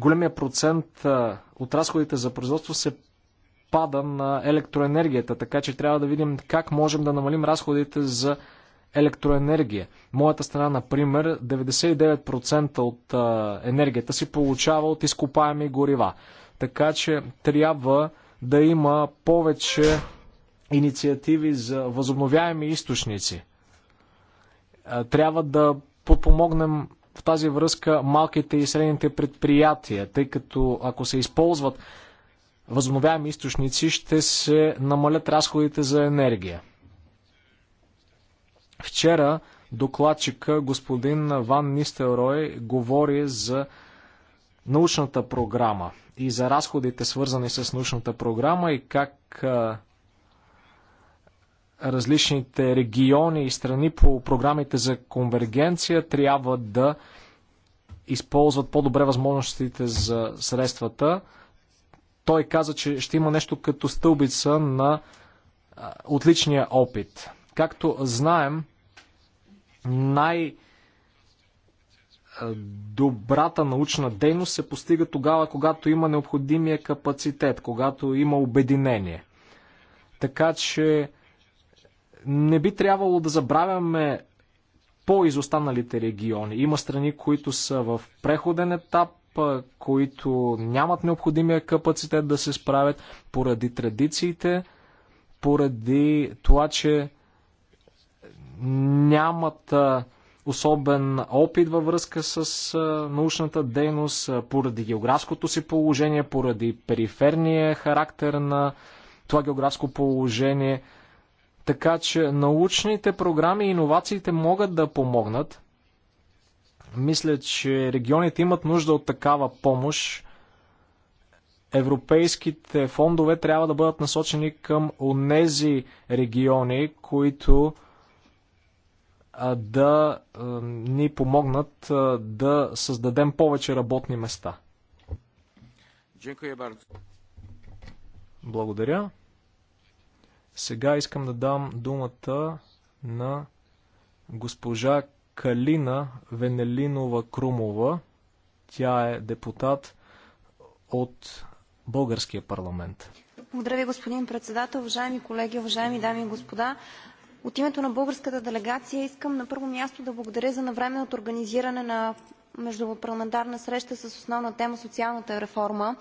големия процент от разходите за производство се пада на електроенергията, така че трябва да видим как можем да намалим разходите за електроенергия. Моята страна, например, 99% от енергията си получава от изкопаеми горива. Така че трябва да има повече инициативи за възобновяеми източници. Трябва да подпомогнем в тази връзка малките и средните предприятия, тъй като ако се използват възобновяеми източници, ще се намалят разходите за енергия. Вчера докладчика господин Ван Нистелрой говори за научната програма и за разходите свързани с научната програма и как различните региони и страни по програмите за конвергенция трябва да използват по-добре възможностите за средствата. Той каза, че ще има нещо като стълбица на отличния опит. Както знаем, най- добрата научна дейност се постига тогава, когато има необходимия капацитет, когато има обединение. Така че не би трябвало да забравяме по-изостаналите региони. Има страни, които са в преходен етап, които нямат необходимия капацитет да се справят поради традициите, поради това, че нямат особен опит във връзка с научната дейност, поради географското си положение, поради периферния характер на това географско положение – така че научните програми и иновациите могат да помогнат. Мисля, че регионите имат нужда от такава помощ. Европейските фондове трябва да бъдат насочени към онези региони, които да ни помогнат да създадем повече работни места. Благодаря. Сега искам да дам думата на госпожа Калина Венелинова Крумова. Тя е депутат от Българския парламент. Благодаря ви, господин председател, уважаеми колеги, уважаеми дами и господа. От името на българската делегация искам на първо място да благодаря за навременното организиране на междупарламентарна среща с основна тема социалната реформа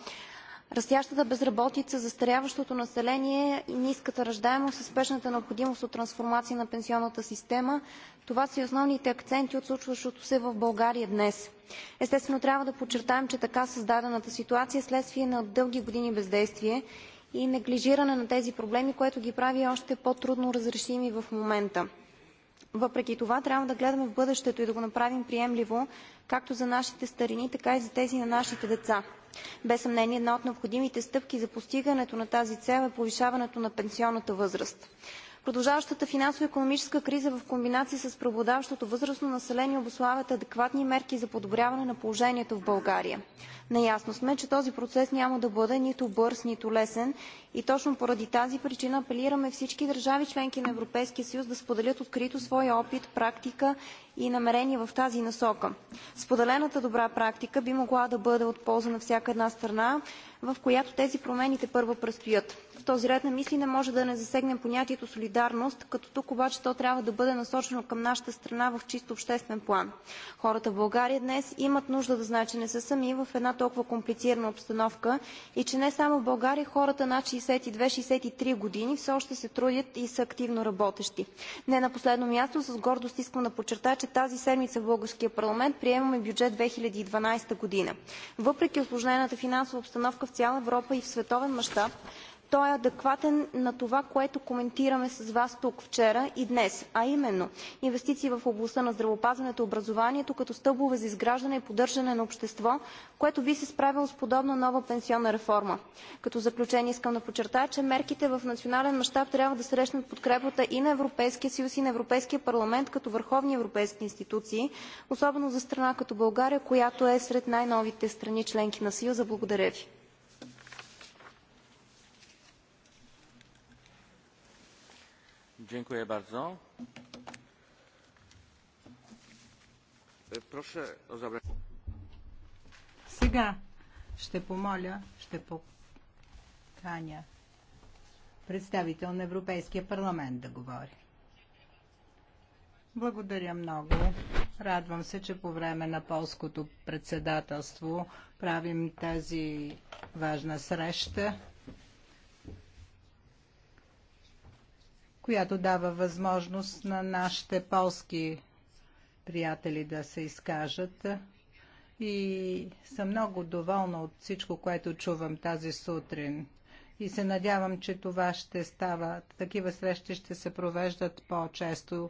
растящата безработица, застаряващото население, ниската ръждаемост и спешната необходимост от трансформация на пенсионната система. Това са и основните акценти от случващото се в България днес. Естествено, трябва да подчертаем, че така създадената ситуация е следствие на дълги години бездействие и неглижиране на тези проблеми, което ги прави още по-трудно разрешими в момента. Въпреки това трябва да гледаме в бъдещето и да го направим приемливо както за нашите старини, така и за тези на нашите деца. Без съмнение една от необходимите стъпки за постигането на тази цел е повишаването на пенсионната възраст. Продължаващата финансово економическа криза в комбинация с преобладаващото възрастно население обославят адекватни мерки за подобряване на положението в България. Наясно сме, че този процес няма да бъде нито бърз, нито лесен и точно поради тази причина апелираме всички държави членки на Европейския съюз да споделят открито своя опит, практика и намерения в тази насока. Споделената добра практика би могла да бъде от полза на всяка една страна, в която тези промени първо предстоят този ред на мисли не може да не засегнем понятието солидарност, като тук обаче то трябва да бъде насочено към нашата страна в чисто обществен план. Хората в България днес имат нужда да знаят, че не са сами в една толкова комплицирана обстановка и че не само в България хората над 62-63 години все още се трудят и са активно работещи. Не на последно място, с гордост искам да подчертая, че тази седмица в българския парламент приемаме бюджет 2012 година. Въпреки осложнената финансова обстановка в цяла Европа и в световен мащаб, той е адекватен на това, което коментираме с вас тук вчера и днес, а именно инвестиции в областта на здравеопазването и образованието като стълбове за изграждане и поддържане на общество, което би се справило с подобна нова пенсионна реформа. Като заключение искам да подчертая, че мерките в национален мащаб трябва да срещнат подкрепата и на Европейския съюз и на Европейския парламент като върховни европейски институции, особено за страна като България, която е сред най-новите страни членки на Съюза. Благодаря ви. Сега ще помоля, ще поканя представител на Европейския парламент да говори. Благодаря много. Радвам се, че по време на полското председателство правим тази важна среща. която дава възможност на нашите полски приятели да се изкажат. И съм много доволна от всичко, което чувам тази сутрин. И се надявам, че това ще става. Такива срещи ще се провеждат по-често.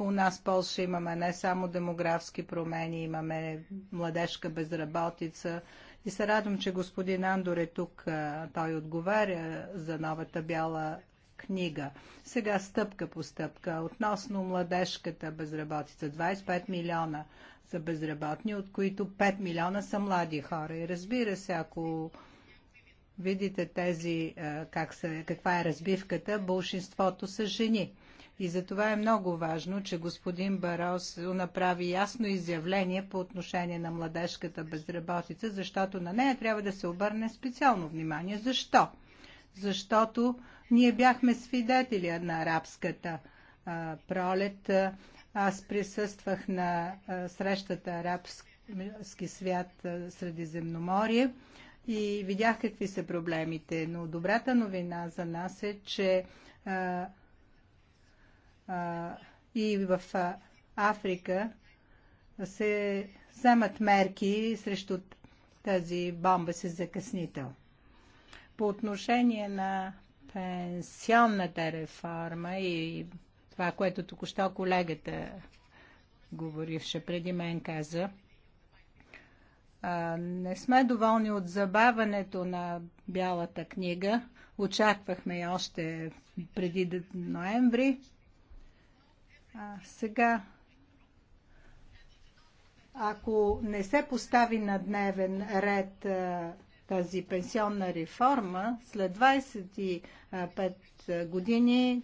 У нас в Польша имаме не само демографски промени, имаме младежка безработица. И се радвам, че господин Андор е тук. Той отговаря за новата бяла книга. Сега стъпка по стъпка. Относно младежката безработица. 25 милиона са безработни, от които 5 милиона са млади хора. И разбира се, ако видите тези, как са, каква е разбивката, большинството са жени. И за това е много важно, че господин Барос направи ясно изявление по отношение на младежката безработица, защото на нея трябва да се обърне специално внимание. Защо? защото ние бяхме свидетели на арабската а, пролет. Аз присъствах на а, срещата арабски свят а, Средиземноморие и видях какви са проблемите. Но добрата новина за нас е, че а, а, и в а, Африка се вземат мерки срещу тази бомба с закъснител. По отношение на пенсионната реформа и това, което току-що колегата говоривше преди мен каза, не сме доволни от забаването на Бялата книга. Очаквахме я още преди ноември. А сега, ако не се постави на дневен ред тази пенсионна реформа, след 25 години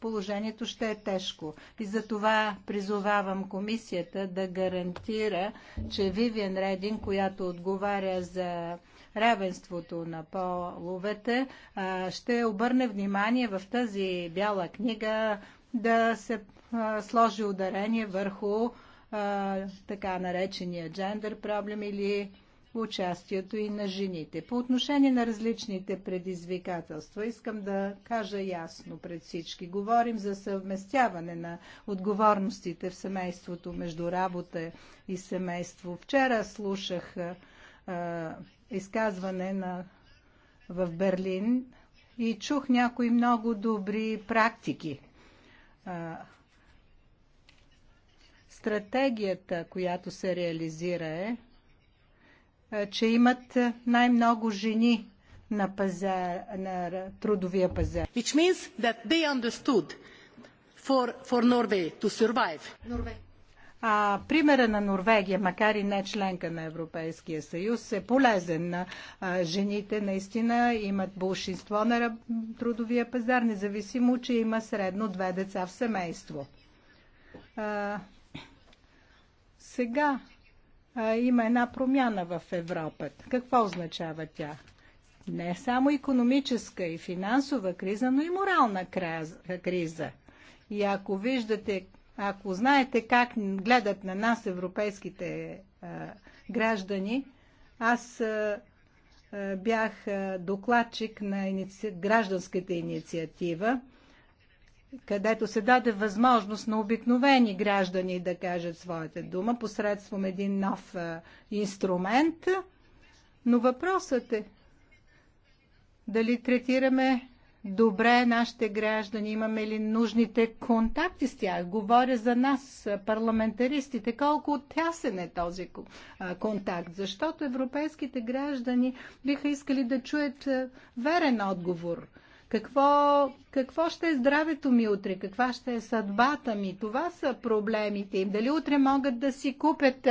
положението ще е тежко. И за това призовавам комисията да гарантира, че Вивиан Редин, която отговаря за равенството на половете, ще обърне внимание в тази бяла книга да се сложи ударение върху така наречения джендър проблем или участието и на жените. По отношение на различните предизвикателства, искам да кажа ясно пред всички. Говорим за съвместяване на отговорностите в семейството между работа и семейство. Вчера слушах а, изказване на, в Берлин и чух някои много добри практики. А, стратегията, която се реализира е е, че имат е, най-много жени на, пазар, на трудовия пазар. Which means that they understood for, for Norway to survive. А, примера на Норвегия, макар и не членка на Европейския съюз, е полезен на жените. Наистина имат большинство на трудовия пазар, независимо, че има средно две деца в семейство. А, сега има една промяна в Европа. Какво означава тя? Не само економическа и финансова криза, но и морална криза. И ако виждате, ако знаете как гледат на нас европейските а, граждани, аз а, бях докладчик на иници... гражданската инициатива където се даде възможност на обикновени граждани да кажат своята дума посредством един нов инструмент. Но въпросът е дали третираме добре нашите граждани, имаме ли нужните контакти с тях. Говоря за нас, парламентаристите, колко тясен е този контакт, защото европейските граждани биха искали да чуят верен отговор – какво, какво ще е здравето ми утре? Каква ще е съдбата ми? Това са проблемите им. Дали утре могат да си купят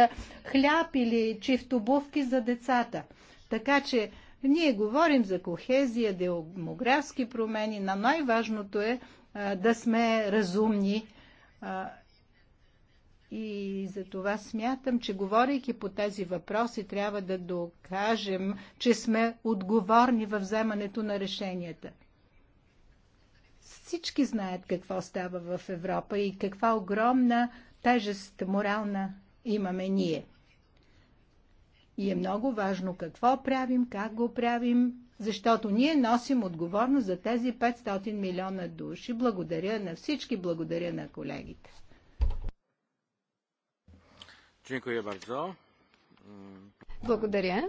хляб или чифтобувки за децата? Така че ние говорим за кохезия, демографски промени, но най-важното е а, да сме разумни. А, и за това смятам, че говорейки по тези въпроси, трябва да докажем, че сме отговорни във вземането на решенията. Всички знаят какво става в Европа и каква огромна тежест морална имаме ние. И е много важно какво правим, как го правим, защото ние носим отговорност за тези 500 милиона души. Благодаря на всички, благодаря на колегите. Благодаря.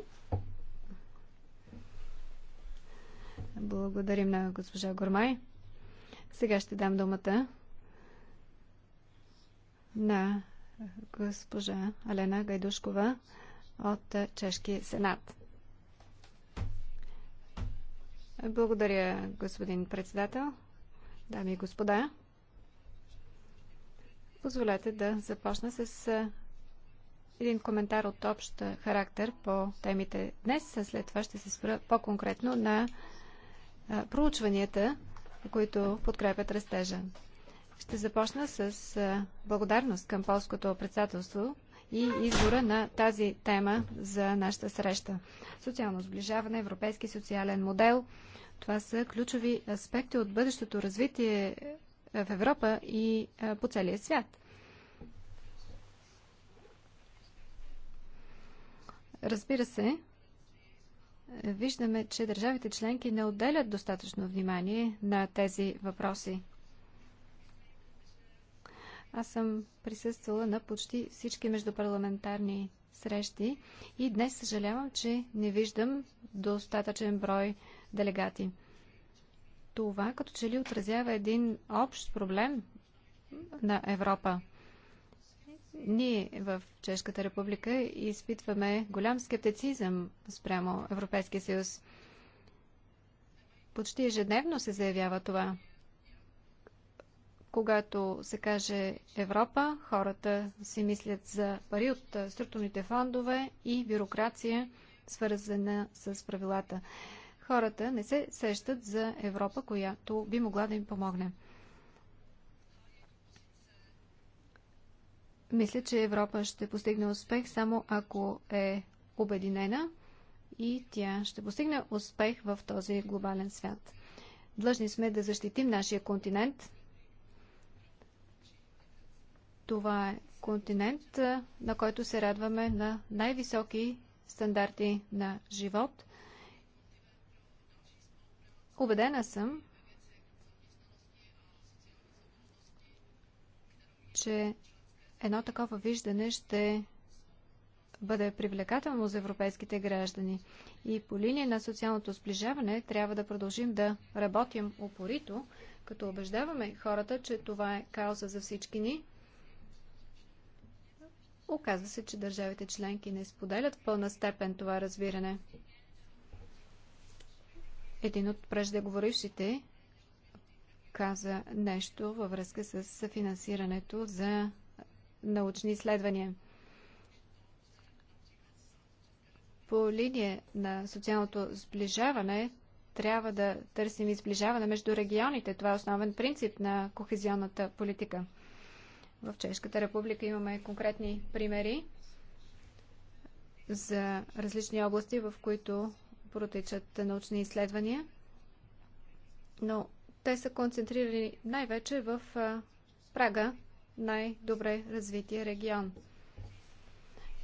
Благодарим на госпожа Гормай. Сега ще дам думата на госпожа Алена Гайдушкова от Чешки сенат. Благодаря, господин председател. Дами и господа, позволете да започна с един коментар от общ характер по темите днес. а След това ще се спра по-конкретно на проучванията, които подкрепят растежа. Ще започна с благодарност към полското председателство и избора на тази тема за нашата среща. Социално сближаване, европейски социален модел. Това са ключови аспекти от бъдещото развитие в Европа и по целия свят. Разбира се, виждаме, че държавите членки не отделят достатъчно внимание на тези въпроси. Аз съм присъствала на почти всички междупарламентарни срещи и днес съжалявам, че не виждам достатъчен брой делегати. Това като че ли отразява един общ проблем на Европа – ние в Чешката република изпитваме голям скептицизъм спрямо Европейския съюз. Почти ежедневно се заявява това. Когато се каже Европа, хората си мислят за пари от структурните фондове и бюрокрация, свързана с правилата. Хората не се сещат за Европа, която би могла да им помогне. Мисля, че Европа ще постигне успех само ако е обединена и тя ще постигне успех в този глобален свят. Длъжни сме да защитим нашия континент. Това е континент, на който се радваме на най-високи стандарти на живот. Убедена съм, че Едно такова виждане ще бъде привлекателно за европейските граждани. И по линия на социалното сближаване трябва да продължим да работим упорито, като убеждаваме хората, че това е кауза за всички ни. Оказва се, че държавите членки не споделят в пълна степен това разбиране. Един от преждеговорившите каза нещо във връзка с финансирането за научни изследвания. По линия на социалното сближаване трябва да търсим изближаване между регионите. Това е основен принцип на кохезионната политика. В Чешката република имаме конкретни примери за различни области, в които протичат научни изследвания, но те са концентрирани най-вече в прага най-добре развития регион.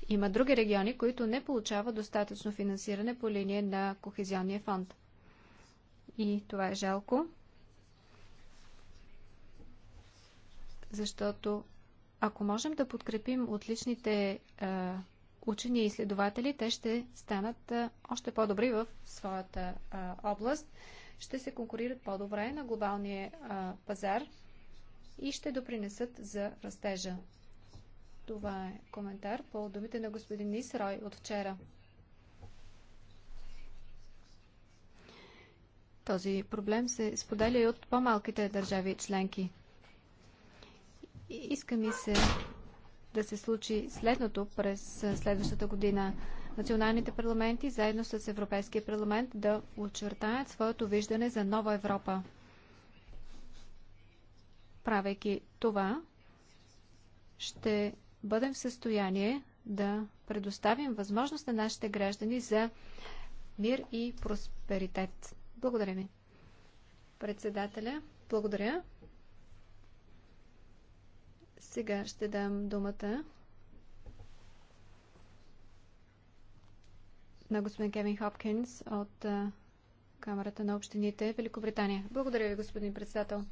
Има други региони, които не получават достатъчно финансиране по линия на Кохезионния фонд. И това е жалко, защото ако можем да подкрепим отличните учени и изследователи, те ще станат още по-добри в своята област, ще се конкурират по-добре на глобалния пазар и ще допринесат за растежа. Това е коментар по думите на господин Нисрой от вчера. Този проблем се споделя и от по-малките държави членки. Иска ми се да се случи следното през следващата година. Националните парламенти заедно с Европейския парламент да очертаят своето виждане за нова Европа. Правейки това, ще бъдем в състояние да предоставим възможност на нашите граждани за мир и просперитет. Благодаря ви. Председателя, благодаря. Сега ще дам думата на господин Кевин Хопкинс от Камерата на общините Великобритания. Благодаря ви, господин председател.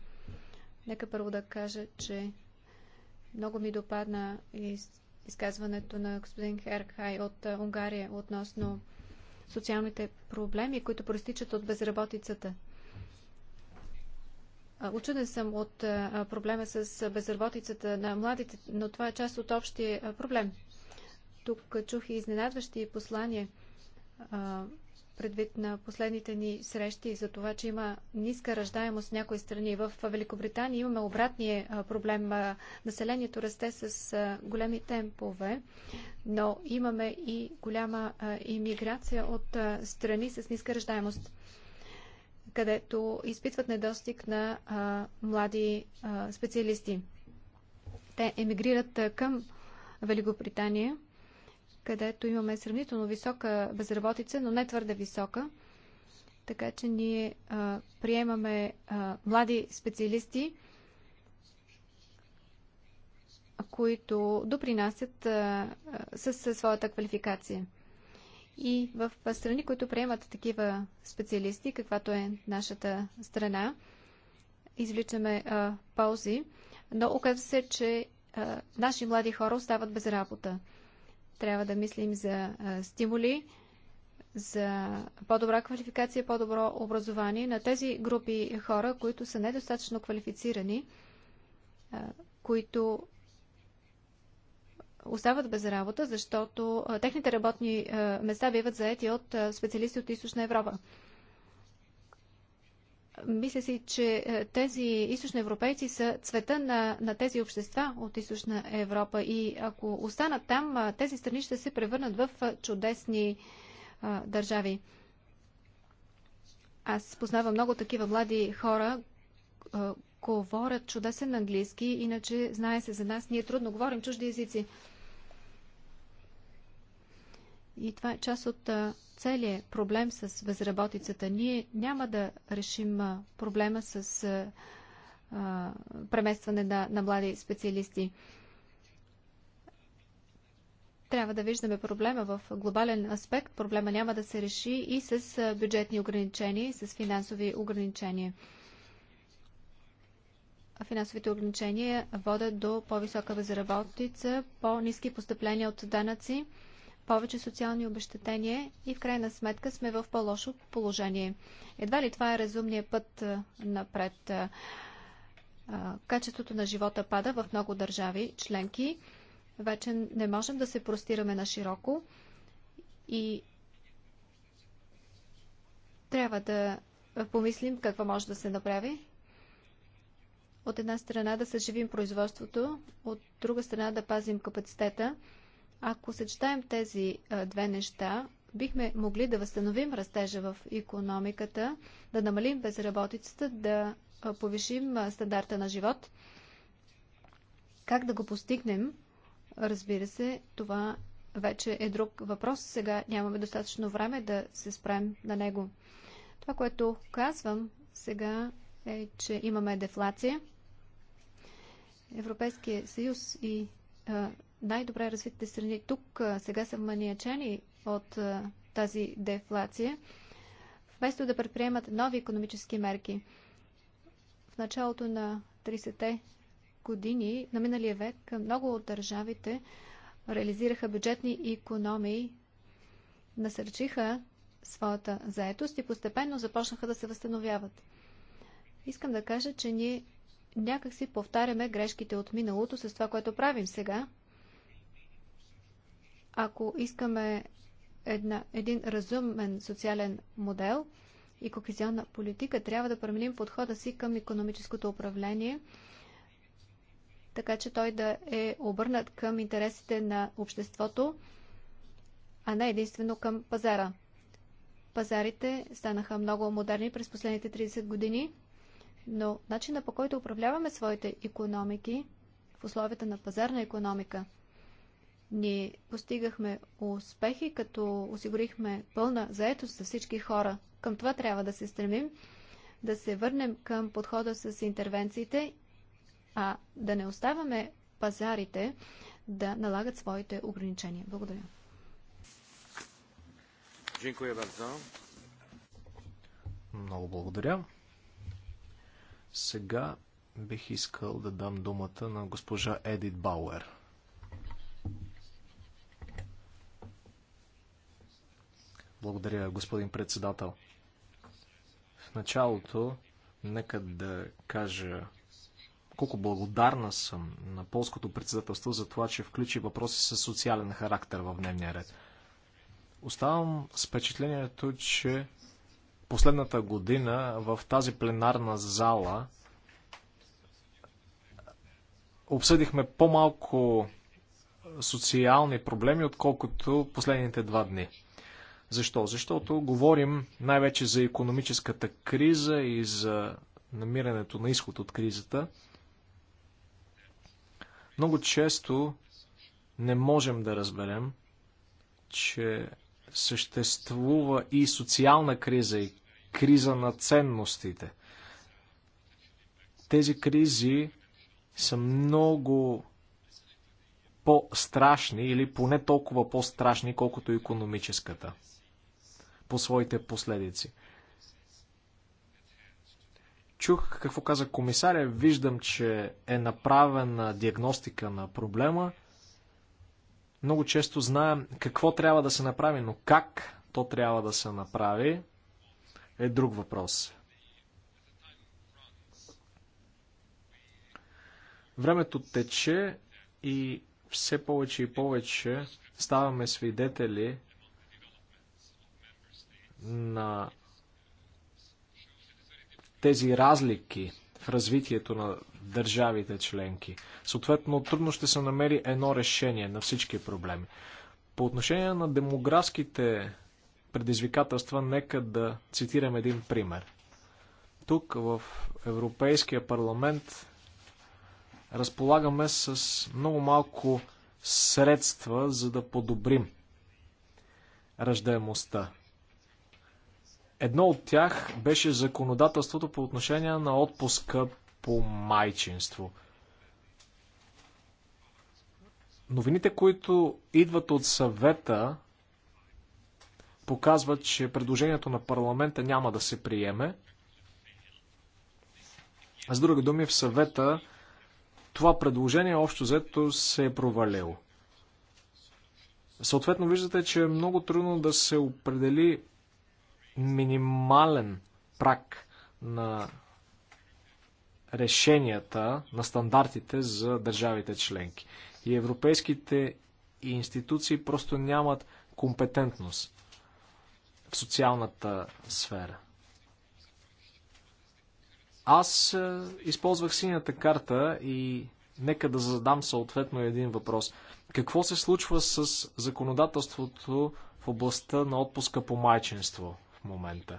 Нека първо да кажа, че много ми допадна из... изказването на господин Херкхай от Унгария относно социалните проблеми, които проистичат от безработицата. Учуден съм от проблема с безработицата на младите, но това е част от общия проблем. Тук чух и изненадващи послания предвид на последните ни срещи за това, че има ниска ръждаемост в някои страни. В Великобритания имаме обратния проблем. Населението расте с големи темпове, но имаме и голяма иммиграция от страни с ниска ръждаемост, където изпитват недостиг на млади специалисти. Те емигрират към Великобритания – където имаме сравнително висока безработица, но не твърде висока. Така че ние а, приемаме а, млади специалисти, които допринасят а, своята квалификация. И в страни, които приемат такива специалисти, каквато е нашата страна, извличаме а, ползи, но оказва се, че а, наши млади хора остават без работа. Трябва да мислим за стимули, за по-добра квалификация, по-добро образование на тези групи хора, които са недостатъчно квалифицирани, които остават без работа, защото техните работни места биват заети от специалисти от Източна Европа. Мисля си, че е, тези източноевропейци са цвета на, на тези общества от източна Европа и ако останат там, е, тези страни ще се превърнат в е, чудесни а, държави. Аз познавам много такива млади хора, а, говорят чудесен английски, иначе, знае се за нас, ние трудно говорим чужди езици. И това е част от целият проблем с безработицата. Ние няма да решим проблема с а, преместване на, на млади специалисти. Трябва да виждаме проблема в глобален аспект. Проблема няма да се реши и с бюджетни ограничения, и с финансови ограничения. Финансовите ограничения водят до по-висока безработица, по-низки постъпления от данъци повече социални обещетения и в крайна сметка сме в по-лошо положение. Едва ли това е разумният път напред? Качеството на живота пада в много държави членки. Вече не можем да се простираме на широко и трябва да помислим какво може да се направи. От една страна да съживим производството, от друга страна да пазим капацитета ако съчетаем тези две неща, бихме могли да възстановим растежа в економиката, да намалим безработицата, да повишим стандарта на живот. Как да го постигнем? Разбира се, това вече е друг въпрос. Сега нямаме достатъчно време да се спрем на него. Това, което казвам сега е, че имаме дефлация. Европейския съюз и най-добре развитите страни тук сега са маниачени от тази дефлация, вместо да предприемат нови економически мерки. В началото на 30-те години на миналия век много от държавите реализираха бюджетни економии, насърчиха своята заетост и постепенно започнаха да се възстановяват. Искам да кажа, че ние някак си повтаряме грешките от миналото с това, което правим сега ако искаме една, един разумен социален модел и кохезионна политика, трябва да променим подхода си към економическото управление, така че той да е обърнат към интересите на обществото, а не единствено към пазара. Пазарите станаха много модерни през последните 30 години, но начина по който управляваме своите економики в условията на пазарна економика – ние постигахме успехи, като осигурихме пълна заетост за всички хора. Към това трябва да се стремим, да се върнем към подхода с интервенциите, а да не оставаме пазарите да налагат своите ограничения. Благодаря. Много благодаря. Сега бих искал да дам думата на госпожа Едит Бауер. Благодаря, господин председател. В началото, нека да кажа колко благодарна съм на полското председателство за това, че включи въпроси с социален характер в дневния ред. Оставам с впечатлението, че последната година в тази пленарна зала обсъдихме по-малко социални проблеми, отколкото последните два дни. Защо? Защото говорим най-вече за економическата криза и за намирането на изход от кризата. Много често не можем да разберем, че съществува и социална криза, и криза на ценностите. Тези кризи са много по-страшни или поне толкова по-страшни, колкото економическата по своите последици. Чух какво каза комисаря, виждам, че е направена диагностика на проблема. Много често знаем какво трябва да се направи, но как то трябва да се направи е друг въпрос. Времето тече и все повече и повече ставаме свидетели на тези разлики в развитието на държавите членки. Съответно, трудно ще се намери едно решение на всички проблеми. По отношение на демографските предизвикателства, нека да цитирам един пример. Тук в Европейския парламент разполагаме с много малко средства, за да подобрим раждаемостта. Едно от тях беше законодателството по отношение на отпуска по майчинство. Новините, които идват от съвета, показват, че предложението на парламента няма да се приеме. С други думи, в съвета това предложение общо взето се е провалило. Съответно, виждате, че е много трудно да се определи минимален прак на решенията, на стандартите за държавите членки. И европейските институции просто нямат компетентност в социалната сфера. Аз е, използвах синята карта и нека да задам съответно един въпрос. Какво се случва с законодателството в областта на отпуска по майчинство? момента?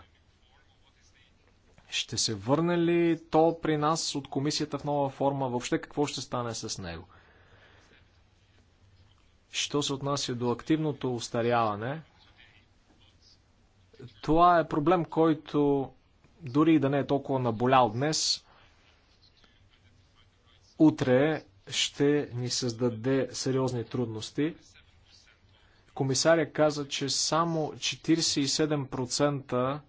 Ще се върне ли то при нас от комисията в нова форма? Въобще какво ще стане с него? Що се отнася до активното устаряване, това е проблем, който дори и да не е толкова наболял днес, утре ще ни създаде сериозни трудности комисаря каза, че само 47%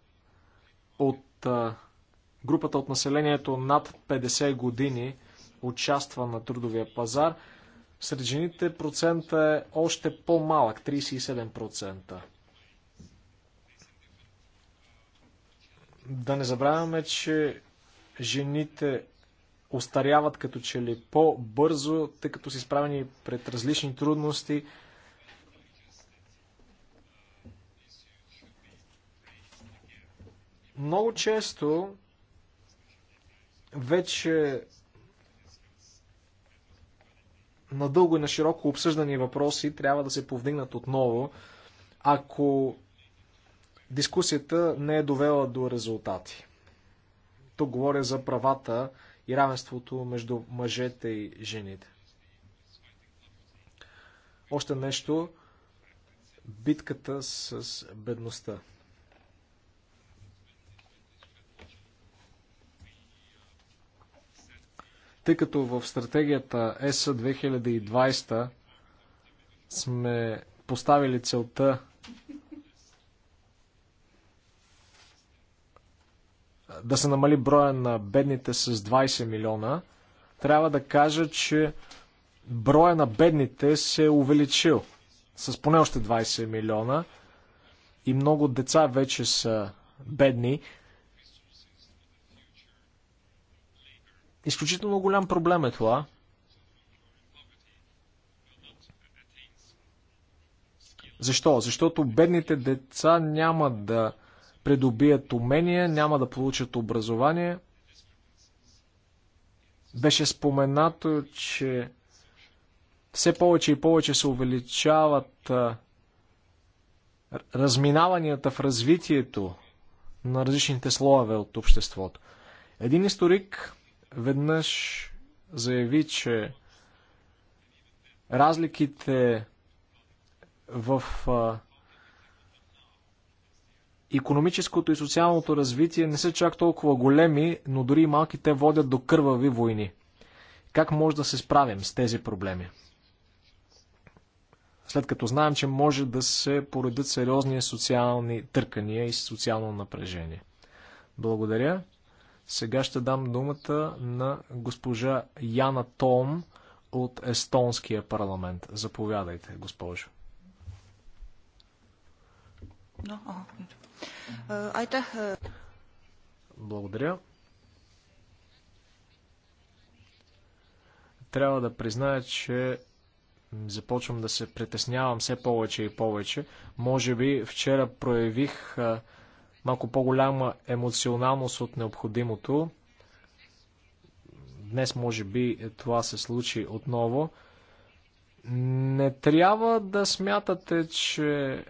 от групата от населението над 50 години участва на трудовия пазар. Сред жените процента е още по-малък 37%. Да не забравяме, че жените остаряват като че ли по-бързо, тъй като са изправени пред различни трудности, Много често вече на дълго и на широко обсъждани въпроси трябва да се повдигнат отново, ако дискусията не е довела до резултати. Тук говоря за правата и равенството между мъжете и жените. Още нещо битката с бедността. Тъй като в стратегията ЕС 2020 сме поставили целта да се намали броя на бедните с 20 милиона, трябва да кажа, че броя на бедните се е увеличил с поне още 20 милиона и много деца вече са бедни. Изключително голям проблем е това. Защо? Защото бедните деца няма да придобият умения, няма да получат образование. Беше споменато, че все повече и повече се увеличават разминаванията в развитието на различните слоеве от обществото. Един историк веднъж заяви, че разликите в економическото и социалното развитие не са чак толкова големи, но дори и малките водят до кървави войни. Как може да се справим с тези проблеми? След като знаем, че може да се поредят сериозни социални търкания и социално напрежение. Благодаря. Сега ще дам думата на госпожа Яна Том от Естонския парламент. Заповядайте, госпожо. Е, е. Благодаря. Трябва да призная, че започвам да се притеснявам все повече и повече. Може би вчера проявих а, е, малко по-голяма емоционалност от необходимото. Днес може би това се случи отново. Не трябва да смятате, че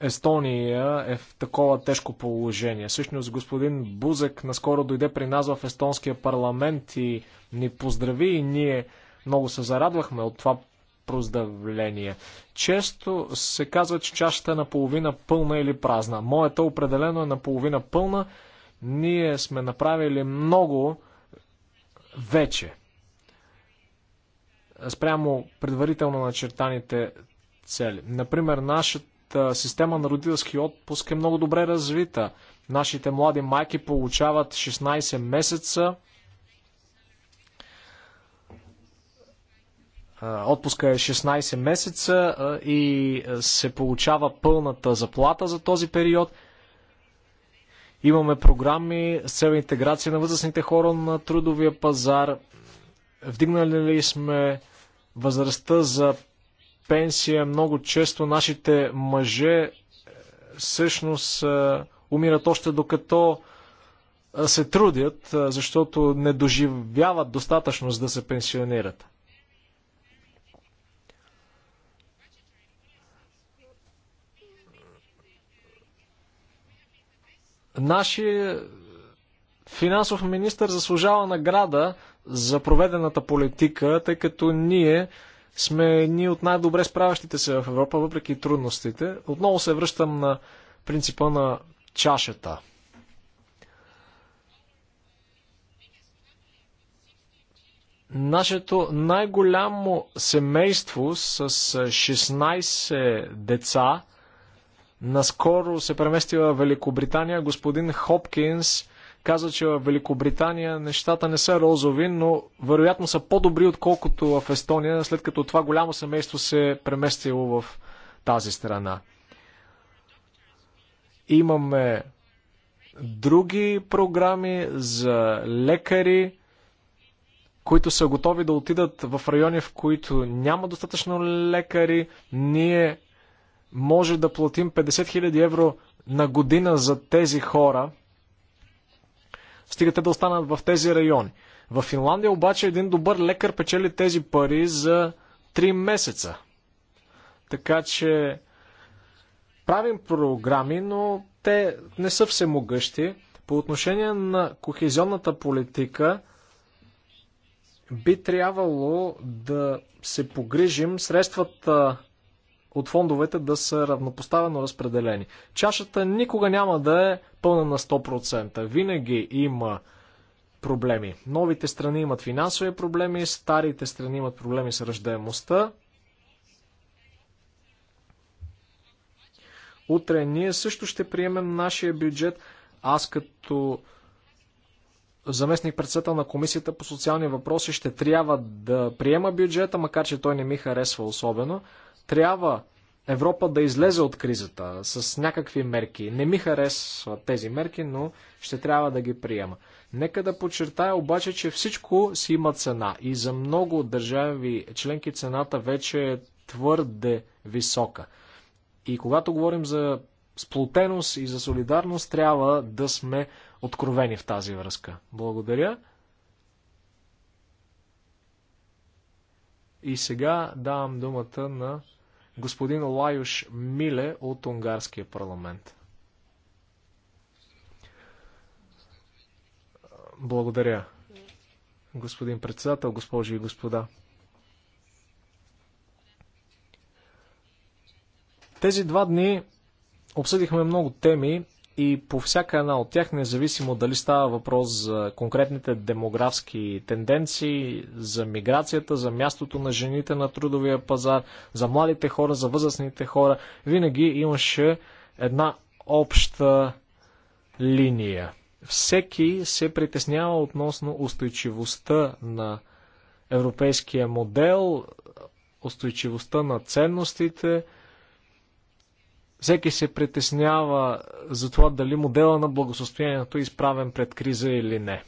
Естония е в такова тежко положение. Всъщност господин Бузък наскоро дойде при нас в естонския парламент и ни поздрави и ние много се зарадвахме от това проздравление. Често се казва, че чашата е наполовина пълна или празна. Моята определено е наполовина пълна. Ние сме направили много вече. Спрямо предварително начертаните цели. Например, нашата система на родителски отпуск е много добре развита. Нашите млади майки получават 16 месеца отпуска е 16 месеца и се получава пълната заплата за този период. Имаме програми с цел интеграция на възрастните хора на трудовия пазар. Вдигнали ли сме възрастта за пенсия? Много често нашите мъже е, всъщност е, умират още докато е, се трудят, защото не доживяват достатъчно за да се пенсионират. Нашия финансов министр заслужава награда за проведената политика, тъй като ние сме едни от най-добре справящите се в Европа, въпреки трудностите. Отново се връщам на принципа на чашата. Нашето най-голямо семейство с 16 деца – наскоро се премести в Великобритания. Господин Хопкинс каза, че в Великобритания нещата не са розови, но вероятно са по-добри, отколкото в Естония, след като това голямо семейство се е преместило в тази страна. Имаме други програми за лекари, които са готови да отидат в райони, в които няма достатъчно лекари. Ние може да платим 50 000 евро на година за тези хора, стигате да останат в тези райони. В Финландия обаче един добър лекар печели тези пари за 3 месеца. Така че правим програми, но те не са всемогъщи. По отношение на кохезионната политика, би трябвало да се погрижим средствата от фондовете да са равнопоставено разпределени. Чашата никога няма да е пълна на 100%. Винаги има проблеми. Новите страни имат финансови проблеми, старите страни имат проблеми с ръждаемостта. Утре ние също ще приемем нашия бюджет. Аз като заместник председател на Комисията по социални въпроси ще трябва да приема бюджета, макар че той не ми харесва особено. Трябва Европа да излезе от кризата с някакви мерки. Не ми харесват тези мерки, но ще трябва да ги приема. Нека да подчертая обаче, че всичко си има цена и за много държави членки цената вече е твърде висока. И когато говорим за сплотеност и за солидарност, трябва да сме откровени в тази връзка. Благодаря. И сега давам думата на господин Лайош Миле от Унгарския парламент. Благодаря, господин председател, госпожи и господа. Тези два дни обсъдихме много теми, и по всяка една от тях, независимо дали става въпрос за конкретните демографски тенденции, за миграцията, за мястото на жените на трудовия пазар, за младите хора, за възрастните хора, винаги имаше една обща линия. Всеки се притеснява относно устойчивостта на европейския модел, устойчивостта на ценностите – всеки се притеснява за това дали модела на благосостоянието е изправен пред криза или не.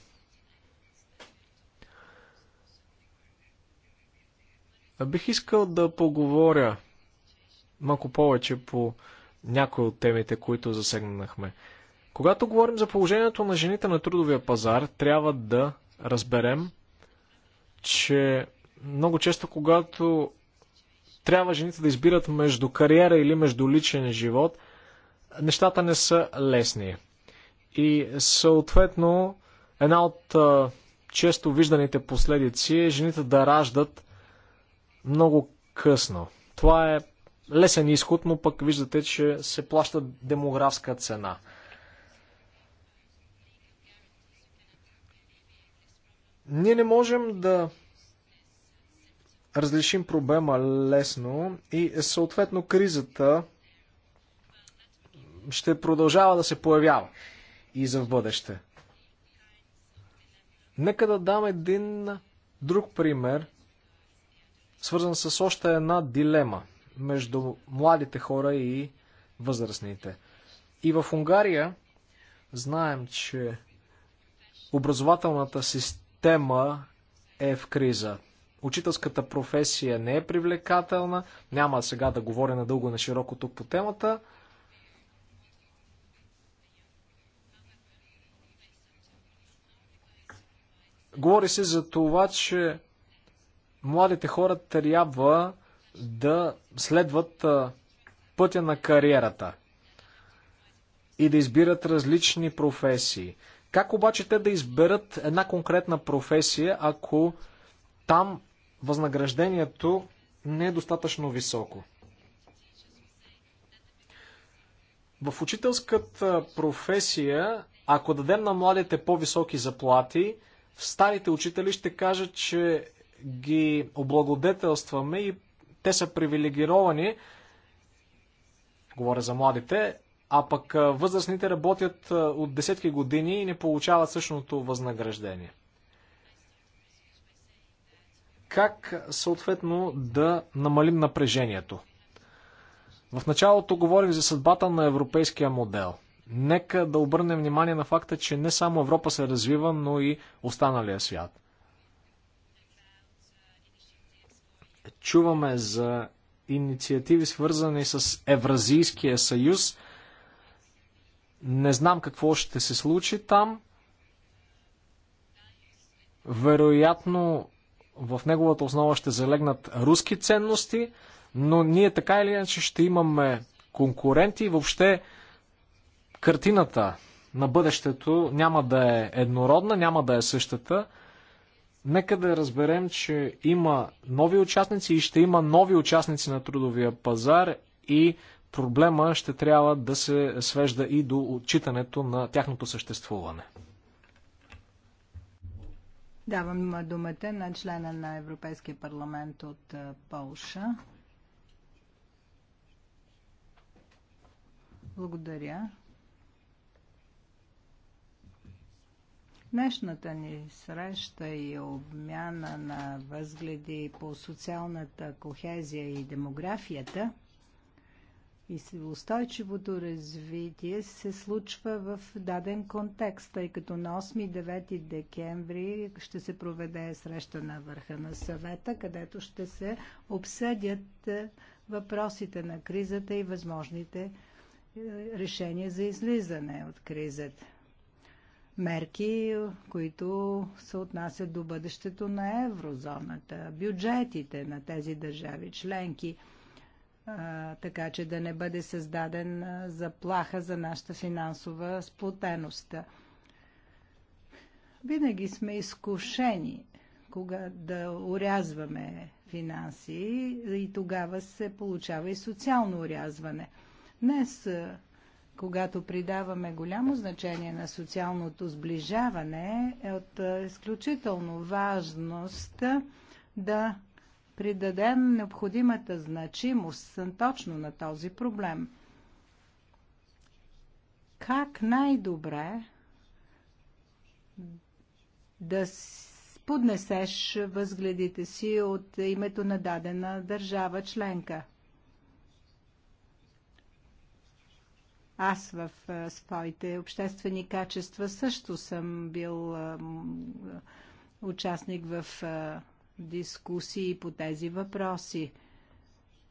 Бих искал да поговоря малко повече по някои от темите, които засегнахме. Когато говорим за положението на жените на трудовия пазар, трябва да разберем, че много често, когато трябва жените да избират между кариера или между личен живот, нещата не са лесни. И съответно, една от а, често вижданите последици е жените да раждат много късно. Това е лесен изход, но пък виждате, че се плаща демографска цена. Ние не можем да разрешим проблема лесно и съответно кризата ще продължава да се появява и за в бъдеще. Нека да дам един друг пример, свързан с още една дилема между младите хора и възрастните. И в Унгария знаем, че образователната система е в криза учителската професия не е привлекателна. Няма сега да говоря надълго на широко тук по темата. Говори се за това, че младите хора трябва да следват пътя на кариерата и да избират различни професии. Как обаче те да изберат една конкретна професия, ако там възнаграждението не е достатъчно високо. В учителската професия, ако дадем на младите по-високи заплати, старите учители ще кажат, че ги облагодетелстваме и те са привилегировани, говоря за младите, а пък възрастните работят от десетки години и не получават същото възнаграждение как съответно да намалим напрежението. В началото говорих за съдбата на европейския модел. Нека да обърнем внимание на факта, че не само Европа се развива, но и останалия свят. Чуваме за инициативи, свързани с Евразийския съюз. Не знам какво ще се случи там. Вероятно, в неговата основа ще залегнат руски ценности, но ние така или иначе ще имаме конкуренти и въобще картината на бъдещето няма да е еднородна, няма да е същата. Нека да разберем, че има нови участници и ще има нови участници на трудовия пазар и проблема ще трябва да се свежда и до отчитането на тяхното съществуване. Давам думата на члена на Европейския парламент от е, Полша. Благодаря. Днешната ни среща и обмяна на възгледи по социалната кохезия и демографията – и устойчивото развитие се случва в даден контекст, тъй като на 8 и 9 декември ще се проведе среща на върха на съвета, където ще се обсъдят е, въпросите на кризата и възможните е, решения за излизане от кризата. Мерки, които се отнасят до бъдещето на еврозоната, бюджетите на тези държави членки – така че да не бъде създаден заплаха за нашата финансова сплотеност. Винаги сме изкушени кога да урязваме финанси и тогава се получава и социално урязване. Днес, когато придаваме голямо значение на социалното сближаване, е от изключително важност да придадем необходимата значимост точно на този проблем. Как най-добре да поднесеш възгледите си от името на дадена държава членка? Аз в своите обществени качества също съм бил участник в дискусии по тези въпроси.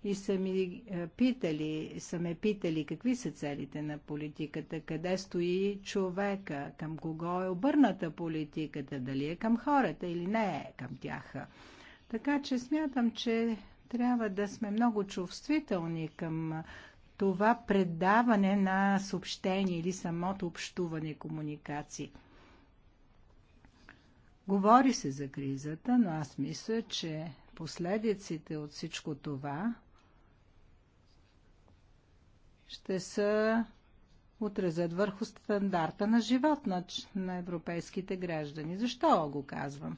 И са, ми е, питали, са ме питали какви са целите на политиката, къде стои човека, към кого е обърната политиката, дали е към хората или не е към тях. Така че смятам, че трябва да сме много чувствителни към това предаване на съобщение или самото общуване, комуникации. Говори се за кризата, но аз мисля, че последиците от всичко това ще са отразят върху стандарта на живот на, на европейските граждани. Защо го казвам?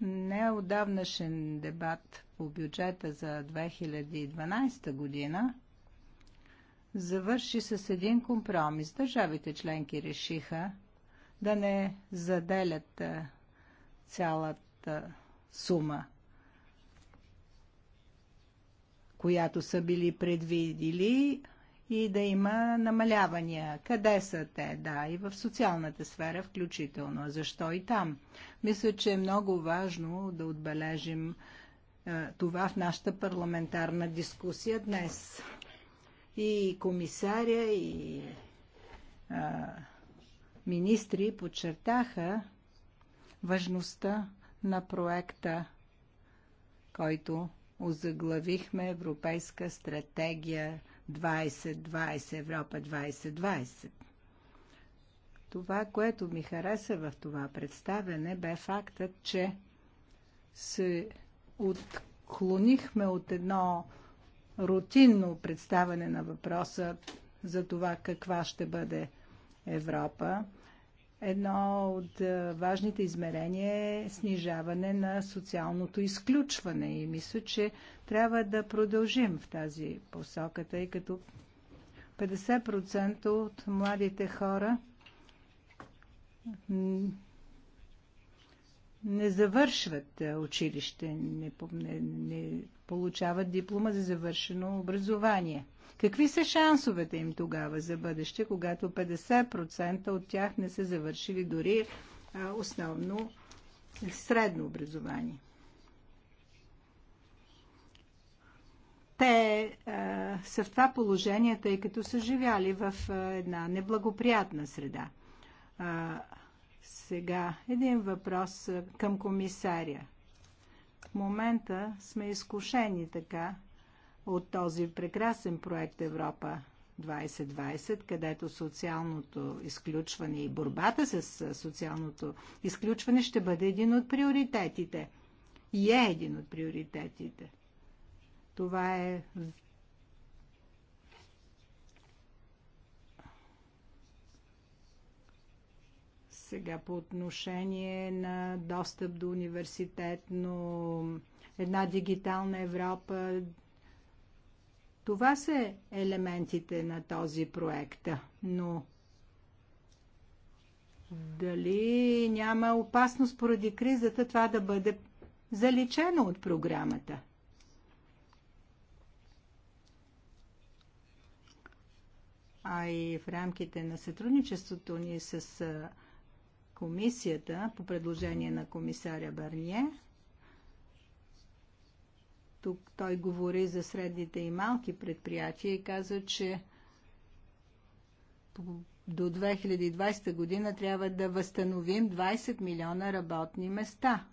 не Неодавнашен дебат по бюджета за 2012 година завърши с един компромис. Държавите членки решиха да не заделят цялата сума, която са били предвидили и да има намалявания. Къде са те? Да, и в социалната сфера включително. Защо и там? Мисля, че е много важно да отбележим е, това в нашата парламентарна дискусия днес. И комисаря, и е, министри подчертаха, важността на проекта, който озаглавихме Европейска стратегия 2020, Европа 2020. Това, което ми хареса в това представяне, бе фактът, че се отклонихме от едно рутинно представяне на въпроса за това каква ще бъде Европа Едно от е, важните измерения е снижаване на социалното изключване и мисля, че трябва да продължим в тази посока, тъй като 50% от младите хора не завършват е, училище, не, не, не получават диплома за завършено образование. Какви са шансовете им тогава за бъдеще, когато 50% от тях не са завършили дори основно средно образование? те а, са в това положение, тъй като са живяли в а, една неблагоприятна среда. А, сега един въпрос към комисаря. В момента сме изкушени така от този прекрасен проект Европа 2020, където социалното изключване и борбата с социалното изключване ще бъде един от приоритетите. И е един от приоритетите. Това е сега по отношение на достъп до университетно, една дигитална Европа, това са елементите на този проект. Но дали няма опасност поради кризата това да бъде заличено от програмата? А и в рамките на сътрудничеството ни с комисията по предложение на комисаря Барние, тук той говори за средните и малки предприятия и каза, че до 2020 година трябва да възстановим 20 милиона работни места.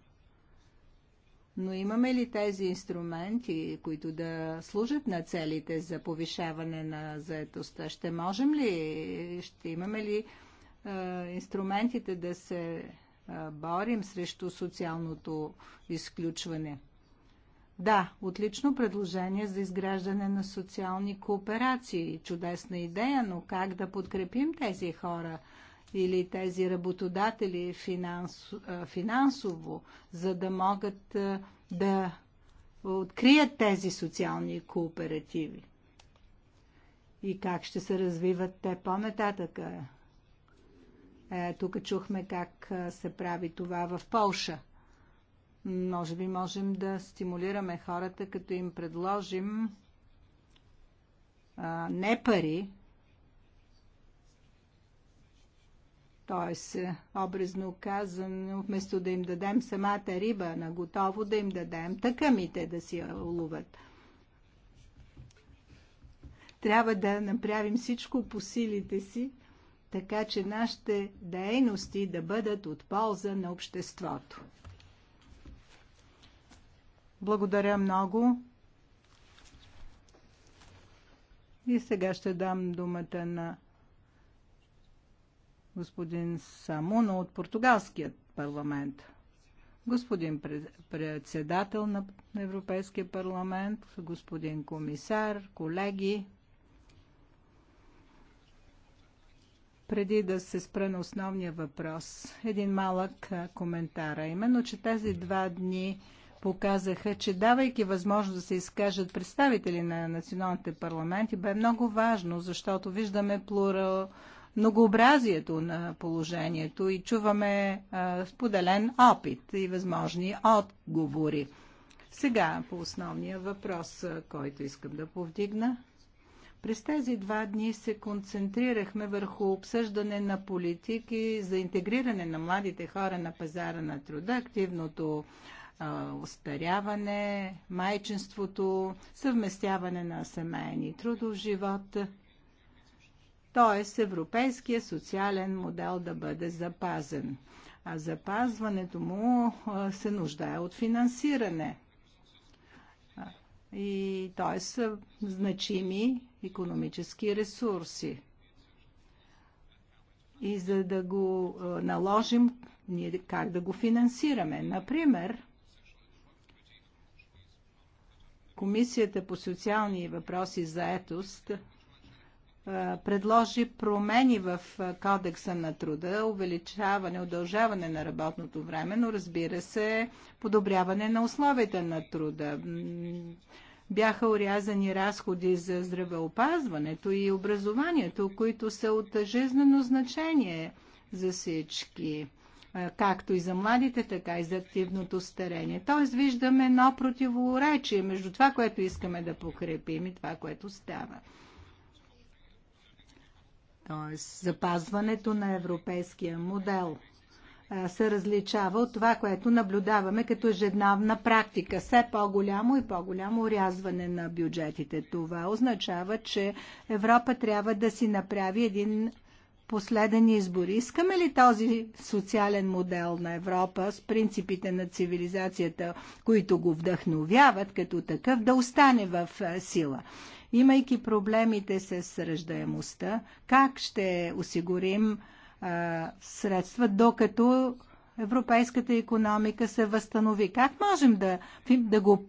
Но имаме ли тези инструменти, които да служат на целите за повишаване на заетостта? Ще можем ли, ще имаме ли е, инструментите да се борим срещу социалното изключване? Да, отлично предложение за изграждане на социални кооперации. Чудесна идея, но как да подкрепим тези хора или тези работодатели финансово, за да могат да открият тези социални кооперативи? И как ще се развиват те по-нататъка? Е, тук чухме как се прави това в Полша – може би можем да стимулираме хората, като им предложим а, не пари, т.е. образно казано, вместо да им дадем самата риба на готово, да им дадем тъкамите да си я Трябва да направим всичко по силите си, така че нашите дейности да бъдат от полза на обществото. Благодаря много. И сега ще дам думата на господин Самуно от португалският парламент. Господин председател на Европейския парламент, господин комисар, колеги, преди да се спра на основния въпрос, един малък коментар. Именно, че тези два дни показаха, че давайки възможност да се изкажат представители на националните парламенти, бе много важно, защото виждаме плурал, многообразието на положението и чуваме а, споделен опит и възможни отговори. Сега по основния въпрос, който искам да повдигна. През тези два дни се концентрирахме върху обсъждане на политики за интегриране на младите хора на пазара на труда, активното остаряване, майчинството, съвместяване на семейни трудов живот, т.е. европейския социален модел да бъде запазен. А запазването му се нуждае от финансиране. И т.е. са значими економически ресурси. И за да го наложим, ние как да го финансираме? Например, Комисията по социални въпроси за етост предложи промени в кодекса на труда, увеличаване, удължаване на работното време, но разбира се, подобряване на условията на труда. Бяха урязани разходи за здравеопазването и образованието, които са от жизнено значение за всички както и за младите, така и за активното старение. Тоест виждаме едно противоречие между това, което искаме да покрепим и това, което става. Тоест запазването на европейския модел се различава от това, което наблюдаваме като ежедневна практика. Все по-голямо и по-голямо урязване на бюджетите. Това означава, че Европа трябва да си направи един последен избор. Искаме ли този социален модел на Европа с принципите на цивилизацията, които го вдъхновяват като такъв, да остане в е, сила? Имайки проблемите с ръждаемостта, как ще осигурим а, е, средства, докато европейската економика се възстанови? Как можем да, да го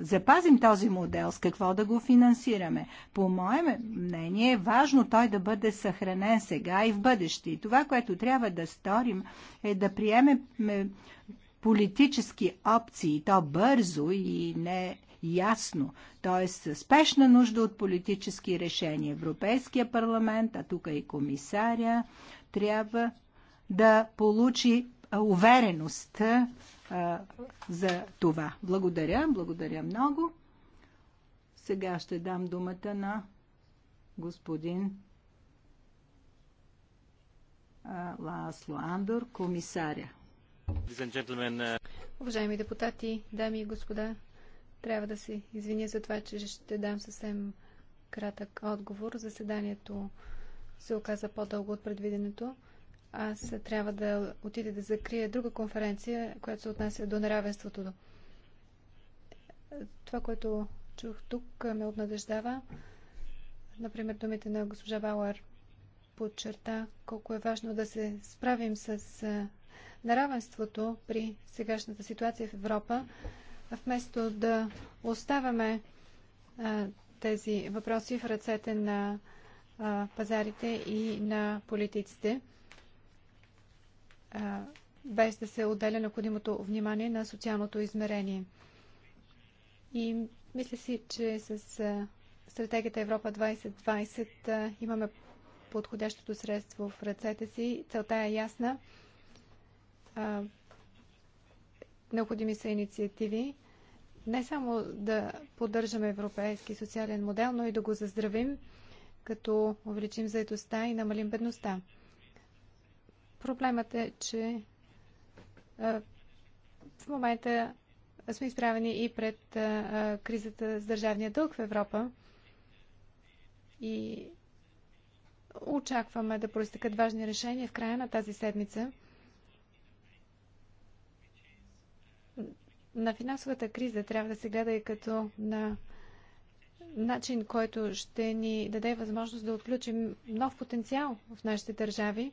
запазим този модел, с какво да го финансираме. По мое мнение е важно той да бъде съхранен сега и в бъдеще. И това, което трябва да сторим е да приемем политически опции, то бързо и не ясно, т.е. спешна нужда от политически решения. Европейския парламент, а тук и комисаря, трябва да получи увереност за това. Благодаря, благодаря много. Сега ще дам думата на господин Ласло Андор, комисаря. Uh, Уважаеми депутати, дами и господа, трябва да се извиня за това, че ще дам съвсем кратък отговор. Заседанието се оказа по-дълго от предвиденето. Аз трябва да отида да закрия друга конференция, която се отнася до неравенството. Това, което чух тук, ме обнадеждава. Например, думите на госпожа Бауер подчерта колко е важно да се справим с неравенството при сегашната ситуация в Европа, вместо да оставяме тези въпроси в ръцете на пазарите и на политиците без да се отделя необходимото внимание на социалното измерение. И мисля си, че с стратегията Европа 2020 имаме подходящото средство в ръцете си. Целта е ясна. Необходими са инициативи. Не само да поддържаме европейски социален модел, но и да го заздравим, като увеличим заедостта и намалим бедността. Проблемът е, че в момента сме изправени и пред кризата с държавния дълг в Европа и очакваме да проистекат важни решения в края на тази седмица. На финансовата криза трябва да се гледа и като на начин, който ще ни даде възможност да отключим нов потенциал в нашите държави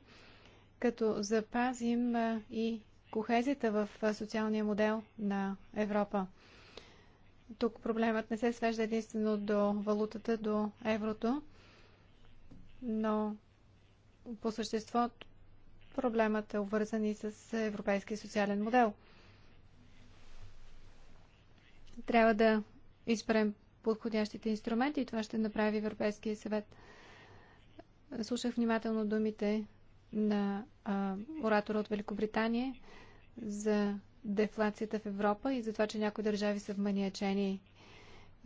като запазим и кохезията в социалния модел на Европа. Тук проблемът не се свежда единствено до валутата, до еврото, но по същество проблемът е обвързан и с европейския социален модел. Трябва да изберем подходящите инструменти и това ще направи Европейския съвет. Слушах внимателно думите на а, оратора от Великобритания за дефлацията в Европа и за това, че някои държави са вманиачени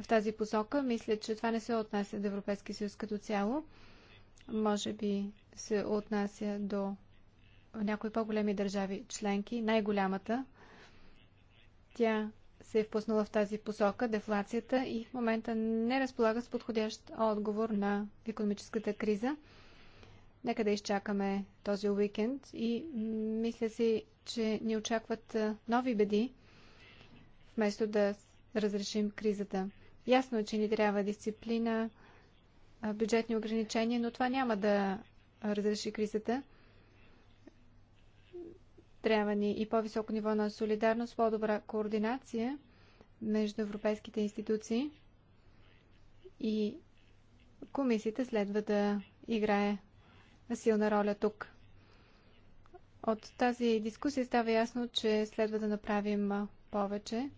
в тази посока. Мисля, че това не се отнася до Европейския съюз като цяло. Може би се отнася до някои по-големи държави членки, най-голямата. Тя се е впуснала в тази посока, дефлацията, и в момента не разполага с подходящ отговор на економическата криза. Нека да изчакаме този уикенд и мисля си, че ни очакват нови беди, вместо да разрешим кризата. Ясно е, че ни трябва дисциплина, бюджетни ограничения, но това няма да разреши кризата. Трябва ни и по-високо ниво на солидарност, по-добра координация между европейските институции и комисията следва да играе силна роля тук. От тази дискусия става ясно, че следва да направим повече,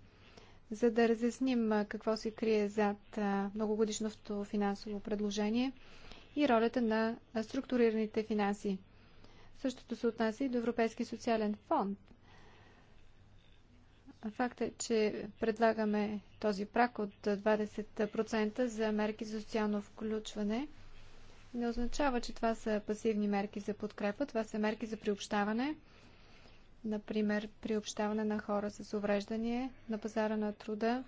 за да разясним какво се крие зад многогодишното финансово предложение и ролята на структурираните финанси. Същото се отнася и до Европейски социален фонд. Факт е, че предлагаме този прак от 20% за мерки за социално включване – не означава, че това са пасивни мерки за подкрепа, това са мерки за приобщаване. Например, приобщаване на хора с увреждане на пазара на труда,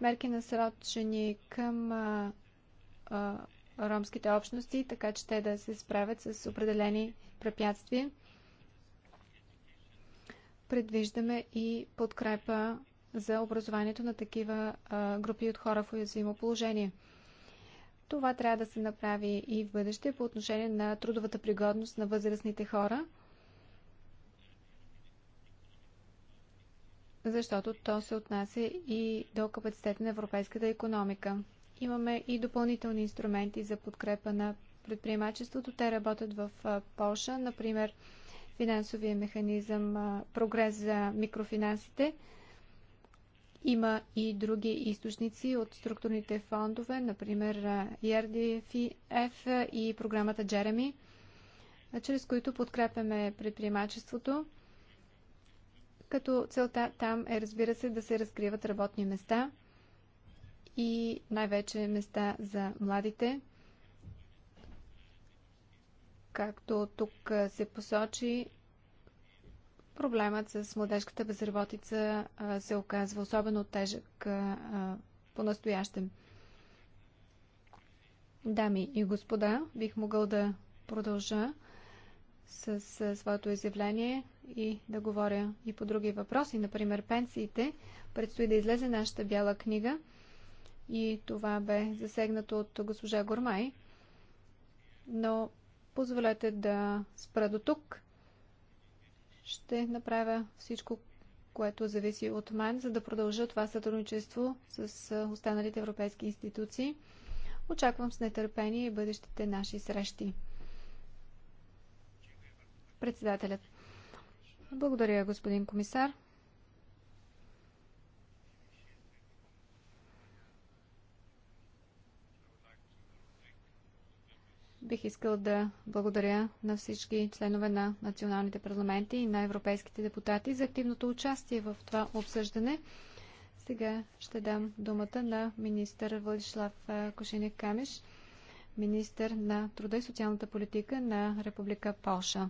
мерки насрочени към а, а, ромските общности, така че те да се справят с определени препятствия. Предвиждаме и подкрепа за образованието на такива а, групи от хора в уязвимо положение – това трябва да се направи и в бъдеще по отношение на трудовата пригодност на възрастните хора, защото то се отнася и до капацитета на европейската економика. Имаме и допълнителни инструменти за подкрепа на предприемачеството. Те работят в Польша, например финансовия механизъм прогрес за микрофинансите – има и други източници от структурните фондове, например е, ERDF и програмата Джереми, чрез които подкрепяме предприемачеството, като целта там е, разбира се, да се разкриват работни места и най-вече места за младите. Както тук се посочи, Проблемът с младежката безработица се оказва особено тежък по-настоящем. Дами и господа, бих могъл да продължа с своето изявление и да говоря и по други въпроси, например пенсиите. Предстои да излезе нашата бяла книга и това бе засегнато от госпожа Гормай. Но позволете да спра до тук ще направя всичко, което зависи от мен, за да продължа това сътрудничество с останалите европейски институции. Очаквам с нетърпение и бъдещите наши срещи. Председателят. Благодаря, господин комисар. Бих искал да благодаря на всички членове на националните парламенти и на европейските депутати за активното участие в това обсъждане. Сега ще дам думата на министър Владислав Кошенек Камиш, министър на труда и социалната политика на Република Полша.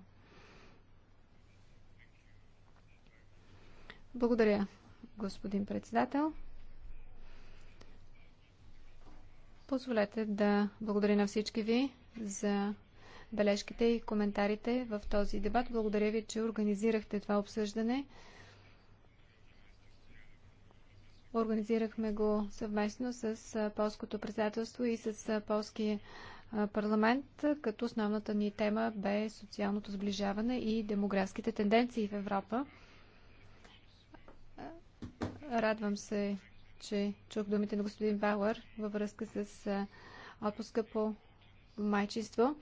Благодаря, господин председател. Позволете да благодаря на всички ви за бележките и коментарите в този дебат. Благодаря ви, че организирахте това обсъждане. Организирахме го съвместно с полското председателство и с полския парламент, като основната ни тема бе социалното сближаване и демографските тенденции в Европа. Радвам се, че чух думите на господин Бауър във връзка с отпуска по майчество.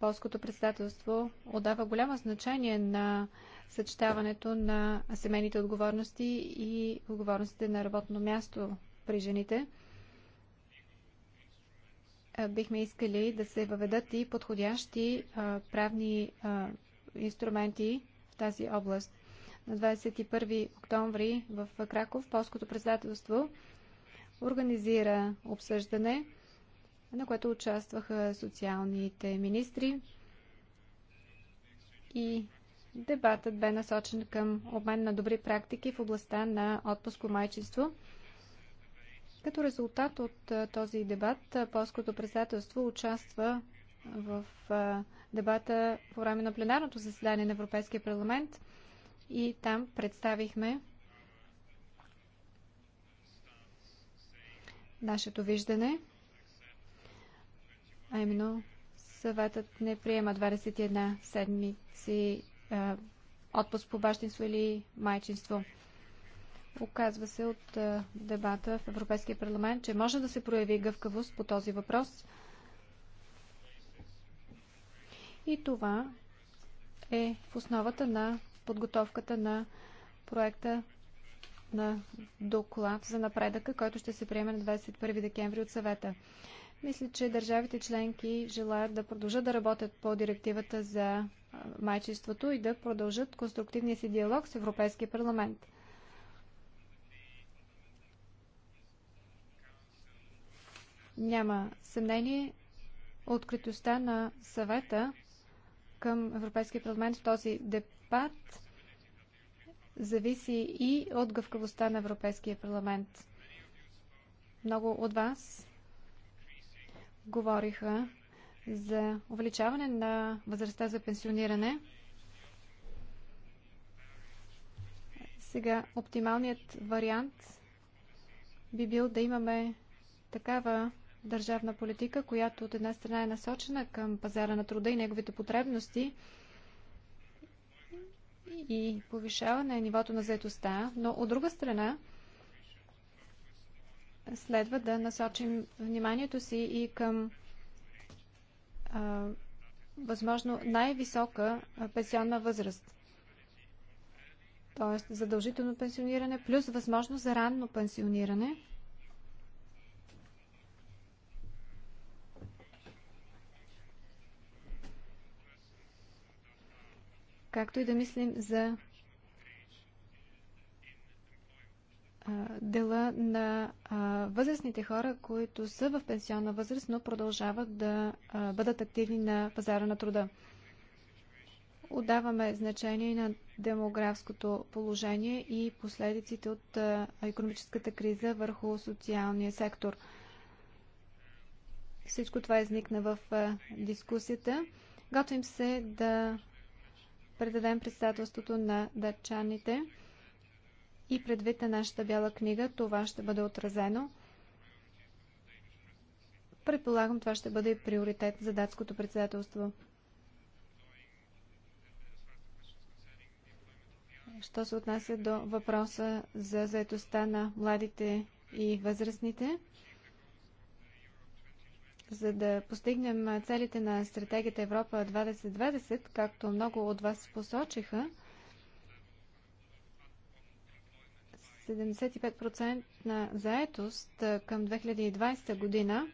Полското председателство отдава голямо значение на съчетаването на семейните отговорности и отговорностите на работно място при жените. Бихме искали да се въведат и подходящи правни инструменти в тази област. На 21 октомври в Краков полското председателство организира обсъждане – на което участваха социалните министри и дебатът бе насочен към обмен на добри практики в областта на отпуско майчество. Като резултат от този дебат, полското председателство участва в дебата по време на пленарното заседание на Европейския парламент и там представихме нашето виждане а именно съветът не приема 21 седмици а, отпуск по бащинство или майчинство. Оказва се от а, дебата в Европейския парламент, че може да се прояви гъвкавост по този въпрос. И това е в основата на подготовката на проекта на доклад за напредъка, който ще се приеме на 21 декември от съвета. Мисля, че държавите членки желаят да продължат да работят по директивата за майчеството и да продължат конструктивния си диалог с Европейския парламент. Няма съмнение, откритостта на съвета към Европейския парламент в този депат зависи и от гъвкавостта на Европейския парламент. Много от вас говориха за увеличаване на възрастта за пенсиониране. Сега оптималният вариант би бил да имаме такава държавна политика, която от една страна е насочена към пазара на труда и неговите потребности и повишаване на нивото на заетостта, но от друга страна следва да насочим вниманието си и към а, възможно най-висока пенсионна възраст. Тоест задължително пенсиониране плюс възможно за ранно пенсиониране. Както и да мислим за дела на възрастните хора, които са в пенсионна възраст, но продължават да бъдат активни на пазара на труда. Отдаваме значение на демографското положение и последиците от економическата криза върху социалния сектор. Всичко това изникна в дискусията. Готвим се да предадем председателството на датчаните и предвид на нашата бяла книга това ще бъде отразено. Предполагам, това ще бъде приоритет за датското председателство. Що се отнася до въпроса за заедостта на младите и възрастните, за да постигнем целите на стратегията Европа 2020, както много от вас посочиха, 75% на заетост към 2020 година.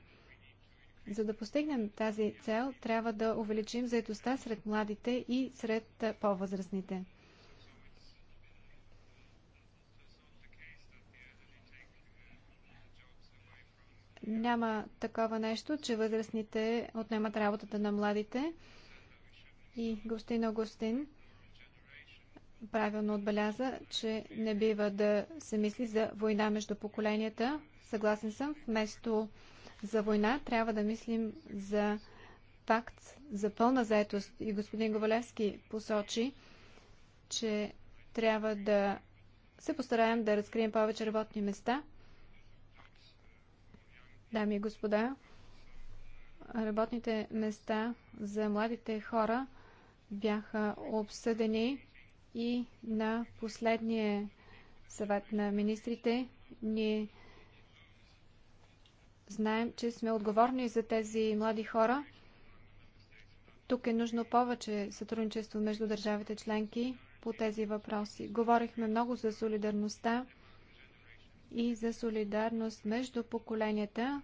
За да постигнем тази цел, трябва да увеличим заетостта сред младите и сред по-възрастните. Няма такова нещо, че възрастните отнемат работата на младите. И гостин Огостин правилно отбеляза, че не бива да се мисли за война между поколенията. Съгласен съм, вместо за война трябва да мислим за пакт за пълна заетост. И господин Говалевски посочи, че трябва да се постараем да разкрием повече работни места. Дами и господа, работните места за младите хора бяха обсъдени и на последния съвет на министрите ние знаем, че сме отговорни за тези млади хора. Тук е нужно повече сътрудничество между държавите членки по тези въпроси. Говорихме много за солидарността и за солидарност между поколенията.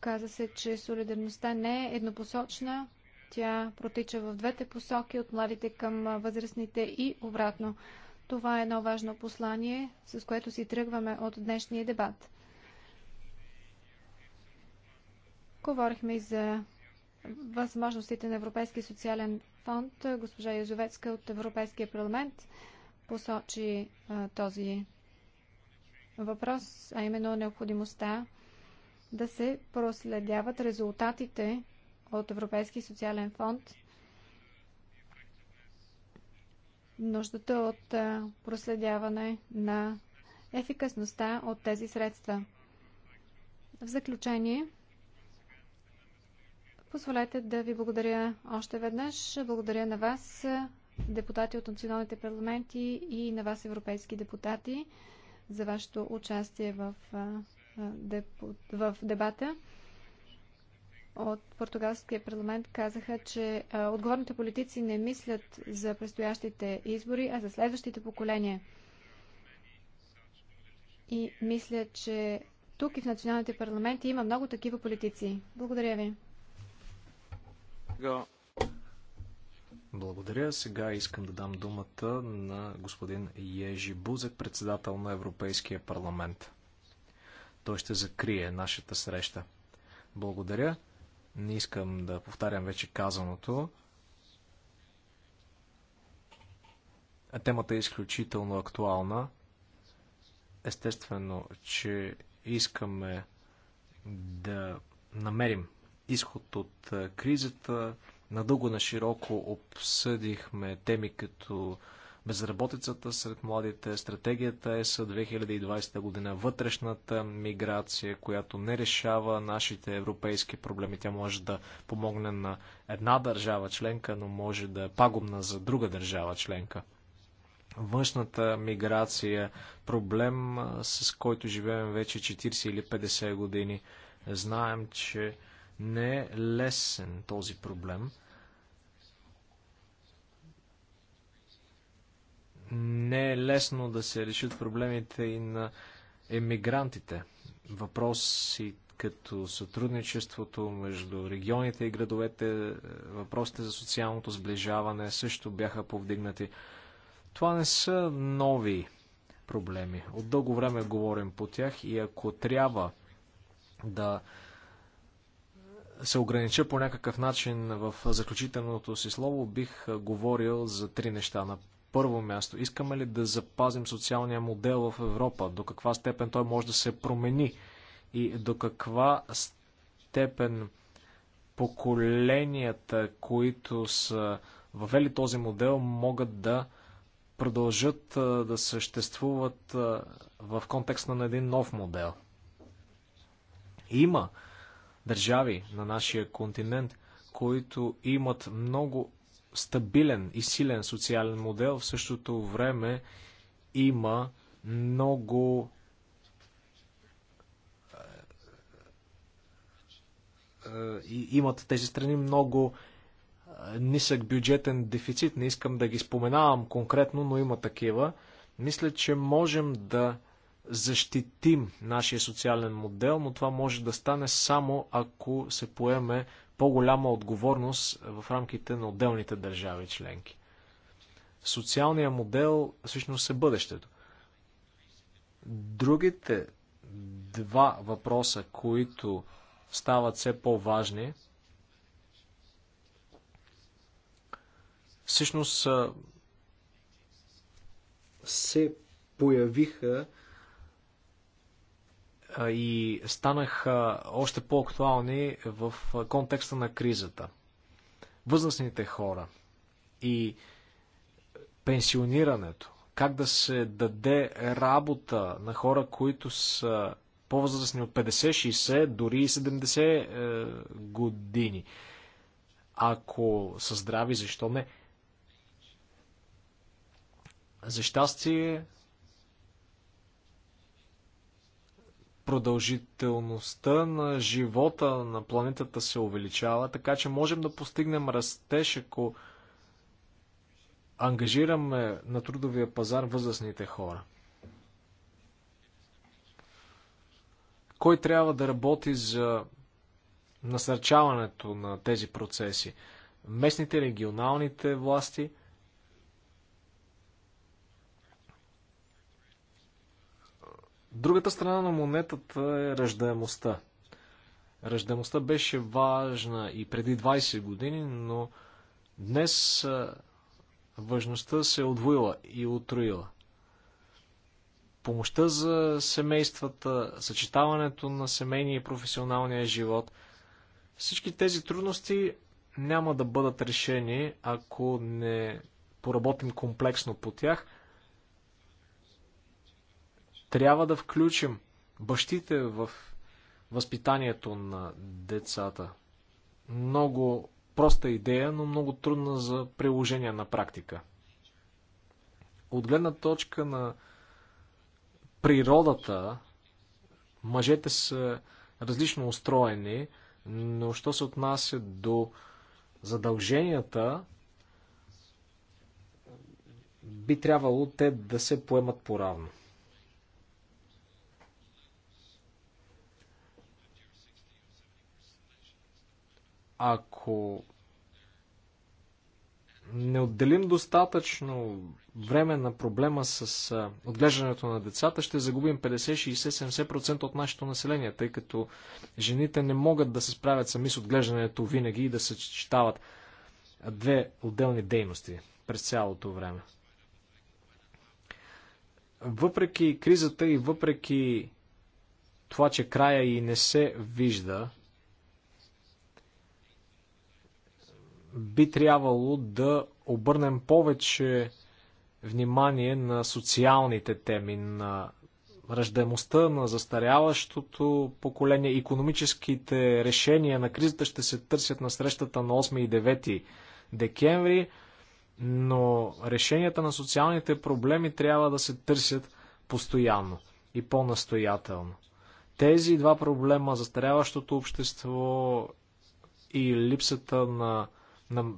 Каза се, че солидарността не е еднопосочна, тя протича в двете посоки, от младите към възрастните и обратно. Това е едно важно послание, с което си тръгваме от днешния дебат. Говорихме и за възможностите на Европейския социален фонд. Госпожа Язовецка от Европейския парламент посочи а, този въпрос, а именно необходимостта да се проследяват резултатите от Европейския социален фонд, нуждата от проследяване на ефикасността от тези средства. В заключение, позволете да ви благодаря още веднъж. Благодаря на вас, депутати от националните парламенти и на вас, европейски депутати, за вашето участие в, в дебата от португалския парламент казаха, че а, отговорните политици не мислят за предстоящите избори, а за следващите поколения. И мисля, че тук и в националните парламенти има много такива политици. Благодаря ви. Благодаря. Сега искам да дам думата на господин Ежи Бузък, председател на Европейския парламент. Той ще закрие нашата среща. Благодаря. Не искам да повтарям вече казаното. Темата е изключително актуална. Естествено, че искаме да намерим изход от кризата. Надълго на широко обсъдихме теми като безработицата сред младите, стратегията ЕС 2020 година, вътрешната миграция, която не решава нашите европейски проблеми. Тя може да помогне на една държава членка, но може да е пагубна за друга държава членка. Външната миграция, проблем с който живеем вече 40 или 50 години. Знаем, че не е лесен този проблем. Не е лесно да се решат проблемите и на емигрантите. Въпроси като сътрудничеството между регионите и градовете, въпросите за социалното сближаване също бяха повдигнати. Това не са нови проблеми. От дълго време говорим по тях и ако трябва да се огранича по някакъв начин в заключителното си слово, бих говорил за три неща. На първо място, искаме ли да запазим социалния модел в Европа? До каква степен той може да се промени? И до каква степен поколенията, които са въвели този модел, могат да продължат да съществуват в контекста на един нов модел? Има държави на нашия континент, които имат много стабилен и силен социален модел, в същото време има много е, имат тези страни много е, нисък бюджетен дефицит. Не искам да ги споменавам конкретно, но има такива. Мисля, че можем да защитим нашия социален модел, но това може да стане само ако се поеме по-голяма отговорност в рамките на отделните държави членки. Социалният модел всъщност е бъдещето. Другите два въпроса, които стават все по-важни, всъщност се появиха и станаха още по-актуални в контекста на кризата. Възрастните хора и пенсионирането, как да се даде работа на хора, които са по-възрастни от 50, 60, дори и 70 е, години. Ако са здрави, защо не? За щастие, продължителността на живота на планетата се увеличава, така че можем да постигнем растеж, ако ангажираме на трудовия пазар възрастните хора. Кой трябва да работи за насърчаването на тези процеси? Местните, регионалните власти – Другата страна на монетата е ръждаемостта. Ръждаемостта беше важна и преди 20 години, но днес важността се е отвоила и отруила. Помощта за семействата, съчетаването на семейния и професионалния живот, всички тези трудности няма да бъдат решени, ако не поработим комплексно по тях – трябва да включим бащите в възпитанието на децата. Много проста идея, но много трудна за приложение на практика. От гледна точка на природата, мъжете са различно устроени, но що се отнася до задълженията, би трябвало те да се поемат по-равно. Ако не отделим достатъчно време на проблема с отглеждането на децата, ще загубим 50-60-70% от нашето население, тъй като жените не могат да се справят сами с отглеждането винаги и да съчетават две отделни дейности през цялото време. Въпреки кризата и въпреки това, че края и не се вижда, би трябвало да обърнем повече внимание на социалните теми, на ръждаемостта, на застаряващото поколение, економическите решения на кризата ще се търсят на срещата на 8 и 9 декември, но решенията на социалните проблеми трябва да се търсят постоянно и по-настоятелно. Тези два проблема, застаряващото общество и липсата на на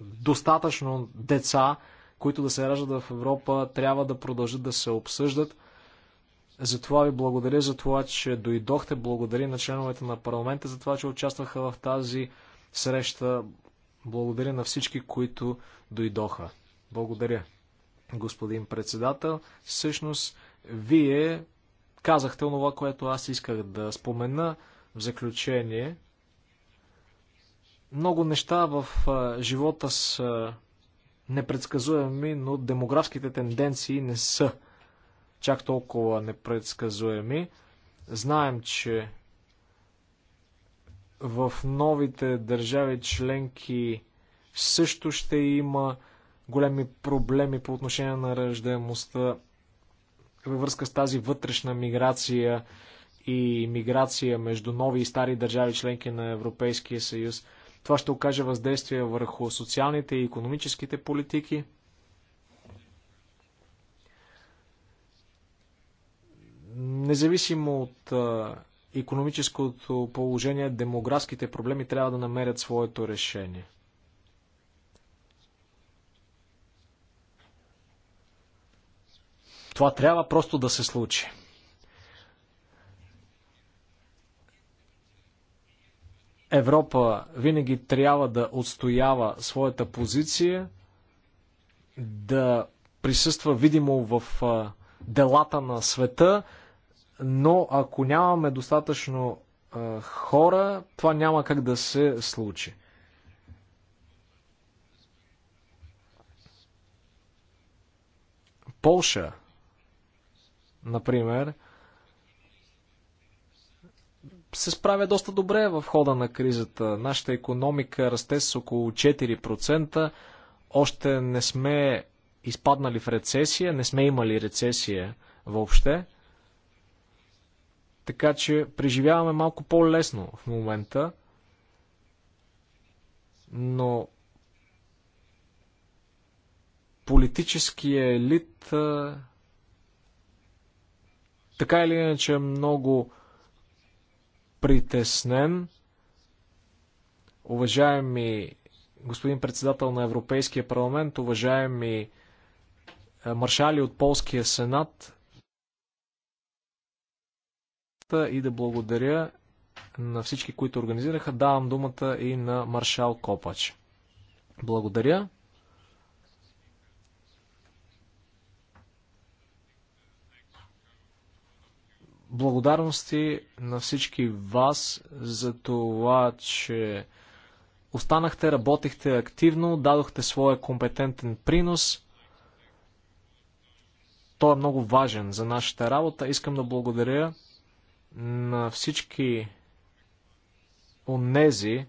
достатъчно деца, които да се раждат в Европа, трябва да продължат да се обсъждат. Затова ви благодаря за това, че дойдохте. Благодаря на членовете на парламента за това, че участваха в тази среща. Благодаря на всички, които дойдоха. Благодаря, господин председател. Всъщност, вие казахте онова, което аз исках да спомена в заключение. Много неща в живота са непредсказуеми, но демографските тенденции не са чак толкова непредсказуеми. Знаем, че в новите държави членки също ще има големи проблеми по отношение на ръждаемостта във връзка с тази вътрешна миграция и миграция между нови и стари държави членки на Европейския съюз. Това ще окаже въздействие върху социалните и економическите политики. Независимо от економическото положение, демографските проблеми трябва да намерят своето решение. Това трябва просто да се случи. Европа винаги трябва да отстоява своята позиция, да присъства видимо в делата на света, но ако нямаме достатъчно хора, това няма как да се случи. Полша, например, се справя доста добре в хода на кризата. Нашата економика расте с около 4%. Още не сме изпаднали в рецесия, не сме имали рецесия въобще. Така че преживяваме малко по-лесно в момента. Но политическия елит така или иначе е много притеснен. Уважаеми господин председател на Европейския парламент, уважаеми е, маршали от Полския сенат, и да благодаря на всички, които организираха. Давам думата и на маршал Копач. Благодаря. Благодарности на всички вас за това, че останахте, работихте активно, дадохте своя компетентен принос. Той е много важен за нашата работа. Искам да благодаря на всички онези,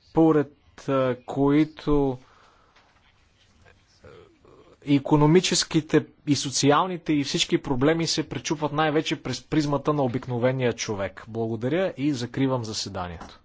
според които економическите и социалните и всички проблеми се пречупват най-вече през призмата на обикновения човек. Благодаря и закривам заседанието.